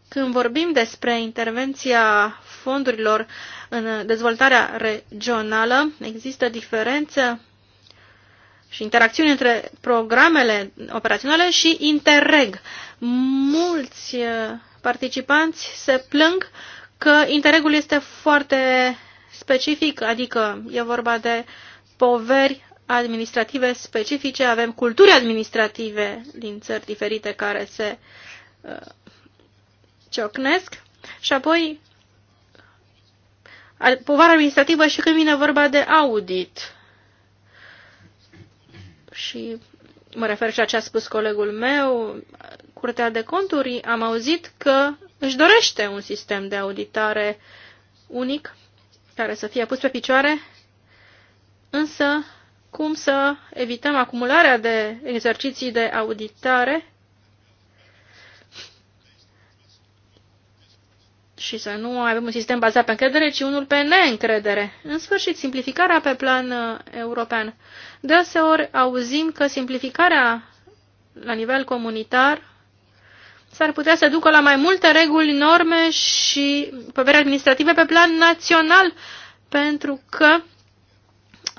Speaker 3: când vorbim despre intervenția fondurilor în dezvoltarea regională, există diferență și interacțiuni între programele operaționale și Interreg. Mulți uh, participanți se plâng că Interregul este foarte specific, adică e vorba de poveri administrative specifice, avem culturi administrative din țări diferite care se uh, ciocnesc și apoi povara administrativă și când vine vorba de audit și mă refer și la ce a spus colegul meu, Curtea de Conturi, am auzit că își dorește un sistem de auditare unic care să fie pus pe picioare, însă cum să evităm acumularea de exerciții de auditare și să nu avem un sistem bazat pe încredere, ci unul pe neîncredere. În sfârșit, simplificarea pe plan uh, european. Deseori auzim că simplificarea la nivel comunitar s-ar putea să ducă la mai multe reguli, norme și povere administrative pe plan național, pentru că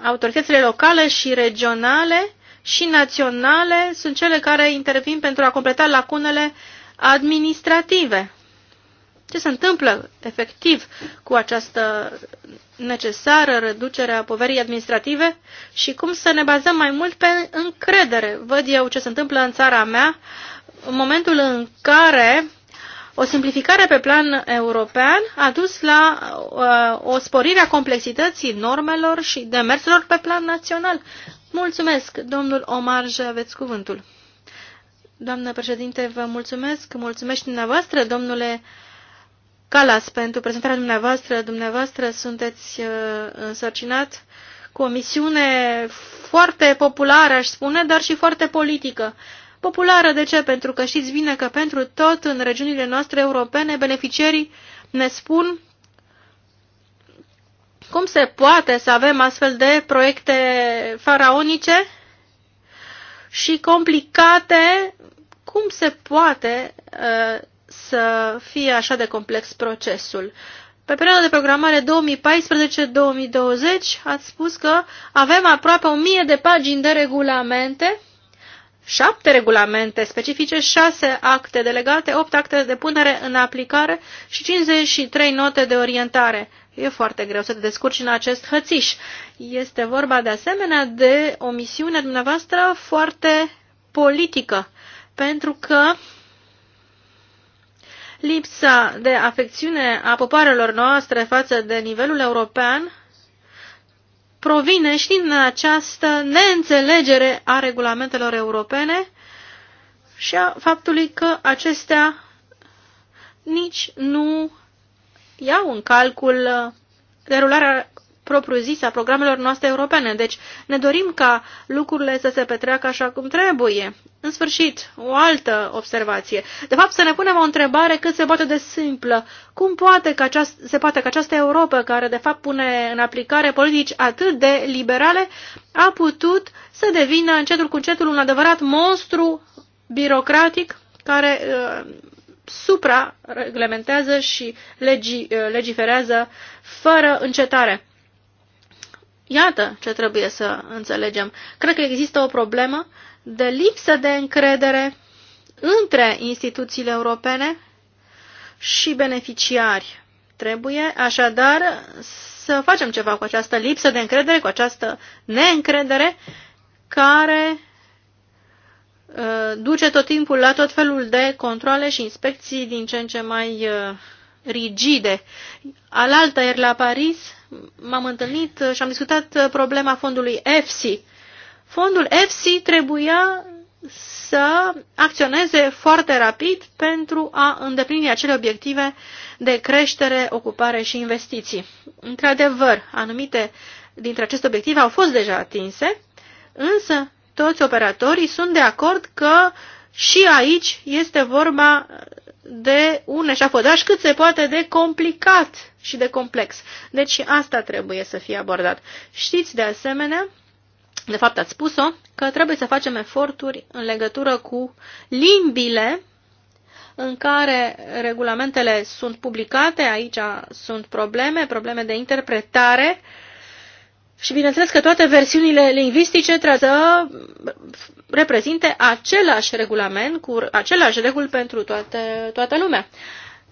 Speaker 3: autoritățile locale și regionale și naționale sunt cele care intervin pentru a completa lacunele administrative ce se întâmplă efectiv cu această necesară reducere a poverii administrative și cum să ne bazăm mai mult pe încredere. Văd eu ce se întâmplă în țara mea în momentul în care o simplificare pe plan european a dus la uh, o sporire a complexității normelor și demersurilor pe plan național. Mulțumesc, domnul Omar, aveți cuvântul. Doamnă președinte, vă mulțumesc, mulțumesc dumneavoastră, domnule Calas pentru prezentarea dumneavoastră. Dumneavoastră sunteți uh, însărcinat cu o misiune foarte populară, aș spune, dar și foarte politică. Populară de ce? Pentru că știți bine că pentru tot în regiunile noastre europene beneficiarii ne spun cum se poate să avem astfel de proiecte faraonice și complicate, cum se poate uh, să fie așa de complex procesul. Pe perioada de programare 2014-2020 ați spus că avem aproape 1000 de pagini de regulamente, 7 regulamente specifice, 6 acte delegate, 8 acte de punere în aplicare și 53 note de orientare. E foarte greu să te descurci în acest hățiș. Este vorba de asemenea de o misiune dumneavoastră foarte politică, pentru că lipsa de afecțiune a popoarelor noastre față de nivelul european provine și din această neînțelegere a regulamentelor europene și a faptului că acestea nici nu iau în calcul derularea propriu-zis a programelor noastre europene. Deci ne dorim ca lucrurile să se petreacă așa cum trebuie. În sfârșit, o altă observație. De fapt, să ne punem o întrebare cât se poate de simplă. Cum poate că aceast- se poate că această Europa, care de fapt pune în aplicare politici atât de liberale, a putut să devină încetul cu încetul un adevărat monstru birocratic care uh, supra-reglementează și legi, uh, legiferează fără încetare. Iată ce trebuie să înțelegem. Cred că există o problemă de lipsă de încredere între instituțiile europene și beneficiari. Trebuie așadar să facem ceva cu această lipsă de încredere, cu această neîncredere care uh, duce tot timpul la tot felul de controle și inspecții din ce în ce mai uh, rigide. Alaltă ieri la Paris m-am întâlnit și am discutat problema fondului EFSI. Fondul EFSI trebuia să acționeze foarte rapid pentru a îndeplini acele obiective de creștere, ocupare și investiții. Într-adevăr, anumite dintre aceste obiective au fost deja atinse, însă toți operatorii sunt de acord că și aici este vorba de un eșafodaj cât se poate de complicat și de complex. Deci și asta trebuie să fie abordat. Știți de asemenea, de fapt ați spus-o, că trebuie să facem eforturi în legătură cu limbile în care regulamentele sunt publicate, aici sunt probleme, probleme de interpretare și bineînțeles că toate versiunile lingvistice trebuie să reprezinte același regulament cu același reguli pentru toate, toată lumea.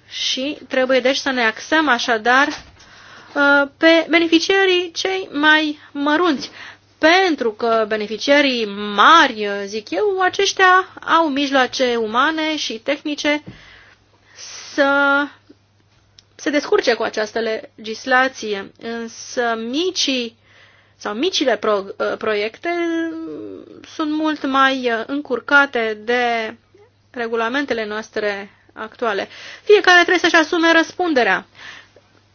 Speaker 3: Și trebuie deci să ne axăm așadar uh, pe beneficiarii cei mai mărunți, pentru că beneficiarii mari, zic eu, aceștia au mijloace umane și tehnice să se descurce cu această legislație, însă micii sau micile pro, ă, proiecte sunt mult mai ă, încurcate de regulamentele noastre actuale. Fiecare trebuie să-și asume răspunderea,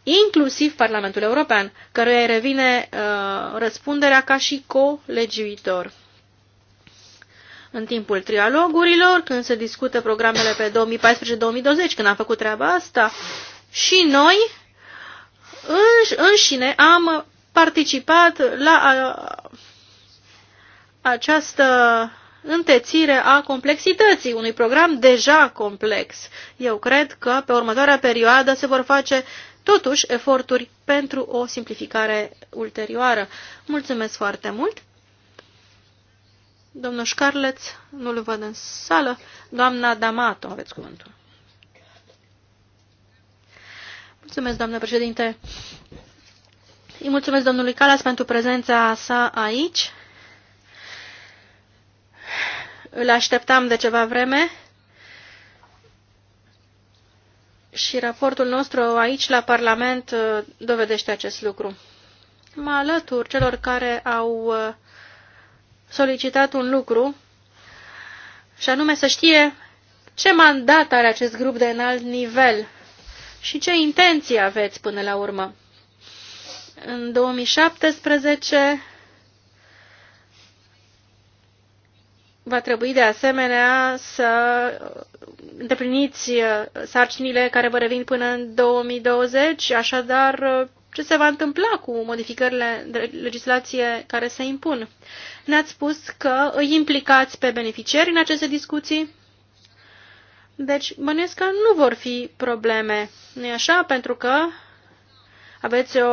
Speaker 3: inclusiv Parlamentul European, căruia revine uh, răspunderea ca și colegiuitor. În timpul trialogurilor, când se discută programele pe 2014-2020, când am făcut treaba asta, și noi înș înșine am participat la a, această întețire a complexității unui program deja complex. Eu cred că pe următoarea perioadă se vor face totuși eforturi pentru o simplificare ulterioară. Mulțumesc foarte mult! Domnul Șcarleț, nu-l văd în sală. Doamna Damato, aveți cuvântul. Mulțumesc, doamnă președinte. Îi mulțumesc domnului Calas pentru prezența sa aici. Îl așteptam de ceva vreme și raportul nostru aici la Parlament uh, dovedește acest lucru. Mă alătur celor care au uh, solicitat un lucru și anume să știe ce mandat are acest grup de înalt nivel și ce intenții aveți până la urmă. În 2017 va trebui de asemenea să îndepliniți uh, sarcinile care vă revin până în 2020, așadar uh, ce se va întâmpla cu modificările de legislație care se impun. Ne-ați spus că îi implicați pe beneficiari în aceste discuții? Deci bănuiesc că nu vor fi probleme, nu-i așa? Pentru că aveți o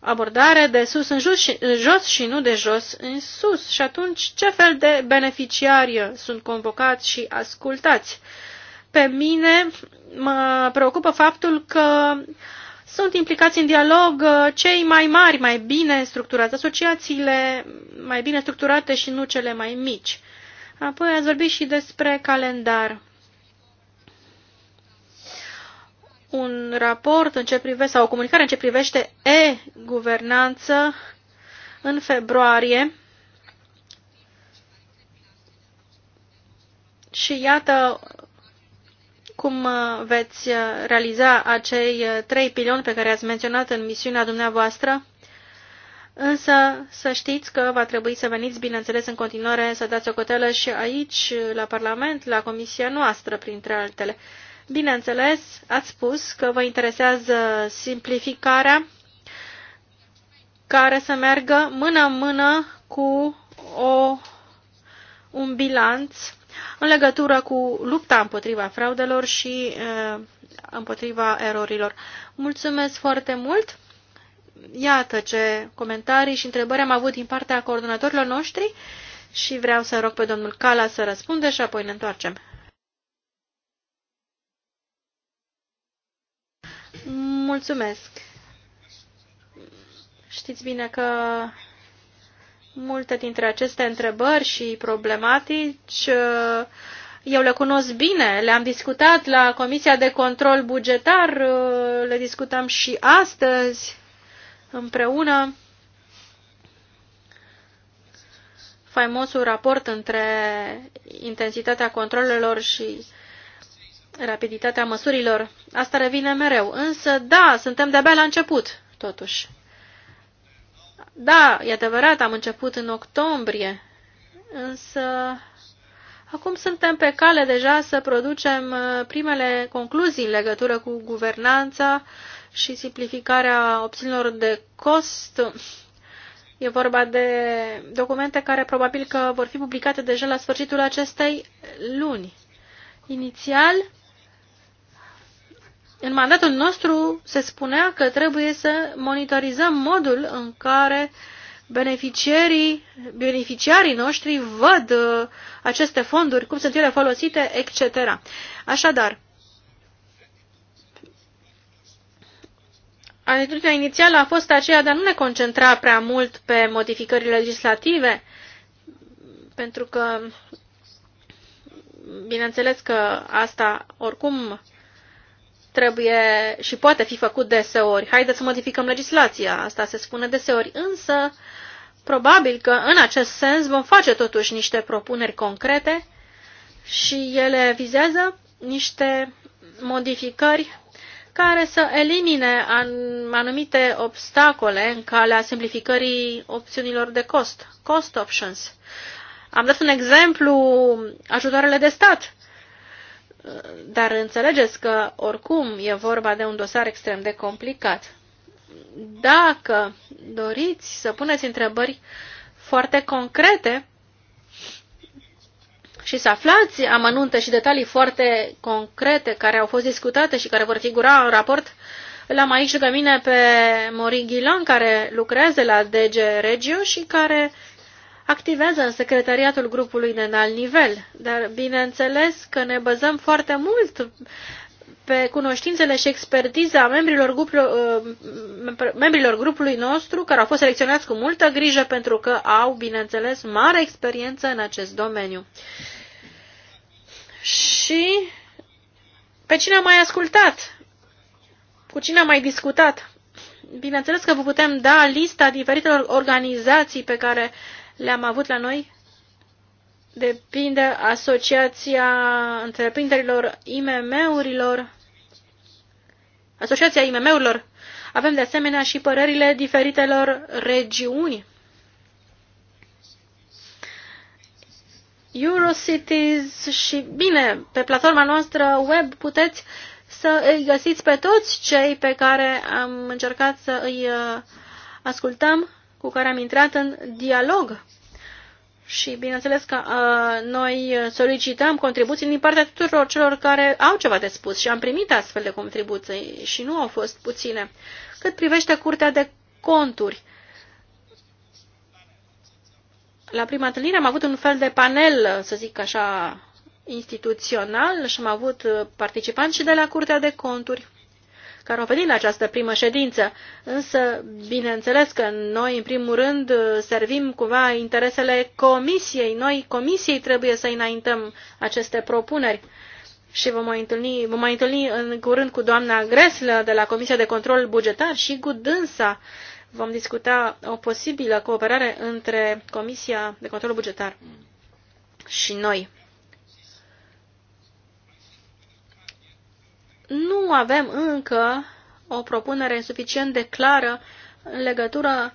Speaker 3: abordare de sus în jos și, în jos și nu de jos în sus. Și atunci, ce fel de beneficiari sunt convocați și ascultați? Pe mine mă preocupă faptul că sunt implicați în dialog cei mai mari, mai bine structurați, asociațiile mai bine structurate și nu cele mai mici. Apoi ați vorbit și despre calendar. un raport în ce privește, sau o comunicare în ce privește e-guvernanță în februarie. Și iată cum uh, veți uh, realiza acei uh, trei pilioni pe care ați menționat în misiunea dumneavoastră. Însă să știți că va trebui să veniți, bineînțeles, în continuare să dați o cotelă și aici, la Parlament, la comisia noastră, printre altele. Bineînțeles, ați spus că vă interesează simplificarea care să meargă mână-mână cu o, un bilanț în legătură cu lupta împotriva fraudelor și e, împotriva erorilor. Mulțumesc foarte mult! Iată ce comentarii și întrebări am avut din partea coordonatorilor noștri și vreau să rog pe domnul Cala să răspunde și apoi ne întoarcem. Mulțumesc. Știți bine că multe dintre aceste întrebări și problematici uh, eu le cunosc bine, le-am discutat la Comisia de Control Bugetar, uh, le discutăm și astăzi împreună. Faimosul raport între intensitatea controlelor și rapiditatea măsurilor. Asta revine mereu. Însă, da, suntem de-abia la început, totuși. Da, e adevărat, am început în octombrie, însă acum suntem pe cale deja să producem uh, primele concluzii în legătură cu guvernanța și simplificarea opțiunilor de cost. E vorba de documente care probabil că vor fi publicate deja la sfârșitul acestei luni. Inițial, în mandatul nostru se spunea că trebuie să monitorizăm modul în care beneficiarii, beneficiarii noștri văd uh, aceste fonduri, cum sunt ele folosite, etc. Așadar, atitudinea inițială a fost aceea de a nu ne concentra prea mult pe modificările legislative, pentru că, bineînțeles că asta oricum trebuie și poate fi făcut deseori. Haideți să modificăm legislația, asta se spune deseori, însă probabil că în acest sens vom face totuși niște propuneri concrete și ele vizează niște modificări care să elimine anumite obstacole în calea simplificării opțiunilor de cost, cost options. Am dat un exemplu, ajutoarele de stat. Dar înțelegeți că, oricum, e vorba de un dosar extrem de complicat. Dacă doriți să puneți întrebări foarte concrete și să aflați amănunte și detalii foarte concrete care au fost discutate și care vor figura în raport, la am aici lângă mine pe Mori Ghilan, care lucrează la DG Regio și care activează în secretariatul grupului de înalt nivel, dar bineînțeles că ne bazăm foarte mult pe cunoștințele și expertiza membrilor, grupul, uh, membrilor grupului nostru, care au fost selecționați cu multă grijă pentru că au, bineînțeles, mare experiență în acest domeniu. Și pe cine am mai ascultat? Cu cine am mai discutat? Bineînțeles că vă putem da lista diferitelor organizații pe care le-am avut la noi depinde Asociația Întreprinderilor IMM-urilor. Asociația IMM-urilor. Avem de asemenea și părerile diferitelor regiuni. Eurocities și, bine, pe platforma noastră web puteți să îi găsiți pe toți cei pe care am încercat să îi uh, ascultăm cu care am intrat în dialog. Și bineînțeles că uh, noi solicităm contribuții din partea tuturor celor care au ceva de spus și am primit astfel de contribuții și nu au fost puține. Cât privește Curtea de Conturi, la prima întâlnire am avut un fel de panel, să zic așa, instituțional și am avut uh, participanți și de la Curtea de Conturi care au venit la această primă ședință. Însă, bineînțeles că noi, în primul rând, servim cumva interesele comisiei. Noi, comisiei, trebuie să înaintăm aceste propuneri. Și vom mai întâlni, vom mai întâlni în curând cu doamna Greslă de la Comisia de Control Bugetar și cu dânsa vom discuta o posibilă cooperare între Comisia de Control Bugetar și noi. nu avem încă o propunere suficient de clară în legătură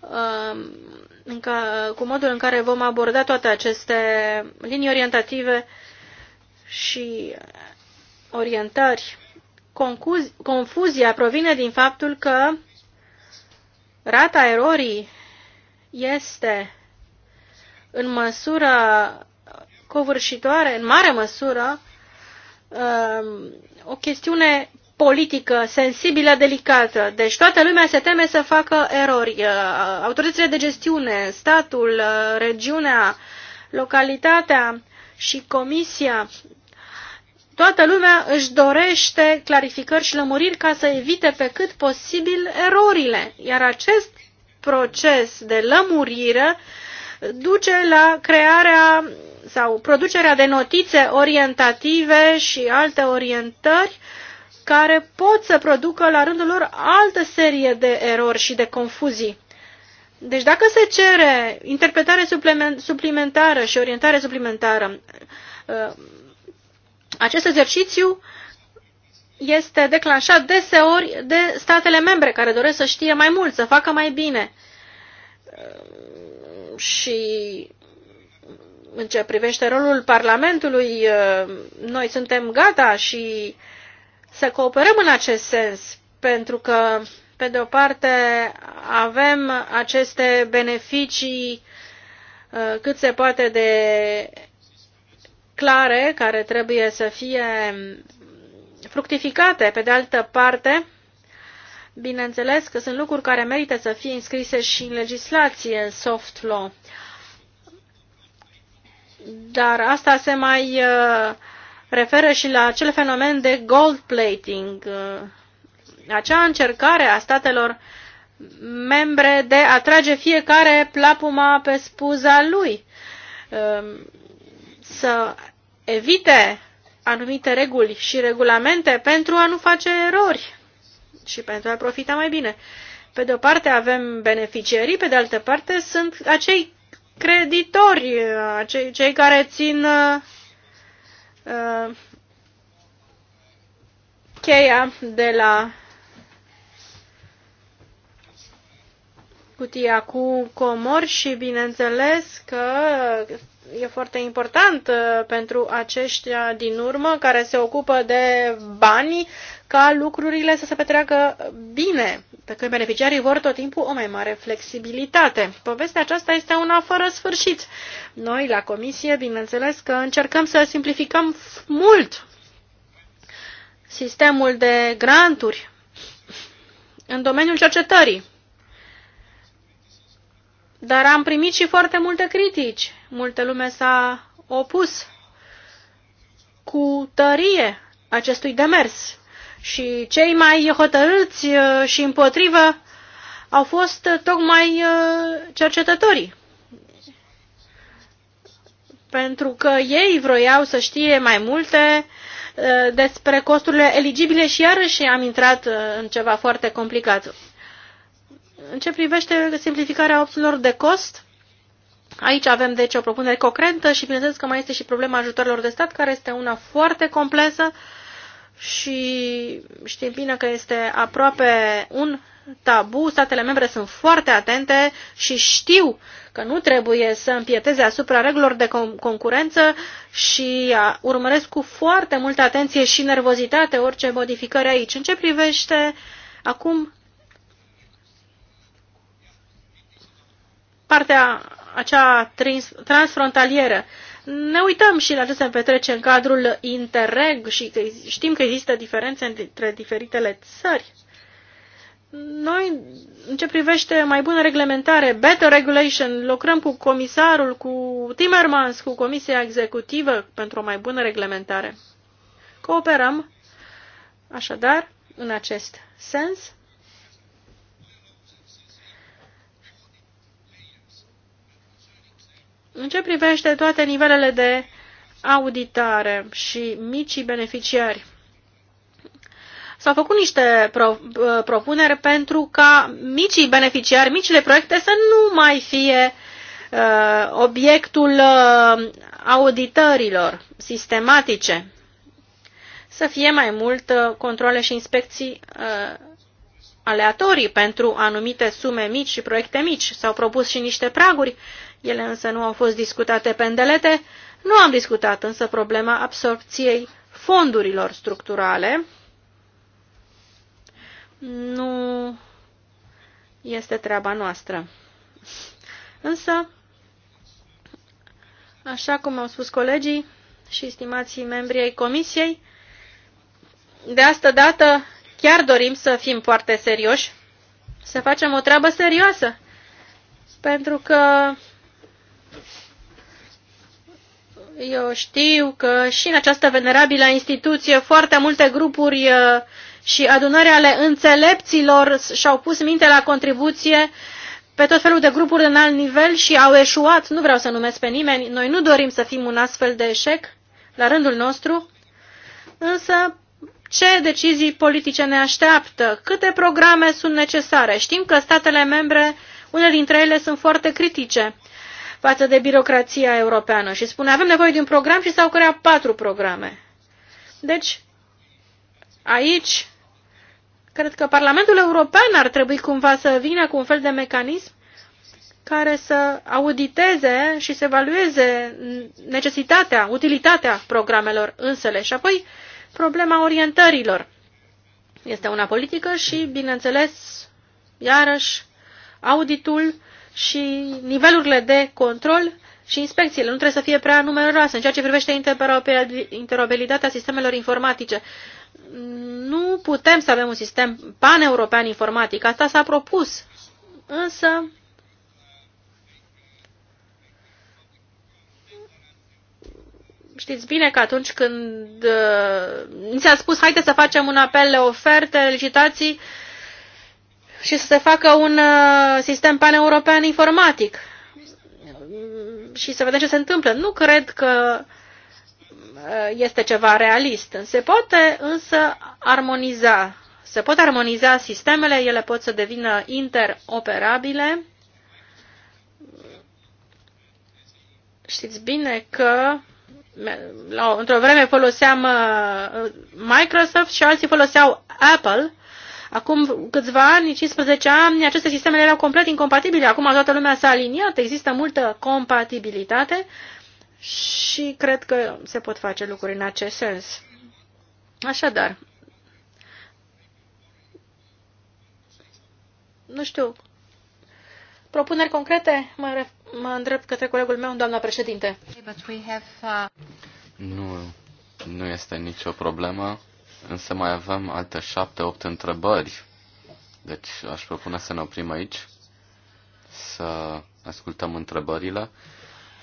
Speaker 3: um, în ca, cu modul în care vom aborda toate aceste linii orientative și orientări. Concuz, confuzia provine din faptul că rata erorii este în măsură covârșitoare, în mare măsură, Um, o chestiune politică, sensibilă, delicată. Deci toată lumea se teme să facă erori. Uh, autoritățile de gestiune, statul, uh, regiunea, localitatea și comisia, toată lumea își dorește clarificări și lămuriri ca să evite pe cât posibil erorile. Iar acest proces de lămurire duce la crearea sau producerea de notițe orientative și alte orientări care pot să producă la rândul lor altă serie de erori și de confuzii. Deci dacă se cere interpretare suplimentară și orientare suplimentară, uh, acest exercițiu este declanșat deseori de statele membre care doresc să știe mai mult, să facă mai bine și în ce privește rolul Parlamentului, uh, noi suntem gata și să cooperăm în acest sens, pentru că, pe de o parte, avem aceste beneficii uh, cât se poate de clare, care trebuie să fie fructificate. Pe de altă parte, Bineînțeles că sunt lucruri care merită să fie înscrise și în legislație soft law. Dar asta se mai uh, referă și la acel fenomen de gold plating, uh, acea încercare a statelor membre de a trage fiecare plapuma pe spuza lui, um, să evite anumite reguli și regulamente pentru a nu face erori și pentru a profita mai bine. Pe de o parte avem beneficiarii, pe de altă parte sunt acei creditori, acei, cei care țin uh, cheia de la cutia cu comori și bineînțeles că e foarte important uh, pentru aceștia din urmă care se ocupă de bani ca lucrurile să se petreacă bine, pe când beneficiarii vor tot timpul o mai mare flexibilitate. Povestea aceasta este una fără sfârșit. Noi, la comisie, bineînțeles că încercăm să simplificăm mult sistemul de granturi în domeniul cercetării. Dar am primit și foarte multe critici. Multe lume s-a opus cu tărie acestui demers. Și cei mai hotărâți uh, și împotrivă au fost tocmai uh, cercetătorii. Pentru că ei vroiau să știe mai multe uh, despre costurile eligibile și iarăși am intrat în ceva foarte complicat. În ce privește simplificarea opțiunilor de cost, aici avem deci o propunere concretă și bineînțeles că mai este și problema ajutorilor de stat, care este una foarte complexă, și știm bine că este aproape un tabu, statele membre sunt foarte atente și știu că nu trebuie să împieteze asupra regulilor de concurență și urmăresc cu foarte multă atenție și nervozitate orice modificări aici. În ce privește acum partea acea transfrontalieră, ne uităm și la ce se petrece în cadrul Interreg și știm că există diferențe între diferitele țări. Noi, în ce privește mai bună reglementare, better regulation, lucrăm cu comisarul, cu Timmermans, cu Comisia Executivă pentru o mai bună reglementare. Cooperăm, așadar, în acest sens În ce privește toate nivelele de auditare și micii beneficiari, s-au făcut niște pro, uh, propuneri pentru ca micii beneficiari, micile proiecte să nu mai fie uh, obiectul uh, auditărilor sistematice, să fie mai mult uh, controle și inspecții uh, aleatorii pentru anumite sume mici și proiecte mici. S-au propus și niște praguri uh, ele însă nu au fost discutate pe îndelete. Nu am discutat însă problema absorpției fondurilor structurale. Nu este treaba noastră. Însă, așa cum au spus colegii și stimații membrii ai comisiei, de asta dată chiar dorim să fim foarte serioși, să facem o treabă serioasă, pentru că Eu știu că și în această venerabilă instituție foarte multe grupuri uh, și adunări ale înțelepților și-au pus minte la contribuție pe tot felul de grupuri în alt nivel și au eșuat. Nu vreau să numesc pe nimeni, noi nu dorim să fim un astfel de eșec la rândul nostru, însă ce decizii politice ne așteaptă? Câte programe sunt necesare? Știm că statele membre, unele dintre ele sunt foarte critice față de birocrația europeană și spune avem nevoie de un program și s-au creat patru programe. Deci, aici, cred că Parlamentul European ar trebui cumva să vină cu un fel de mecanism care să auditeze și să evalueze necesitatea, utilitatea programelor însele și apoi problema orientărilor. Este una politică și, bineînțeles, iarăși, auditul și nivelurile de control și inspecțiile nu trebuie să fie prea numeroase în ceea ce privește interoperabilitatea sistemelor informatice. Nu putem să avem un sistem paneuropean informatic, asta s-a propus, însă știți bine că atunci când uh, ni s-a spus haide să facem un apel la oferte, licitații, uh, și să se facă un uh, sistem paneuropean informatic și să vedem ce se întâmplă. Nu cred că uh, este ceva realist. Se poate însă armoniza. Se pot armoniza sistemele, ele pot să devină interoperabile. Știți bine că într-o vreme foloseam uh, Microsoft și alții foloseau Apple Acum câțiva ani, 15 ani, aceste sisteme erau complet incompatibile. Acum toată lumea s-a aliniat, există multă compatibilitate și cred că se pot face lucruri în acest sens. Așadar, nu știu, propuneri concrete? Mă, mă îndrept către colegul meu, doamna președinte. Uh,
Speaker 2: nu, nu este nicio problemă. Însă mai avem alte șapte, opt întrebări. Deci aș propune să ne oprim aici, să ascultăm întrebările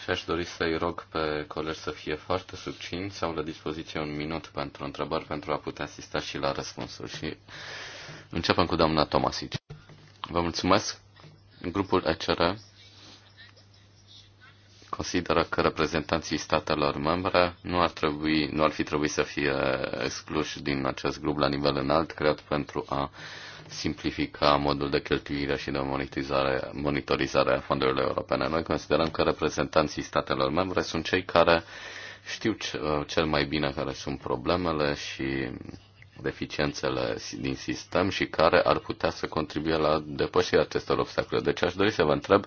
Speaker 2: și aș dori să-i rog pe colegi să fie foarte subținți, sau la dispoziție un minut pentru întrebări pentru a putea asista și la răspunsuri. Și începem cu doamna Tomasici. Vă mulțumesc. Grupul ECR consideră că reprezentanții statelor membre nu ar, trebui, nu ar fi trebuit să fie excluși din acest grup la nivel înalt, cred, pentru a simplifica modul de cheltuire și de monitorizare, monitorizare a fondurilor europene. Noi considerăm că reprezentanții statelor membre sunt cei care știu cel mai bine care sunt problemele și deficiențele din sistem și care ar putea să contribuie la depășirea acestor obstacole. Deci aș dori să vă întreb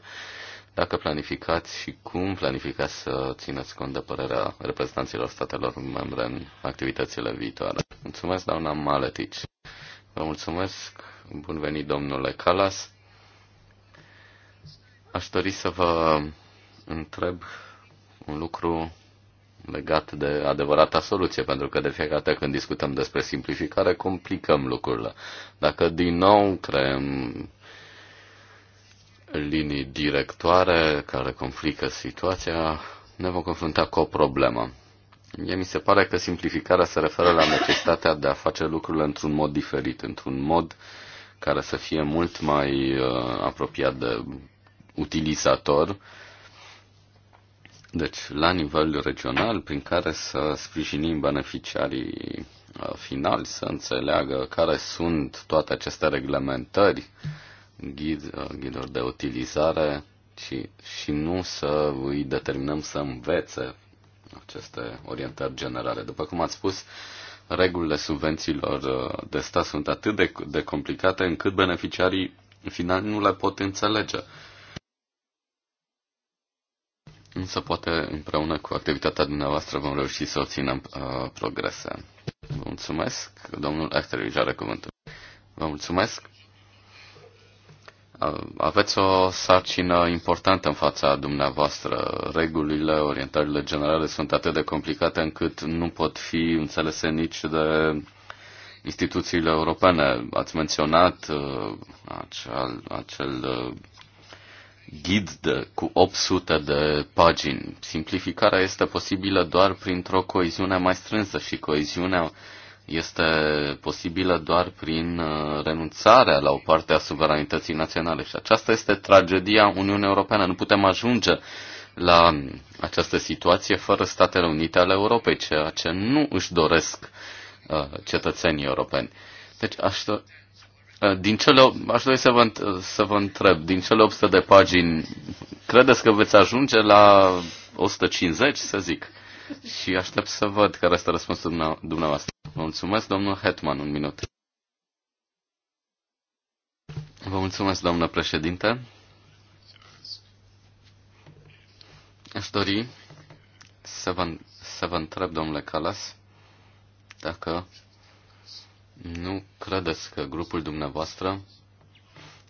Speaker 2: dacă planificați și cum planificați să țineți cont de părerea reprezentanților statelor membre în activitățile viitoare. Mulțumesc, doamna Maletici. Vă mulțumesc. Bun venit, domnule Calas. Aș dori să vă întreb un lucru legat de adevărata soluție, pentru că de fiecare dată când discutăm despre simplificare, complicăm lucrurile. Dacă din nou creăm linii directoare care complică situația, ne vom confrunta cu o problemă. Mie mi se pare că simplificarea se referă la necesitatea de a face lucrurile într-un mod diferit, într-un mod care să fie mult mai uh, apropiat de utilizator, deci la nivel regional, prin care să sprijinim beneficiarii uh, finali, să înțeleagă care sunt toate aceste reglementări ghid, uh, ghiduri de utilizare și, și nu să îi determinăm să învețe aceste orientări generale. După cum ați spus, regulile subvențiilor uh, de stat sunt atât de, de complicate încât beneficiarii în final nu le pot înțelege. Însă poate împreună cu activitatea dumneavoastră vom reuși să obținem uh, progrese. Vă mulțumesc. Domnul Echteridge are cuvântul. Vă mulțumesc. Aveți o sarcină importantă în fața dumneavoastră. Regulile, orientările generale sunt atât de complicate încât nu pot fi înțelese nici de instituțiile europene. Ați menționat uh, acel, acel uh, ghid de, cu 800 de pagini. Simplificarea este posibilă doar printr-o coeziune mai strânsă și coeziunea este posibilă doar prin uh, renunțarea la o parte a suveranității naționale. Și aceasta este tragedia Uniunii Europene. Nu putem ajunge la această situație fără Statele Unite ale Europei, ceea ce nu își doresc uh, cetățenii europeni. Deci aș, uh, din cele, aș dori să vă, să vă întreb, din cele 800 de pagini, credeți că veți ajunge la 150, să zic? Și aștept să văd care este răspunsul dumneavoastră. Mulțumesc, domnul Hetman, un minut. Vă mulțumesc, doamnă președinte. Aș dori să vă, să vă întreb, domnule Calas, dacă nu credeți că grupul dumneavoastră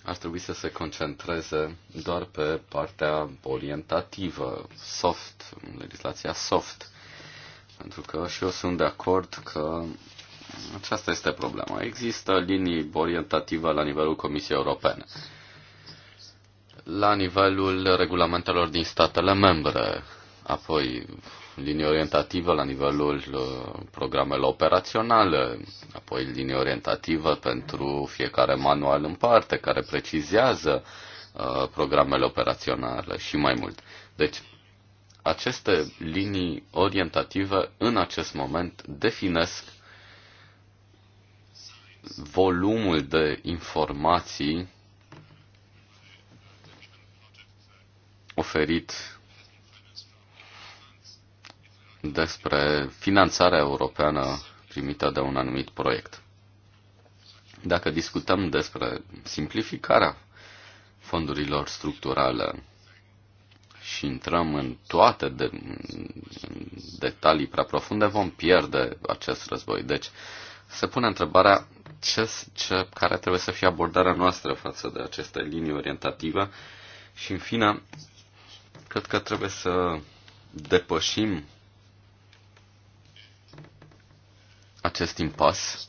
Speaker 2: ar trebui să se concentreze doar pe partea orientativă, soft, legislația soft, pentru că și eu sunt de acord că aceasta este problema. Există linii orientative la nivelul Comisiei Europene, la nivelul regulamentelor din statele membre, apoi linii orientative la nivelul uh, programelor operaționale, apoi linii orientative pentru fiecare manual în parte care precizează uh, programele operaționale și mai mult. Deci aceste linii orientative în acest moment definesc volumul de informații oferit despre finanțarea europeană primită de un anumit proiect. Dacă discutăm despre simplificarea fondurilor structurale și intrăm în toate de, în detalii prea profunde, vom pierde acest război. Deci se pune întrebarea ce, ce, care trebuie să fie abordarea noastră față de aceste linii orientative și, în fine, cred că trebuie să depășim acest impas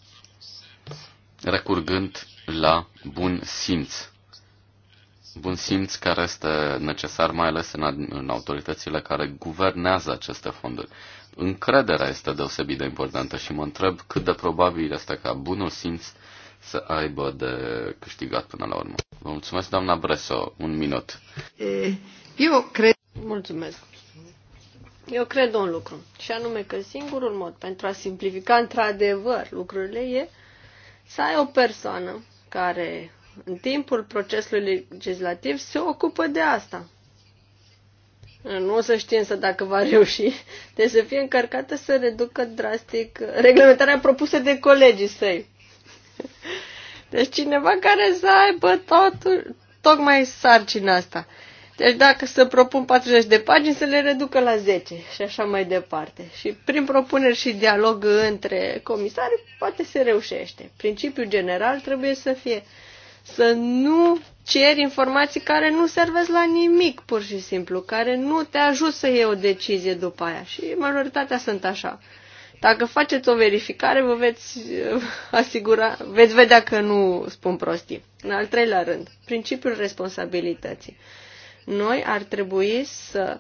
Speaker 2: recurgând la bun simț bun simț care este necesar, mai ales în, în autoritățile care guvernează aceste fonduri. Încrederea este deosebit de importantă și mă întreb cât de probabil este ca bunul simț să aibă de câștigat până la urmă. Vă mulțumesc, doamna Breso. Un minut.
Speaker 4: Eh, eu cred... Mulțumesc. Eu cred un lucru, și anume că singurul mod pentru a simplifica într-adevăr lucrurile e să ai o persoană care în timpul procesului legislativ se ocupă de asta. Nu o să știm să dacă va reuși. Deci să fie încărcată să reducă drastic reglementarea propusă de colegii săi. Deci cineva care să aibă totul, tocmai sarcina asta. Deci dacă să propun 40 de pagini, să le reducă la 10 și așa mai departe. Și prin propuneri și dialog între comisari, poate se reușește. Principiul general trebuie să fie să nu ceri informații care nu servesc la nimic, pur și simplu, care nu te ajut să iei o decizie după aia. Și majoritatea sunt așa. Dacă faceți o verificare, vă veți uh, *laughs* asigura, veți vedea că nu spun prostii. În al treilea rând, principiul responsabilității. Noi ar trebui să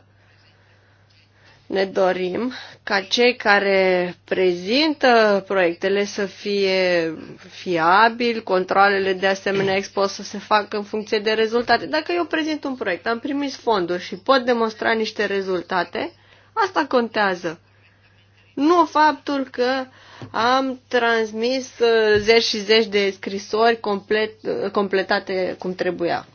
Speaker 4: ne dorim ca cei care prezintă proiectele să fie fiabili, controlele de asemenea expo să se facă în funcție de rezultate. Dacă eu prezint un proiect, am primit fonduri și pot demonstra niște rezultate, asta contează. Nu faptul că am transmis uh, zeci și zeci de scrisori complet, uh, completate cum trebuia.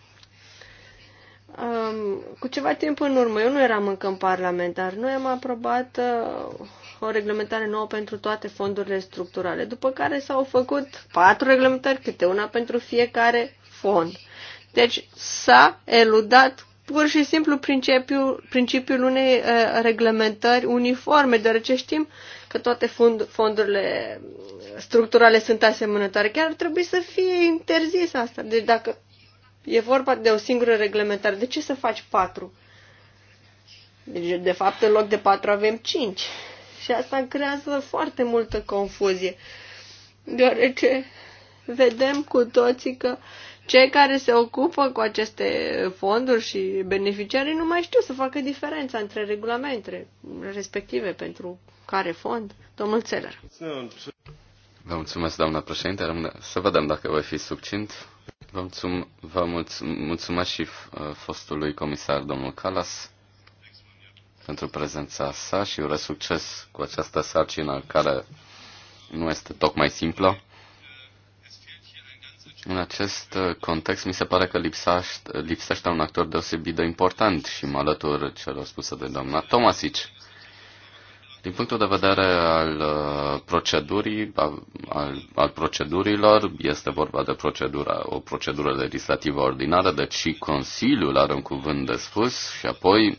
Speaker 4: Um, cu ceva timp în urmă, eu nu eram încă în Parlament, dar noi am aprobat uh, o reglementare nouă pentru toate fondurile structurale, după care s-au făcut patru reglementări, câte una pentru fiecare fond. Deci s-a eludat pur și simplu principiul, principiul unei uh, reglementări uniforme, deoarece știm că toate fond, fondurile structurale sunt asemănătoare. Chiar ar trebui să fie interzis asta. Deci dacă E vorba de o singură reglementare. De ce să faci patru? Deci, de fapt, în loc de patru avem cinci. Și asta creează foarte multă confuzie. Deoarece vedem cu toții că cei care se ocupă cu aceste fonduri și beneficiarii nu mai știu să facă diferența între regulamentele respective pentru care fond. Domnul Țeler.
Speaker 2: Vă mulțumesc, doamna președinte. Rămâne... Să vedem dacă voi fi succint. Vă, mulțum- vă mulțum- mulțumesc și uh, fostului comisar, domnul Calas, pentru prezența sa și urez succes cu această sarcină care nu este tocmai simplă. În acest uh, context, mi se pare că lipsește, lipsește un actor deosebit de important și mă alătur celor spuse de doamna Tomasici din punctul de vedere al uh, procedurii, al, al procedurilor, este vorba de procedura, o procedură legislativă ordinară, deci și Consiliul are un cuvânt de spus și apoi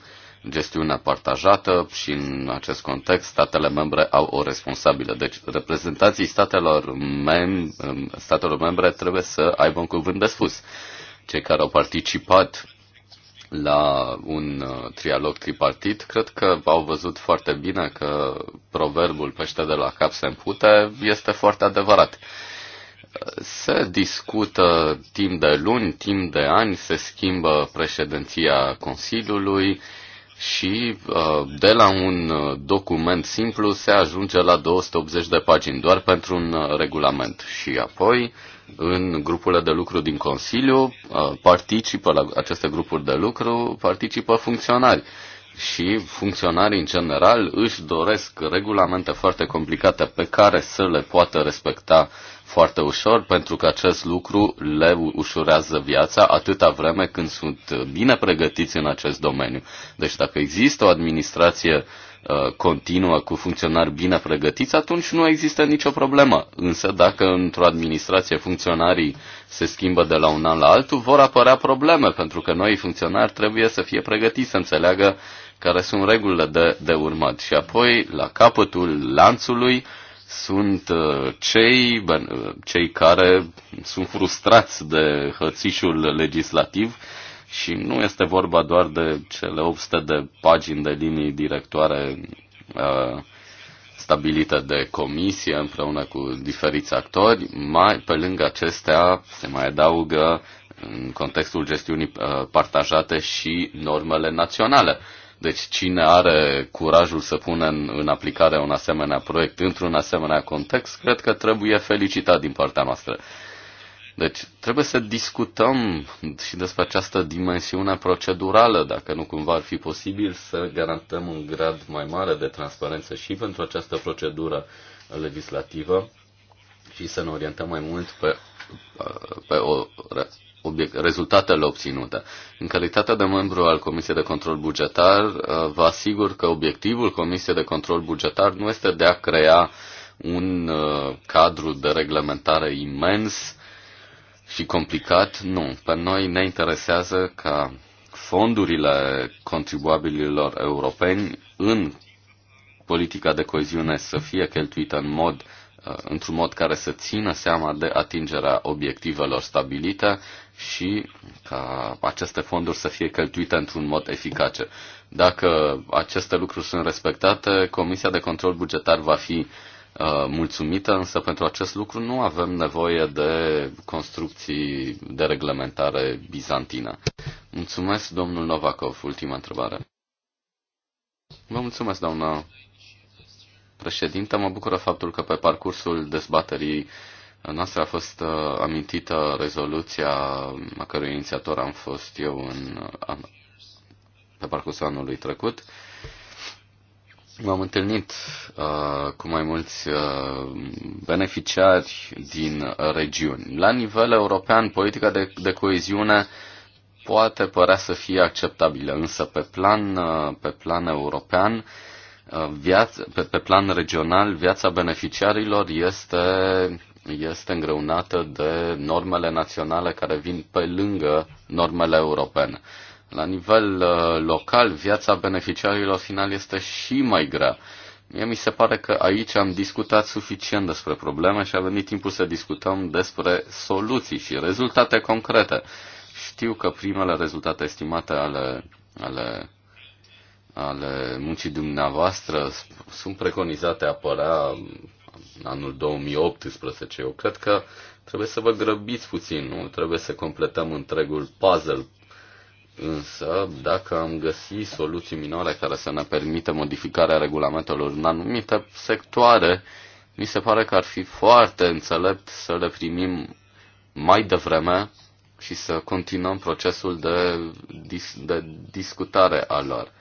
Speaker 2: gestiunea partajată și în acest context statele membre au o responsabilă. Deci reprezentanții statelor, mem- statelor membre trebuie să aibă un cuvânt de spus. Cei care au participat la un uh, trialog tripartit, cred că au văzut foarte bine că proverbul pește de la cap se împute este foarte adevărat. Se discută timp de luni, timp de ani, se schimbă președinția Consiliului și uh, de la un uh, document simplu se ajunge la 280 de pagini doar pentru un regulament. Și apoi în grupurile de lucru din Consiliu, participă la aceste grupuri de lucru, participă funcționari. Și funcționarii, în general, își doresc regulamente foarte complicate pe care să le poată respecta foarte ușor, pentru că acest lucru le ușurează viața atâta vreme când sunt bine pregătiți în acest domeniu. Deci dacă există o administrație Uh, continuă cu funcționari bine pregătiți, atunci nu există nicio problemă. Însă dacă într-o administrație funcționarii se schimbă de la un an la altul, vor apărea probleme, pentru că noi funcționari trebuie să fie pregătiți să înțeleagă care sunt regulile de, de urmat. Și apoi, la capătul lanțului, sunt uh, cei, uh, cei care sunt frustrați de hățișul legislativ, și nu este vorba doar de cele 800 de pagini de linii directoare uh, stabilită de comisie împreună cu diferiți actori. Mai pe lângă acestea se mai adaugă în contextul gestiunii uh, partajate și normele naționale. Deci cine are curajul să pună în, în aplicare un asemenea proiect într-un asemenea context, cred că trebuie felicitat din partea noastră. Deci trebuie să discutăm și despre această dimensiune procedurală, dacă nu cumva ar fi posibil să garantăm un grad mai mare de transparență și pentru această procedură legislativă și să ne orientăm mai mult pe, pe o, obiect, rezultatele obținute. În calitate de membru al Comisiei de Control Bugetar, vă asigur că obiectivul Comisiei de Control Bugetar nu este de a crea un uh, cadru de reglementare imens și complicat, nu. Pe noi ne interesează ca fondurile contribuabililor europeni în politica de coeziune să fie cheltuită în mod, uh, într-un mod care să țină seama de atingerea obiectivelor stabilite și ca aceste fonduri să fie cheltuite într-un mod eficace. Dacă aceste lucruri sunt respectate, Comisia de Control Bugetar va fi uh, Uh, mulțumită, însă pentru acest lucru nu avem nevoie de construcții de reglementare bizantină. Mulțumesc, domnul Novakov. Ultima întrebare. Vă mulțumesc, doamnă președinte. Mă bucură faptul că pe parcursul dezbaterii noastră a fost uh, amintită rezoluția a cărui inițiator am fost eu în, uh, pe parcursul anului trecut. M-am întâlnit uh, cu mai mulți uh, beneficiari din uh, regiuni. La nivel european, politica de, de coeziune poate părea să fie acceptabilă, însă pe plan, uh, pe plan european, uh, viața, pe, pe plan regional, viața beneficiarilor este, este îngreunată de normele naționale care vin pe lângă normele europene. La nivel uh, local, viața beneficiarilor final este și mai grea. Mie mi se pare că aici am discutat suficient despre probleme și a venit timpul să discutăm despre soluții și rezultate concrete. Știu că primele rezultate estimate ale, ale, ale muncii dumneavoastră sunt preconizate a apărea în anul 2018. Eu cred că trebuie să vă grăbiți puțin, nu? Trebuie să completăm întregul puzzle Însă, dacă am găsi soluții minore care să ne permită modificarea regulamentelor în anumite sectoare, mi se pare că ar fi foarte înțelept să le primim mai devreme și să continuăm procesul de, dis- de discutare a lor.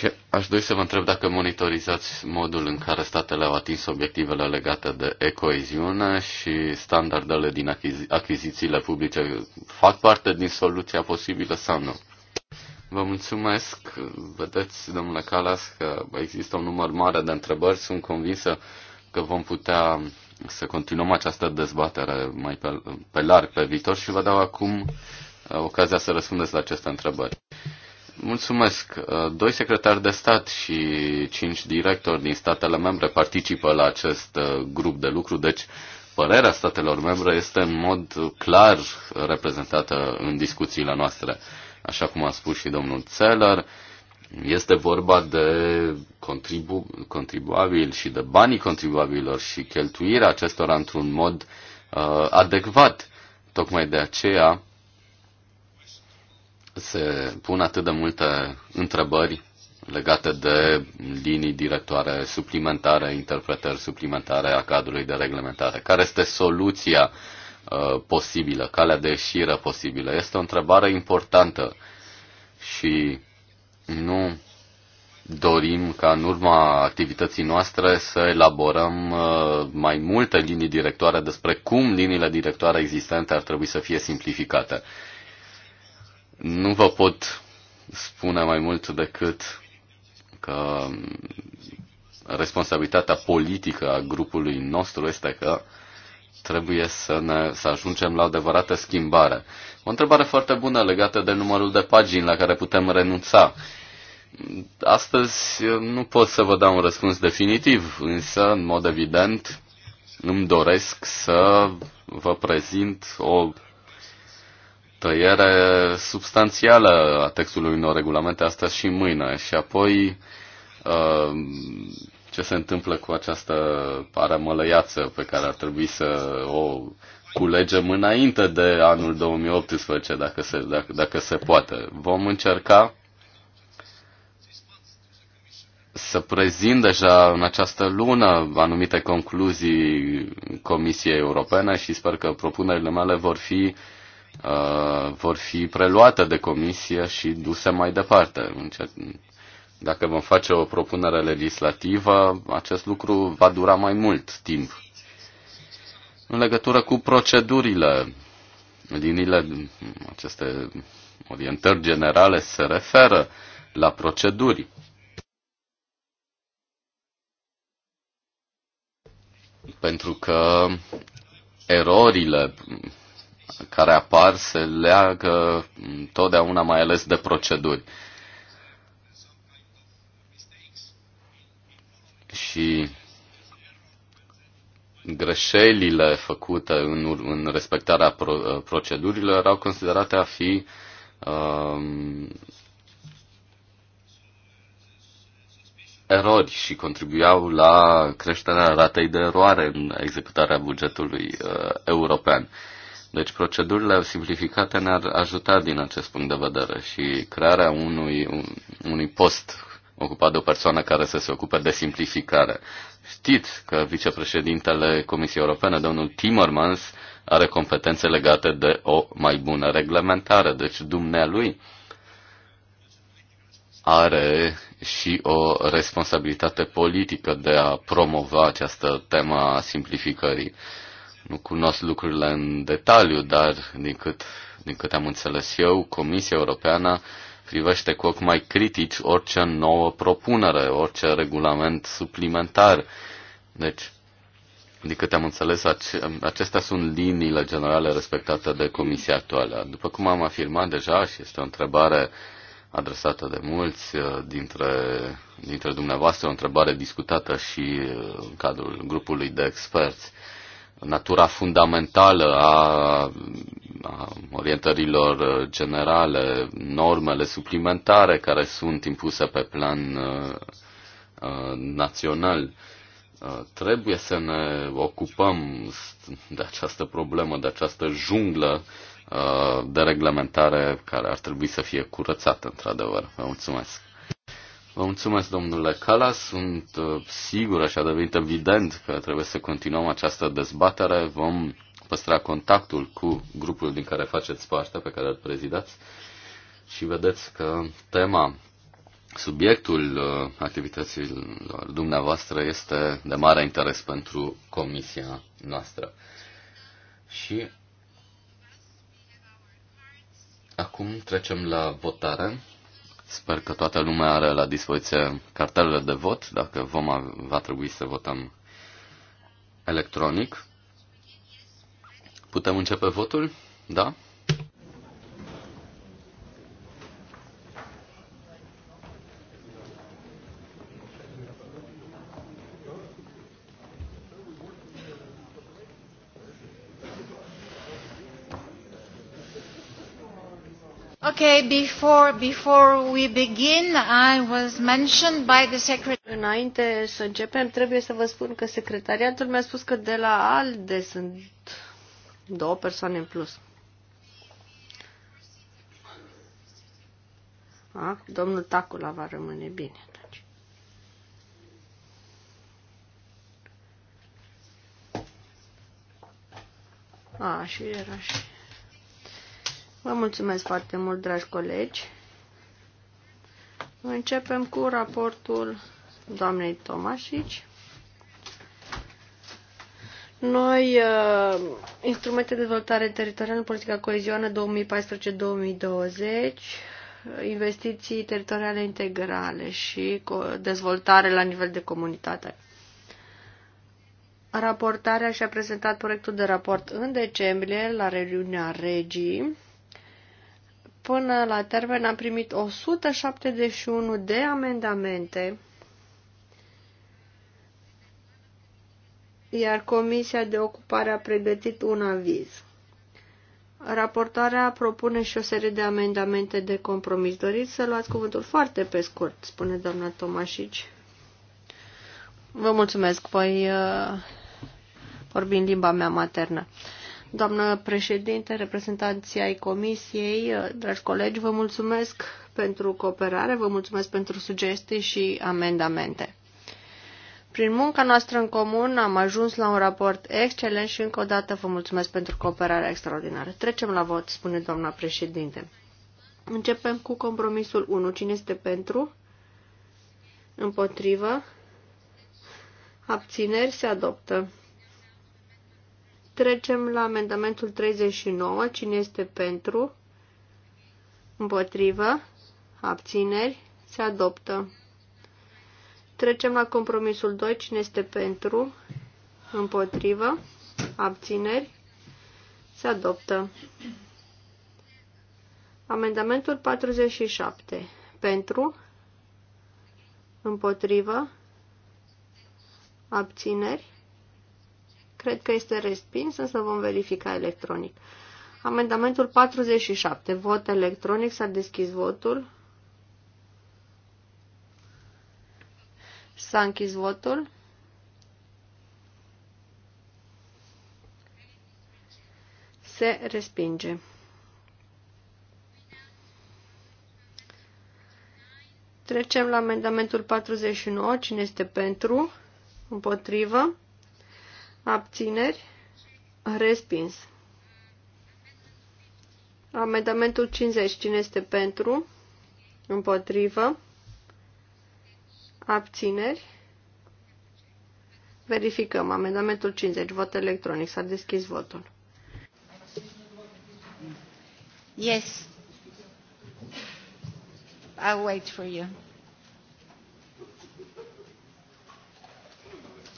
Speaker 2: Și aș dori să vă întreb dacă monitorizați modul în care statele au atins obiectivele legate de ecoeziune și standardele din achizi- achizițiile publice fac parte din soluția posibilă sau nu. Vă mulțumesc. Vedeți, domnule Calas, că există un număr mare de întrebări. Sunt convinsă că vom putea să continuăm această dezbatere mai pe, pe larg pe viitor și vă dau acum ocazia să răspundeți la aceste întrebări. Mulțumesc. Uh, doi secretari de stat și cinci directori din statele membre participă la acest uh, grup de lucru, deci părerea statelor membre este în mod clar reprezentată în discuțiile noastre. Așa cum a spus și domnul Țeller, este vorba de contribu- contribuabil și de banii contribuabilor și cheltuirea acestora într-un mod uh, adecvat. Tocmai de aceea se pun atât de multe întrebări legate de linii directoare suplimentare, interpretări suplimentare a cadrului de reglementare. Care este soluția uh, posibilă, calea de ieșire posibilă? Este o întrebare importantă și nu dorim ca în urma activității noastre să elaborăm uh, mai multe linii directoare despre cum liniile directoare existente ar trebui să fie simplificate. Nu vă pot spune mai mult decât că responsabilitatea politică a grupului nostru este că trebuie să, ne, să ajungem la o adevărată schimbare. O întrebare foarte bună legată de numărul de pagini la care putem renunța. Astăzi nu pot să vă dau un răspuns definitiv, însă, în mod evident, îmi doresc să vă prezint o tăiere substanțială a textului unor regulamente astăzi și mâine și apoi uh, ce se întâmplă cu această paramălăiață pe care ar trebui să o culegem înainte de anul 2018, dacă se, dacă, dacă se poate. Vom încerca să prezint deja în această lună anumite concluzii Comisiei Europene și sper că propunerile mele vor fi uh, Uh, vor fi preluate de comisie și duse mai departe. Dacă vom face o propunere legislativă, acest lucru va dura mai mult timp. În legătură cu procedurile, liniile, aceste orientări generale se referă la proceduri. Pentru că erorile care apar se leagă totdeauna mai ales de proceduri. Și greșelile făcute în, în respectarea pro, uh, procedurilor erau considerate a fi um, erori și contribuiau la creșterea ratei de eroare în executarea bugetului uh, european. Uh, deci procedurile simplificate ne-ar ajuta din acest punct de vedere și crearea unui, un, unui post ocupat de o persoană care să se ocupe de simplificare. Știți că vicepreședintele Comisiei Europene, domnul Timmermans, are competențe legate de o mai bună reglementare, deci dumnealui are și o responsabilitate politică de a promova această temă a simplificării. Nu cunosc lucrurile în detaliu, dar din cât, din cât am înțeles eu, Comisia Europeană privește cu ochi mai critici orice nouă propunere, orice regulament suplimentar. Deci, din câte am înțeles, ace- acestea sunt liniile generale respectate de Comisia actuală. După cum am afirmat deja, și este o întrebare adresată de mulți uh, dintre, dintre dumneavoastră, o întrebare discutată și uh, în cadrul grupului de experți, uh, natura fundamentală a, a orientărilor generale, normele suplimentare care sunt impuse pe plan uh, național. trebuie să ne ocupăm de această problemă, de această junglă de reglementare care ar trebui să fie curățată, într-adevăr. Vă mulțumesc! Vă mulțumesc, domnule Cala. Sunt uh, sigură și a devenit evident că trebuie să continuăm această dezbatere. Vom păstra contactul cu grupul din care faceți parte, pe care îl prezidați. Și vedeți că tema, subiectul uh, activităților dumneavoastră este de mare interes pentru comisia noastră. Și acum trecem la votare. Sper că toată lumea are la dispoziție cartelele de vot, dacă vom, va trebui să votăm electronic. Putem începe votul? Da?
Speaker 1: Okay, before, before we begin, I was mentioned by the secretary. Înainte să începem,
Speaker 4: trebuie să vă spun că secretariatul mi-a spus că de la ALDE sunt două persoane în plus. A, domnul Tacula va rămâne bine atunci. Deci. A, și era și Vă mulțumesc foarte mult, dragi colegi. Începem cu raportul doamnei Tomașici. Noi, uh, instrumente de dezvoltare teritorială, politica coezioană 2014-2020, investiții teritoriale integrale și dezvoltare la nivel de comunitate. Raportarea și-a prezentat proiectul de raport în decembrie la reuniunea regii Până la termen am primit 171 de amendamente, iar Comisia de Ocupare a pregătit un aviz. Raportarea propune și o serie de amendamente de compromis. Doriți să luați cuvântul foarte pe scurt, spune doamna Tomașici. Vă mulțumesc, voi uh, vorbi în limba mea maternă. Uh, Doamnă președinte, reprezentanții ai comisiei, dragi colegi, vă mulțumesc pentru cooperare, vă mulțumesc pentru sugestii și amendamente. Prin munca noastră în comun am ajuns la un raport excelent și încă o dată vă mulțumesc pentru cooperarea extraordinară. Trecem la vot, spune doamna președinte. Începem cu compromisul 1. Cine este pentru? Împotrivă? Abțineri se adoptă. Trecem la amendamentul 39. Cine este pentru? Împotrivă? Abțineri? Se adoptă. Trecem la compromisul 2. Cine este pentru? Împotrivă? Abțineri? Se adoptă. Amendamentul 47. Pentru? Împotrivă? Abțineri? Cred că este respins, însă vom verifica electronic. Amendamentul 47. Vot electronic. S-a deschis votul. S-a închis votul. Se respinge. Trecem la amendamentul 49. Cine este pentru? Împotrivă? abțineri, respins. Amendamentul 50. Cine este pentru? Împotrivă. Abțineri. Verificăm. Amendamentul 50. Vot electronic. S-a deschis votul.
Speaker 1: Yes. I'll wait for you.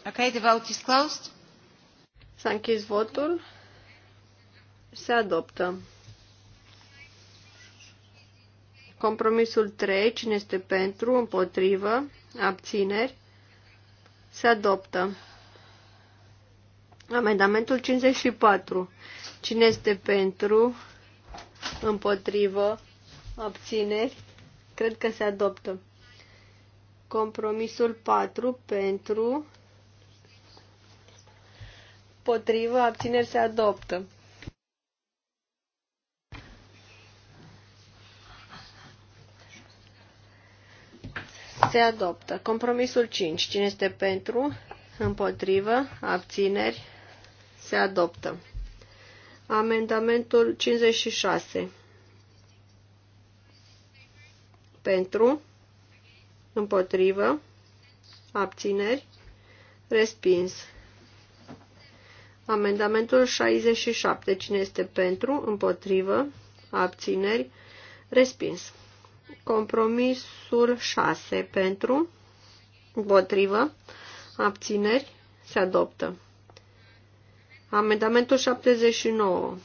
Speaker 1: Okay, the vote is closed. S-a închis votul.
Speaker 4: Se adoptă. Compromisul 3, cine este pentru, împotrivă, abțineri, se adoptă. Amendamentul 54. Cine este pentru, împotrivă, abțineri, cred că se adoptă. Compromisul 4, pentru, Potrivă, abțineri se adoptă. Se adoptă. Compromisul 5. Cine este pentru? Împotrivă, abțineri se adoptă. Amendamentul 56. Pentru, împotrivă, abțineri, respins. Amendamentul 67. Cine este pentru? Împotrivă? Abțineri? Respins. Compromisul 6. Pentru? Împotrivă? Abțineri? Se adoptă. Amendamentul 79.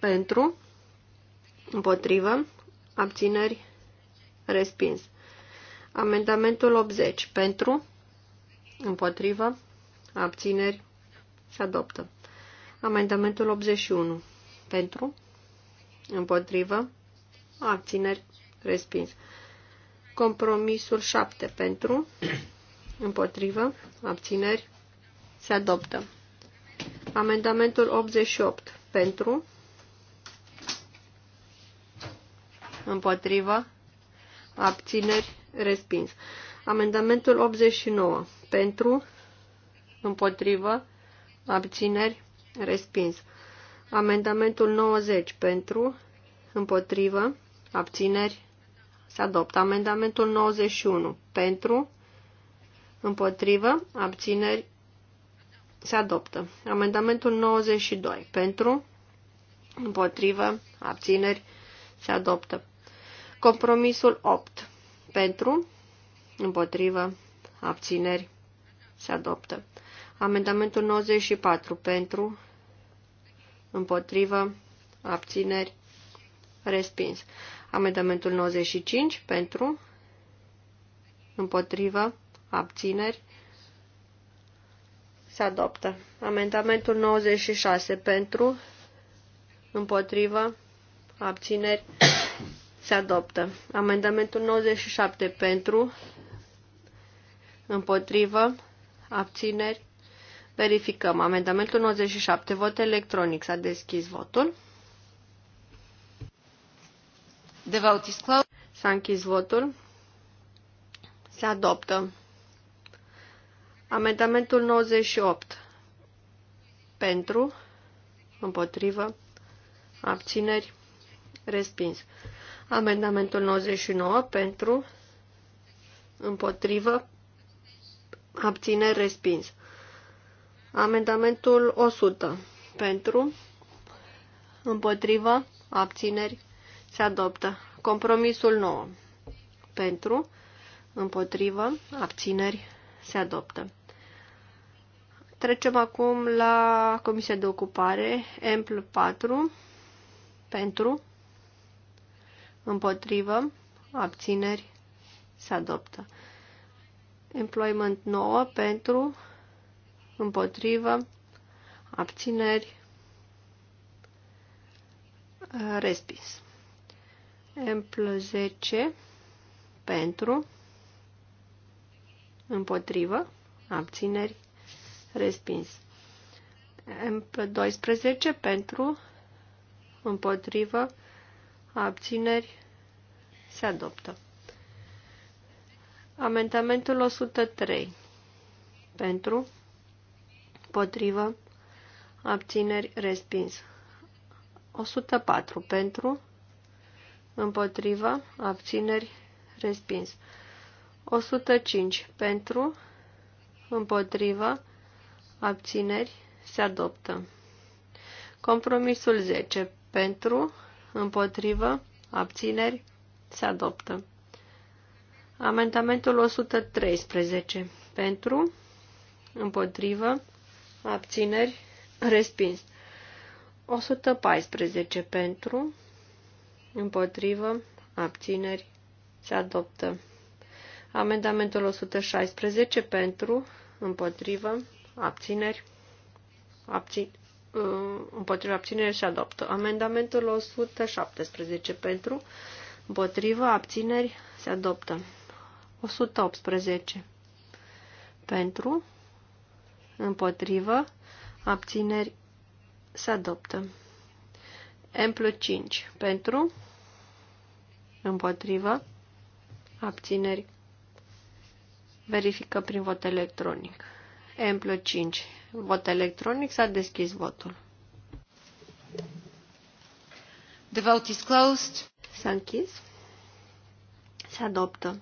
Speaker 4: Pentru? Împotrivă? Abțineri? Respins. Amendamentul 80. Pentru? Împotrivă? Abțineri? Se adoptă. Amendamentul 81. Pentru? Împotrivă? Abțineri? Respins. Compromisul 7. Pentru? Împotrivă? Abțineri? Se adoptă. Amendamentul 88. Pentru? Împotrivă? Abțineri? Respins. Amendamentul 89. Pentru? Împotrivă? abțineri, respins. Amendamentul 90 pentru, împotrivă, abțineri, se adoptă. Amendamentul 91 pentru, împotrivă, abțineri, se adoptă. Amendamentul 92 pentru, împotrivă, abțineri, se adoptă. Compromisul 8 pentru, împotrivă, abțineri, se adoptă. Amendamentul 94 pentru, împotrivă, abțineri, respins. Amendamentul 95 pentru, împotrivă, abțineri, se adoptă. Amendamentul 96 pentru, împotrivă, abțineri, se adoptă. Amendamentul 97 pentru, împotrivă, abțineri, Verificăm. Amendamentul 97. Vot electronic. S-a deschis votul. The vote is closed. S-a închis votul. Se adoptă. Amendamentul 98. Pentru. Împotrivă. Abțineri. Respins. Amendamentul 99. Pentru. Împotrivă. Abțineri. Respins. Amendamentul 100. Pentru, împotrivă, abțineri, se adoptă. Compromisul 9. Pentru, împotrivă, abțineri, se adoptă. Trecem acum la Comisia de Ocupare, EMPL 4, pentru, împotrivă, abțineri, se adoptă. Employment 9, pentru, împotrivă, abțineri, respins. M plus 10 pentru, împotrivă, abțineri, respins. M plus 12 pentru, împotrivă, abțineri, se adoptă. Amendamentul 103 pentru, Împotrivă. Abțineri. Respins. 104 pentru. Împotrivă. Abțineri. Respins. 105 pentru. Împotrivă. Abțineri. Se adoptă. Compromisul 10 pentru. Împotrivă. Abțineri. Se adoptă. Amendamentul 113. Pentru, împotrivă, abțineri, respins. 114 pentru, împotrivă, abțineri, se adoptă. Amendamentul 116 pentru, împotrivă, abțineri, abțin, uh, împotriva abțineri se adoptă. Amendamentul 117 pentru, împotrivă, abțineri, se adoptă. 118 pentru, Împotrivă. Abțineri. Se adoptă. M plus 5. Pentru. Împotrivă. Abțineri. Verifică prin vot electronic. M plus 5. Vot electronic. S-a deschis votul. The vote is closed. S-a închis. Se adoptă.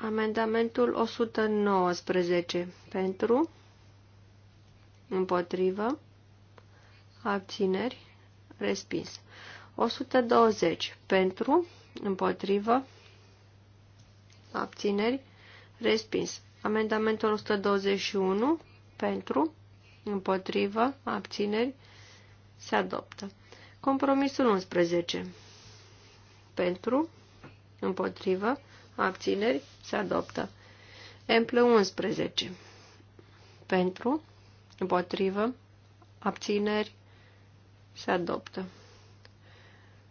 Speaker 4: Amendamentul 119 pentru, împotrivă, abțineri, respins. 120 pentru, împotrivă, abțineri, respins. Amendamentul 121 pentru, împotrivă, abțineri, se adoptă. Compromisul 11 pentru, împotrivă, abțineri, abțineri, se adoptă. Emple 11. Pentru, împotrivă, abțineri, se adoptă.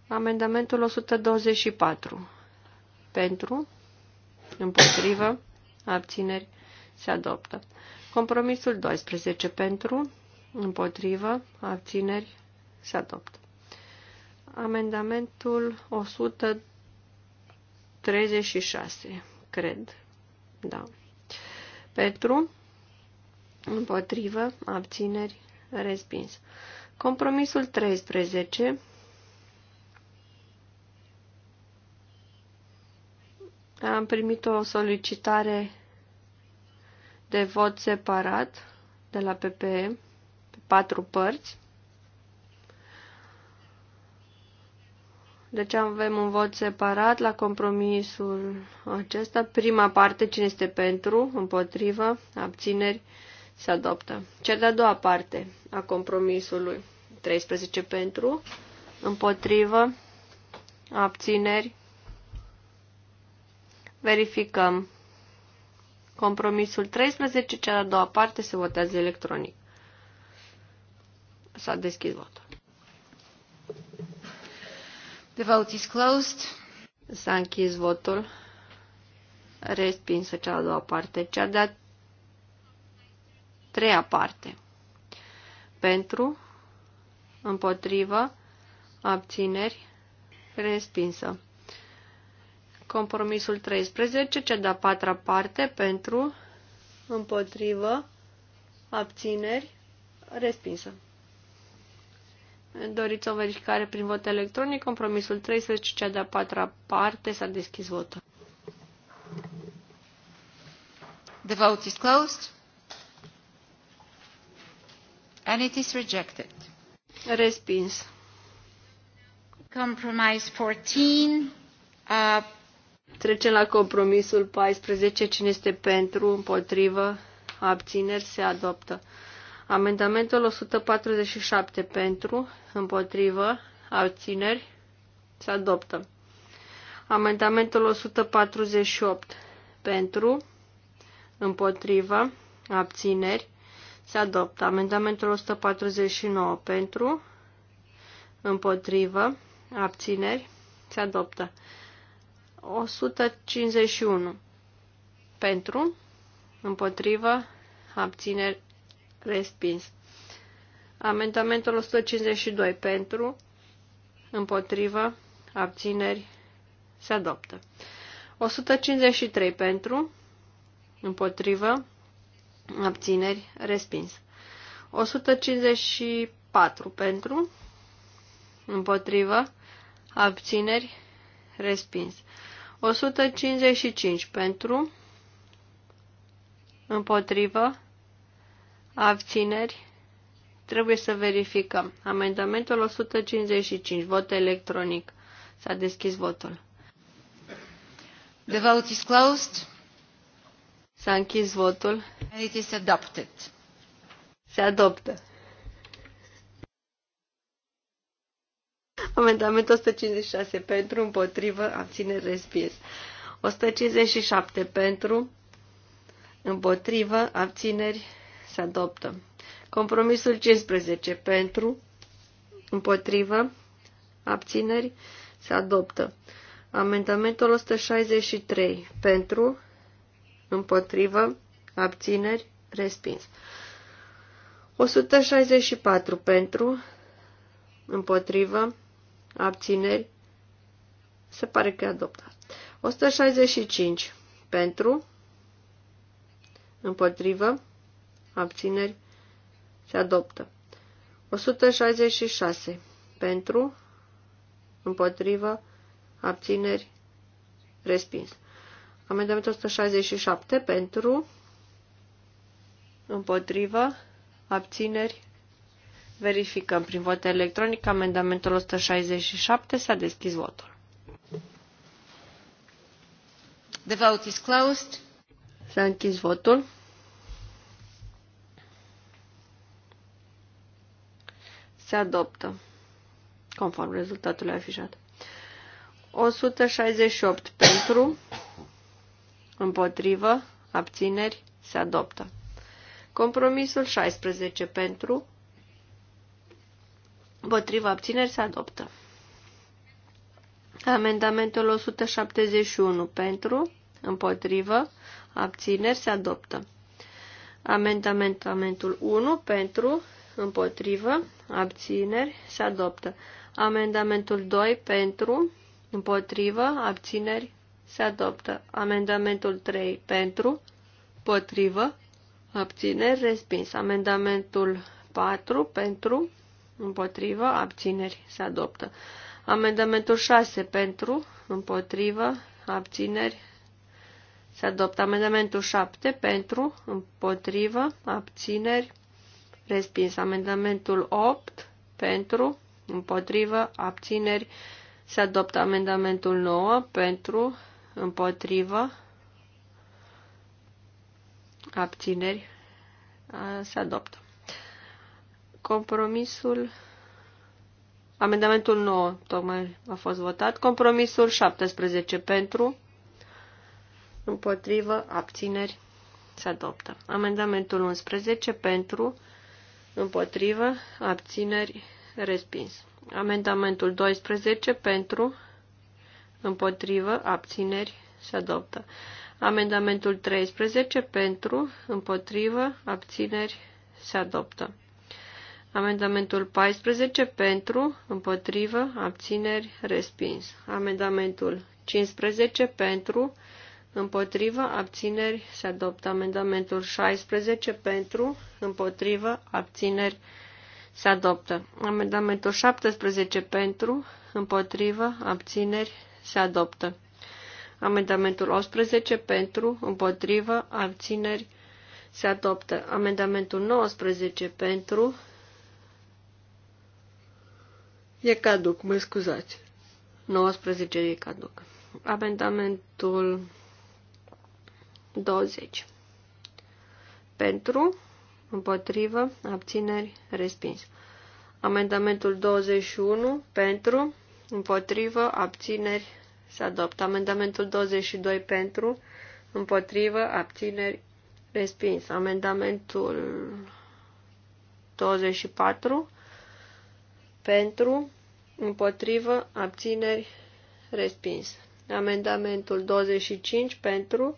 Speaker 4: Amendamentul 124. Pentru, împotrivă, abțineri, se adoptă. Compromisul 12. Pentru, împotrivă, abțineri, se adoptă. Amendamentul 124. 36, cred. Da. Pentru, împotrivă, abțineri, respins. Compromisul 13. Am primit o solicitare de vot separat de la PPE pe patru părți. Deci avem un vot separat la compromisul acesta. Prima parte, cine este pentru, împotrivă, abțineri, se adoptă. Cea de-a doua parte a compromisului, 13 pentru, împotrivă, abțineri, verificăm. Compromisul 13, cea de-a doua parte, se votează electronic. S-a deschis votul. The vote is closed. S-a închis votul. Respinsă cea a doua parte. Cea de-a treia parte. Pentru, împotrivă, abțineri, respinsă. Compromisul 13, cea de-a patra parte, pentru, împotrivă, abțineri, respinsă. Doriți o verificare prin vot electronic. Compromisul 13, cea de-a patra
Speaker 1: parte, s-a deschis votul. The vote is closed. And it is rejected. Respins. Compromise 14.
Speaker 4: Uh... Trecem la compromisul 14. Cine este pentru, împotrivă, abțineri, se adoptă. Amendamentul 147 pentru, împotrivă, abțineri, se adoptă. Amendamentul 148 pentru, împotrivă, abțineri, se adoptă. Amendamentul 149 pentru, împotrivă, abțineri, se adoptă. 151 pentru, împotrivă, abțineri, Respins. Amendamentul 152 pentru, împotrivă, abțineri, se adoptă. 153 pentru, împotrivă, abțineri, respins. 154 pentru, împotrivă, abțineri, respins. 155 pentru, împotrivă, abțineri, trebuie să verificăm. Amendamentul 155, vot electronic. S-a deschis votul. The vote is closed. S-a închis votul. And it is adopted. Se adoptă. Amendamentul 156 pentru, împotrivă, abține, respins. 157 pentru, împotrivă, abțineri, se adoptă. Compromisul 15 pentru, împotrivă, abțineri, se adoptă. Amendamentul 163 pentru, împotrivă, abțineri, respins. 164 pentru, împotrivă, abțineri, se pare că adoptă. adoptat. 165 pentru, împotrivă, abțineri, se adoptă. 166. Pentru, împotrivă, abțineri, respins. Amendamentul 167. Pentru, împotrivă, abțineri, verificăm prin vot electronic. Amendamentul 167 s-a deschis votul.
Speaker 1: The vote is closed.
Speaker 4: S-a închis votul. Se adoptă. Conform rezultatului afișat. 168 pentru, împotrivă, abțineri, se adoptă. Compromisul 16 pentru, împotrivă, abțineri, se adoptă. Amendamentul 171 pentru, împotrivă, abțineri, se adoptă. Amendamentul 1 pentru, împotrivă, abțineri, se adoptă. Amendamentul 2 pentru, împotrivă, abțineri, se adoptă. Amendamentul 3 pentru, împotrivă, abțineri, respins. Amendamentul 4 pentru, împotrivă, abțineri, se adoptă. Amendamentul 6 pentru, împotrivă, abțineri, se adoptă. Amendamentul 7 pentru, împotrivă, abțineri, Respins. Amendamentul 8 pentru, împotrivă, abțineri. Se adoptă amendamentul 9 pentru, împotrivă, abțineri. Se adoptă. Compromisul. Amendamentul 9 tocmai a fost votat. Compromisul 17 pentru, împotrivă, abțineri. Se adoptă. Amendamentul 11 pentru, Împotrivă. Abțineri. Respins. Amendamentul 12 pentru. Împotrivă. Abțineri. Se adoptă. Amendamentul 13 pentru. Împotrivă. Abțineri. Se adoptă. Amendamentul 14 pentru, împotrivă, abțineri, respins. Amendamentul 15 pentru, Împotrivă, abțineri, se adoptă amendamentul 16 pentru, împotrivă, abțineri, se adoptă. Amendamentul 17 pentru, împotrivă, abțineri, se adoptă. Amendamentul 18 pentru, împotrivă, abțineri, se adoptă. Amendamentul 19 pentru, e caduc, mă scuzați. 19 e caduc. Amendamentul 20. Pentru, împotrivă, abțineri, respins. Amendamentul 21, pentru, împotrivă, abțineri, se adoptă. Amendamentul 22, pentru, împotrivă, abțineri, respins. Amendamentul 24, pentru, împotrivă, abțineri, respins. Amendamentul 25 pentru,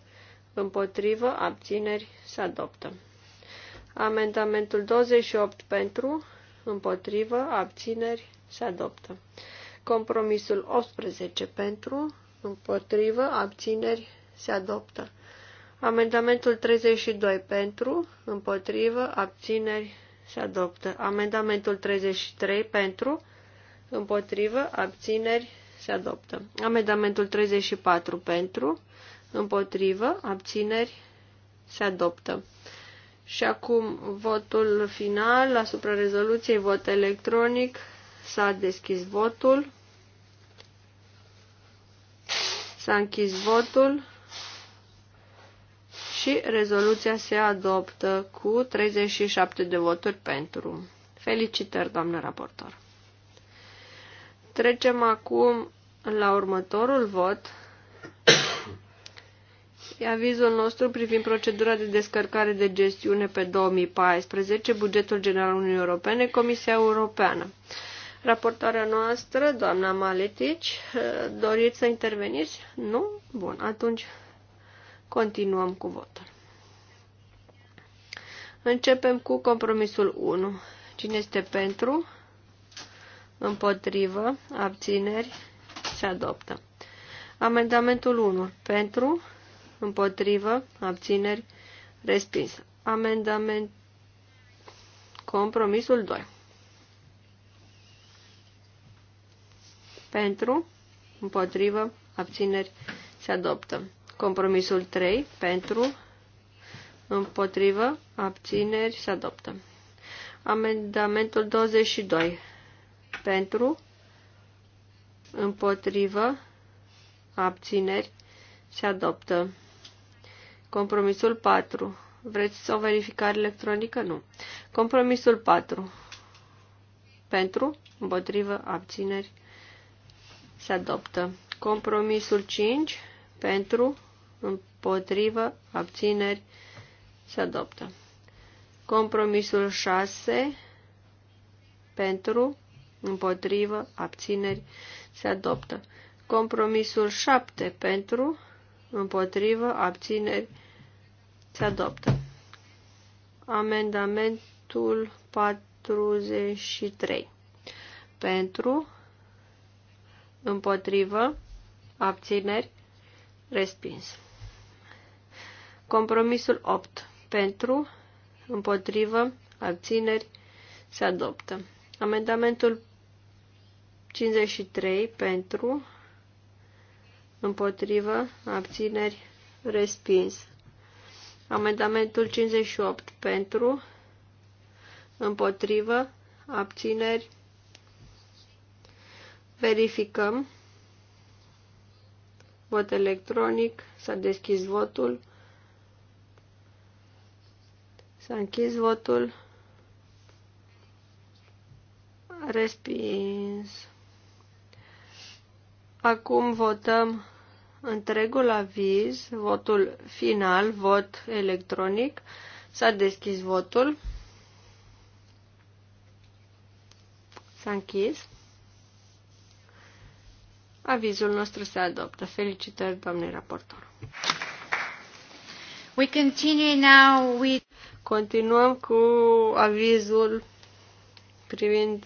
Speaker 4: Împotrivă, abțineri, se adoptă. Amendamentul 28 pentru, împotrivă, abțineri, se adoptă. Compromisul 18 pentru, împotrivă, abțineri, se adoptă. Amendamentul 32 pentru, împotrivă, abțineri, se adoptă. Amendamentul 33 pentru, împotrivă, abțineri, se adoptă. Amendamentul 34 pentru, împotrivă, abțineri, se adoptă. Și acum votul final asupra rezoluției, vot electronic, s-a deschis votul, s-a închis votul și rezoluția se adoptă cu 37 de voturi pentru. Felicitări, doamnă raportor! Trecem acum la următorul vot, E avizul nostru privind procedura de descărcare de gestiune pe 2014, bugetul general Uniunii Europene, Comisia Europeană. Raportarea noastră, doamna Maletici, doriți să interveniți? Nu? Bun, atunci continuăm cu votul. Începem cu compromisul 1. Cine este pentru? Împotrivă? Abțineri? Se adoptă. Amendamentul 1. Pentru? Împotrivă. Abțineri. Respins. Amendament. Compromisul 2. Pentru. Împotrivă. Abțineri. Se adoptă. Compromisul 3. Pentru. Împotrivă. Abțineri. Se adoptă. Amendamentul 22. Pentru. Împotrivă. Abțineri. Se adoptă. Compromisul 4. Vreți o verificare electronică? Nu. Compromisul 4. Pentru, împotrivă, abțineri, se adoptă. Compromisul 5. Pentru, împotrivă, abțineri, se adoptă. Compromisul 6. Pentru, împotrivă, abțineri, se adoptă. Compromisul 7. Pentru, Împotrivă, abțineri, se adoptă. Amendamentul 43. Pentru, împotrivă, abțineri, respins. Compromisul 8. Pentru, împotrivă, abțineri, se adoptă. Amendamentul 53 pentru, împotrivă, abțineri, respins. Amendamentul 58 pentru, împotrivă, abțineri, verificăm. Vot electronic, s-a deschis votul, s-a închis votul, respins. Acum votăm întregul aviz, votul final, vot electronic. S-a deschis votul. S-a închis. Avizul nostru se adoptă. Felicitări, doamne raportor.
Speaker 1: We continue now
Speaker 4: with... Continuăm cu avizul privind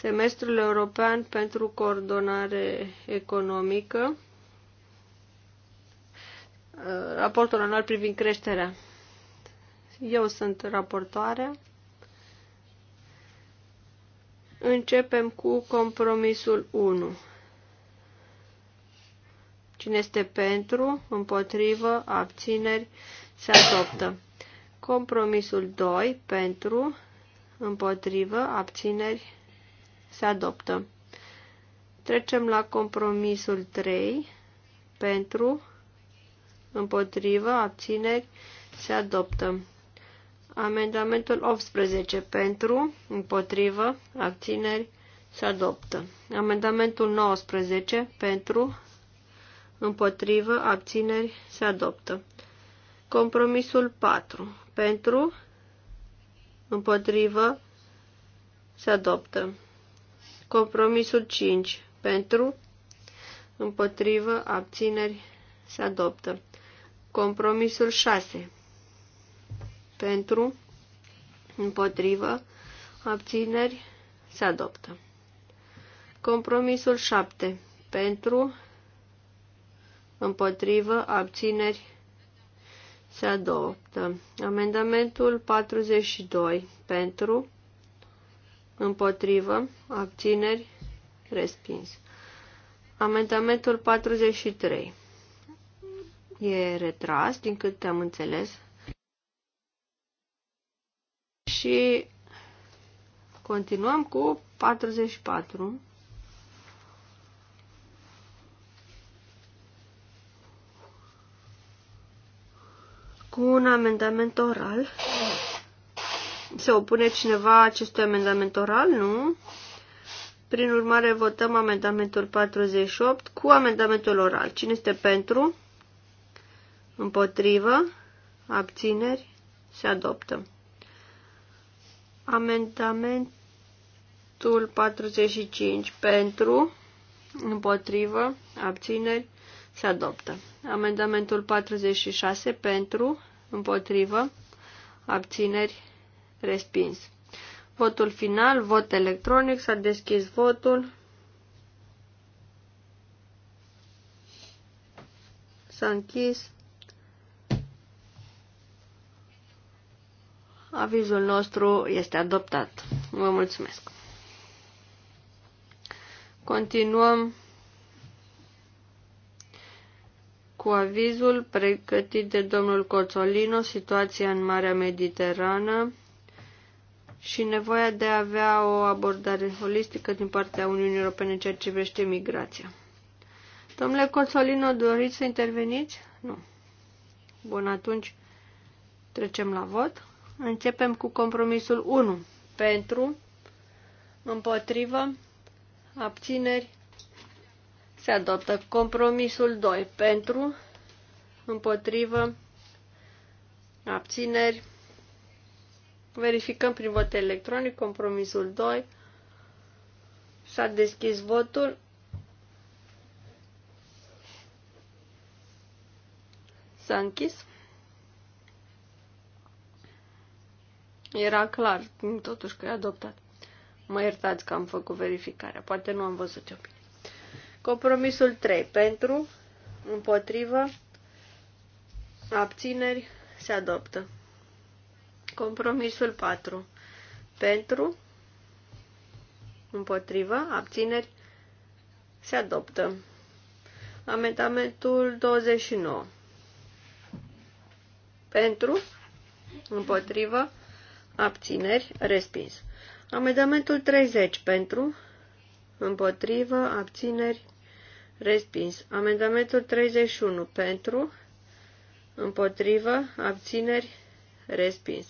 Speaker 4: semestrul european pentru coordonare economică, raportul anual privind creșterea. Eu sunt raportoarea. Începem cu compromisul 1. Cine este pentru, împotrivă, abțineri, se adoptă. Compromisul 2, pentru, împotrivă, abțineri, se adoptă. Trecem la compromisul 3. Pentru, împotrivă, abțineri, se adoptă. Amendamentul 18. Pentru, împotrivă, abțineri, se adoptă. Amendamentul 19. Pentru, împotrivă, abțineri, se adoptă. Compromisul 4. Pentru, împotrivă, se adoptă. Compromisul 5. Pentru, împotrivă, abțineri, se adoptă. Compromisul 6. Pentru, împotrivă, abțineri, se adoptă. Compromisul 7. Pentru, împotrivă, abțineri, se adoptă. Amendamentul 42. Pentru, Împotrivă. Abțineri. Respins. Amendamentul 43. E retras, din câte am înțeles. Și continuăm cu 44. Cu un amendament oral. Se opune cineva acestui amendament oral? Nu. Prin urmare, votăm amendamentul 48 cu amendamentul oral. Cine este pentru? Împotrivă? Abțineri? Se adoptă. Amendamentul 45 pentru, împotrivă, abțineri, se adoptă. Amendamentul 46 pentru, împotrivă, abțineri, Respins. Votul final, vot electronic, s-a deschis votul. S-a închis. Avizul nostru este adoptat. Vă mulțumesc. Continuăm cu avizul pregătit de domnul Coțolino, situația în Marea Mediterană și nevoia de a avea o abordare holistică din partea Uniunii Europene în ceea ce privește migrația. Domnule Consolino, doriți să interveniți? Nu. Bun, atunci trecem la vot. Începem cu compromisul 1. Pentru, împotrivă, abțineri, se adoptă compromisul 2. Pentru, împotrivă, abțineri, Verificăm prin vot electronic compromisul 2. S-a deschis votul. S-a închis. Era clar, totuși, că e adoptat. Mă iertați că am făcut verificarea. Poate nu am văzut eu bine. Compromisul 3. Pentru, împotrivă, abțineri, se adoptă. Compromisul 4. Pentru, împotrivă, abțineri, se adoptă. Amendamentul 29. Pentru, împotrivă, abțineri, respins. Amendamentul 30. Pentru, împotrivă, abțineri, respins. Amendamentul 31. Pentru, împotrivă, abțineri, Respins.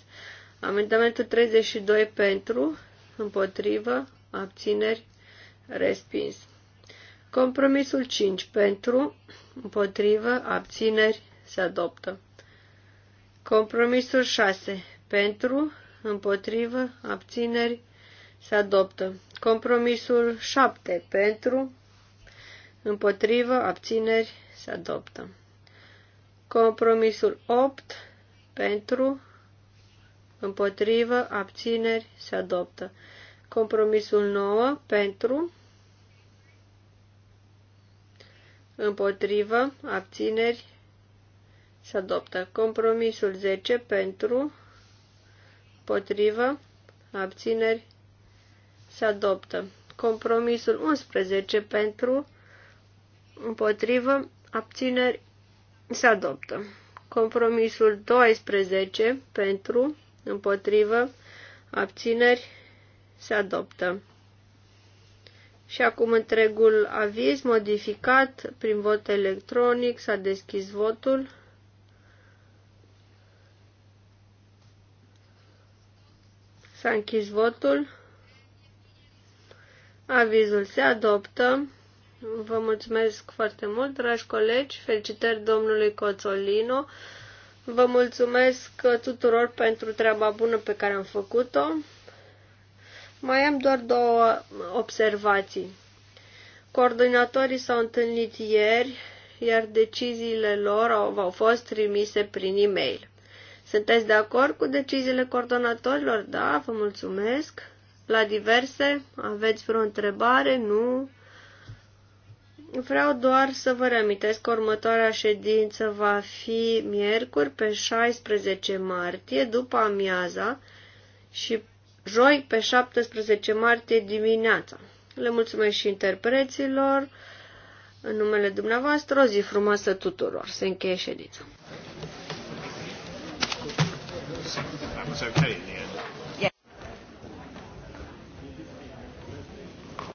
Speaker 4: Amendamentul 32 pentru, împotrivă, abțineri, respins. Compromisul 5 pentru, împotrivă, abțineri, se adoptă. Compromisul 6 pentru, împotrivă, abțineri, se adoptă. Compromisul 7 pentru, împotrivă, abțineri, se adoptă. Compromisul 8 pentru, împotrivă, abțineri, se adoptă. Compromisul 9, pentru, împotrivă, abțineri, se adoptă. Compromisul 10, pentru, împotrivă, abțineri, se adoptă. Compromisul 11, pentru, împotrivă, abțineri, se adoptă. Compromisul 12, pentru, împotrivă, abțineri, se adoptă. Și acum întregul aviz modificat prin vot electronic s-a deschis votul. S-a închis votul. Avizul se adoptă. Vă mulțumesc foarte mult, dragi colegi. Felicitări domnului Coțolino. Vă mulțumesc tuturor pentru treaba bună pe care am făcut-o. Mai am doar două observații. Coordonatorii s-au întâlnit ieri, iar deciziile lor au, au fost trimise prin e-mail. Sunteți de acord cu deciziile coordonatorilor? Da, vă mulțumesc. La diverse, aveți vreo întrebare? Nu? Vreau doar să vă reamintesc că următoarea ședință va fi miercuri pe 16 martie după amiaza și joi pe 17 martie dimineața. Le mulțumesc și interpreților. În numele dumneavoastră, o zi frumoasă tuturor. Se încheie ședința.
Speaker 1: That was okay in the end.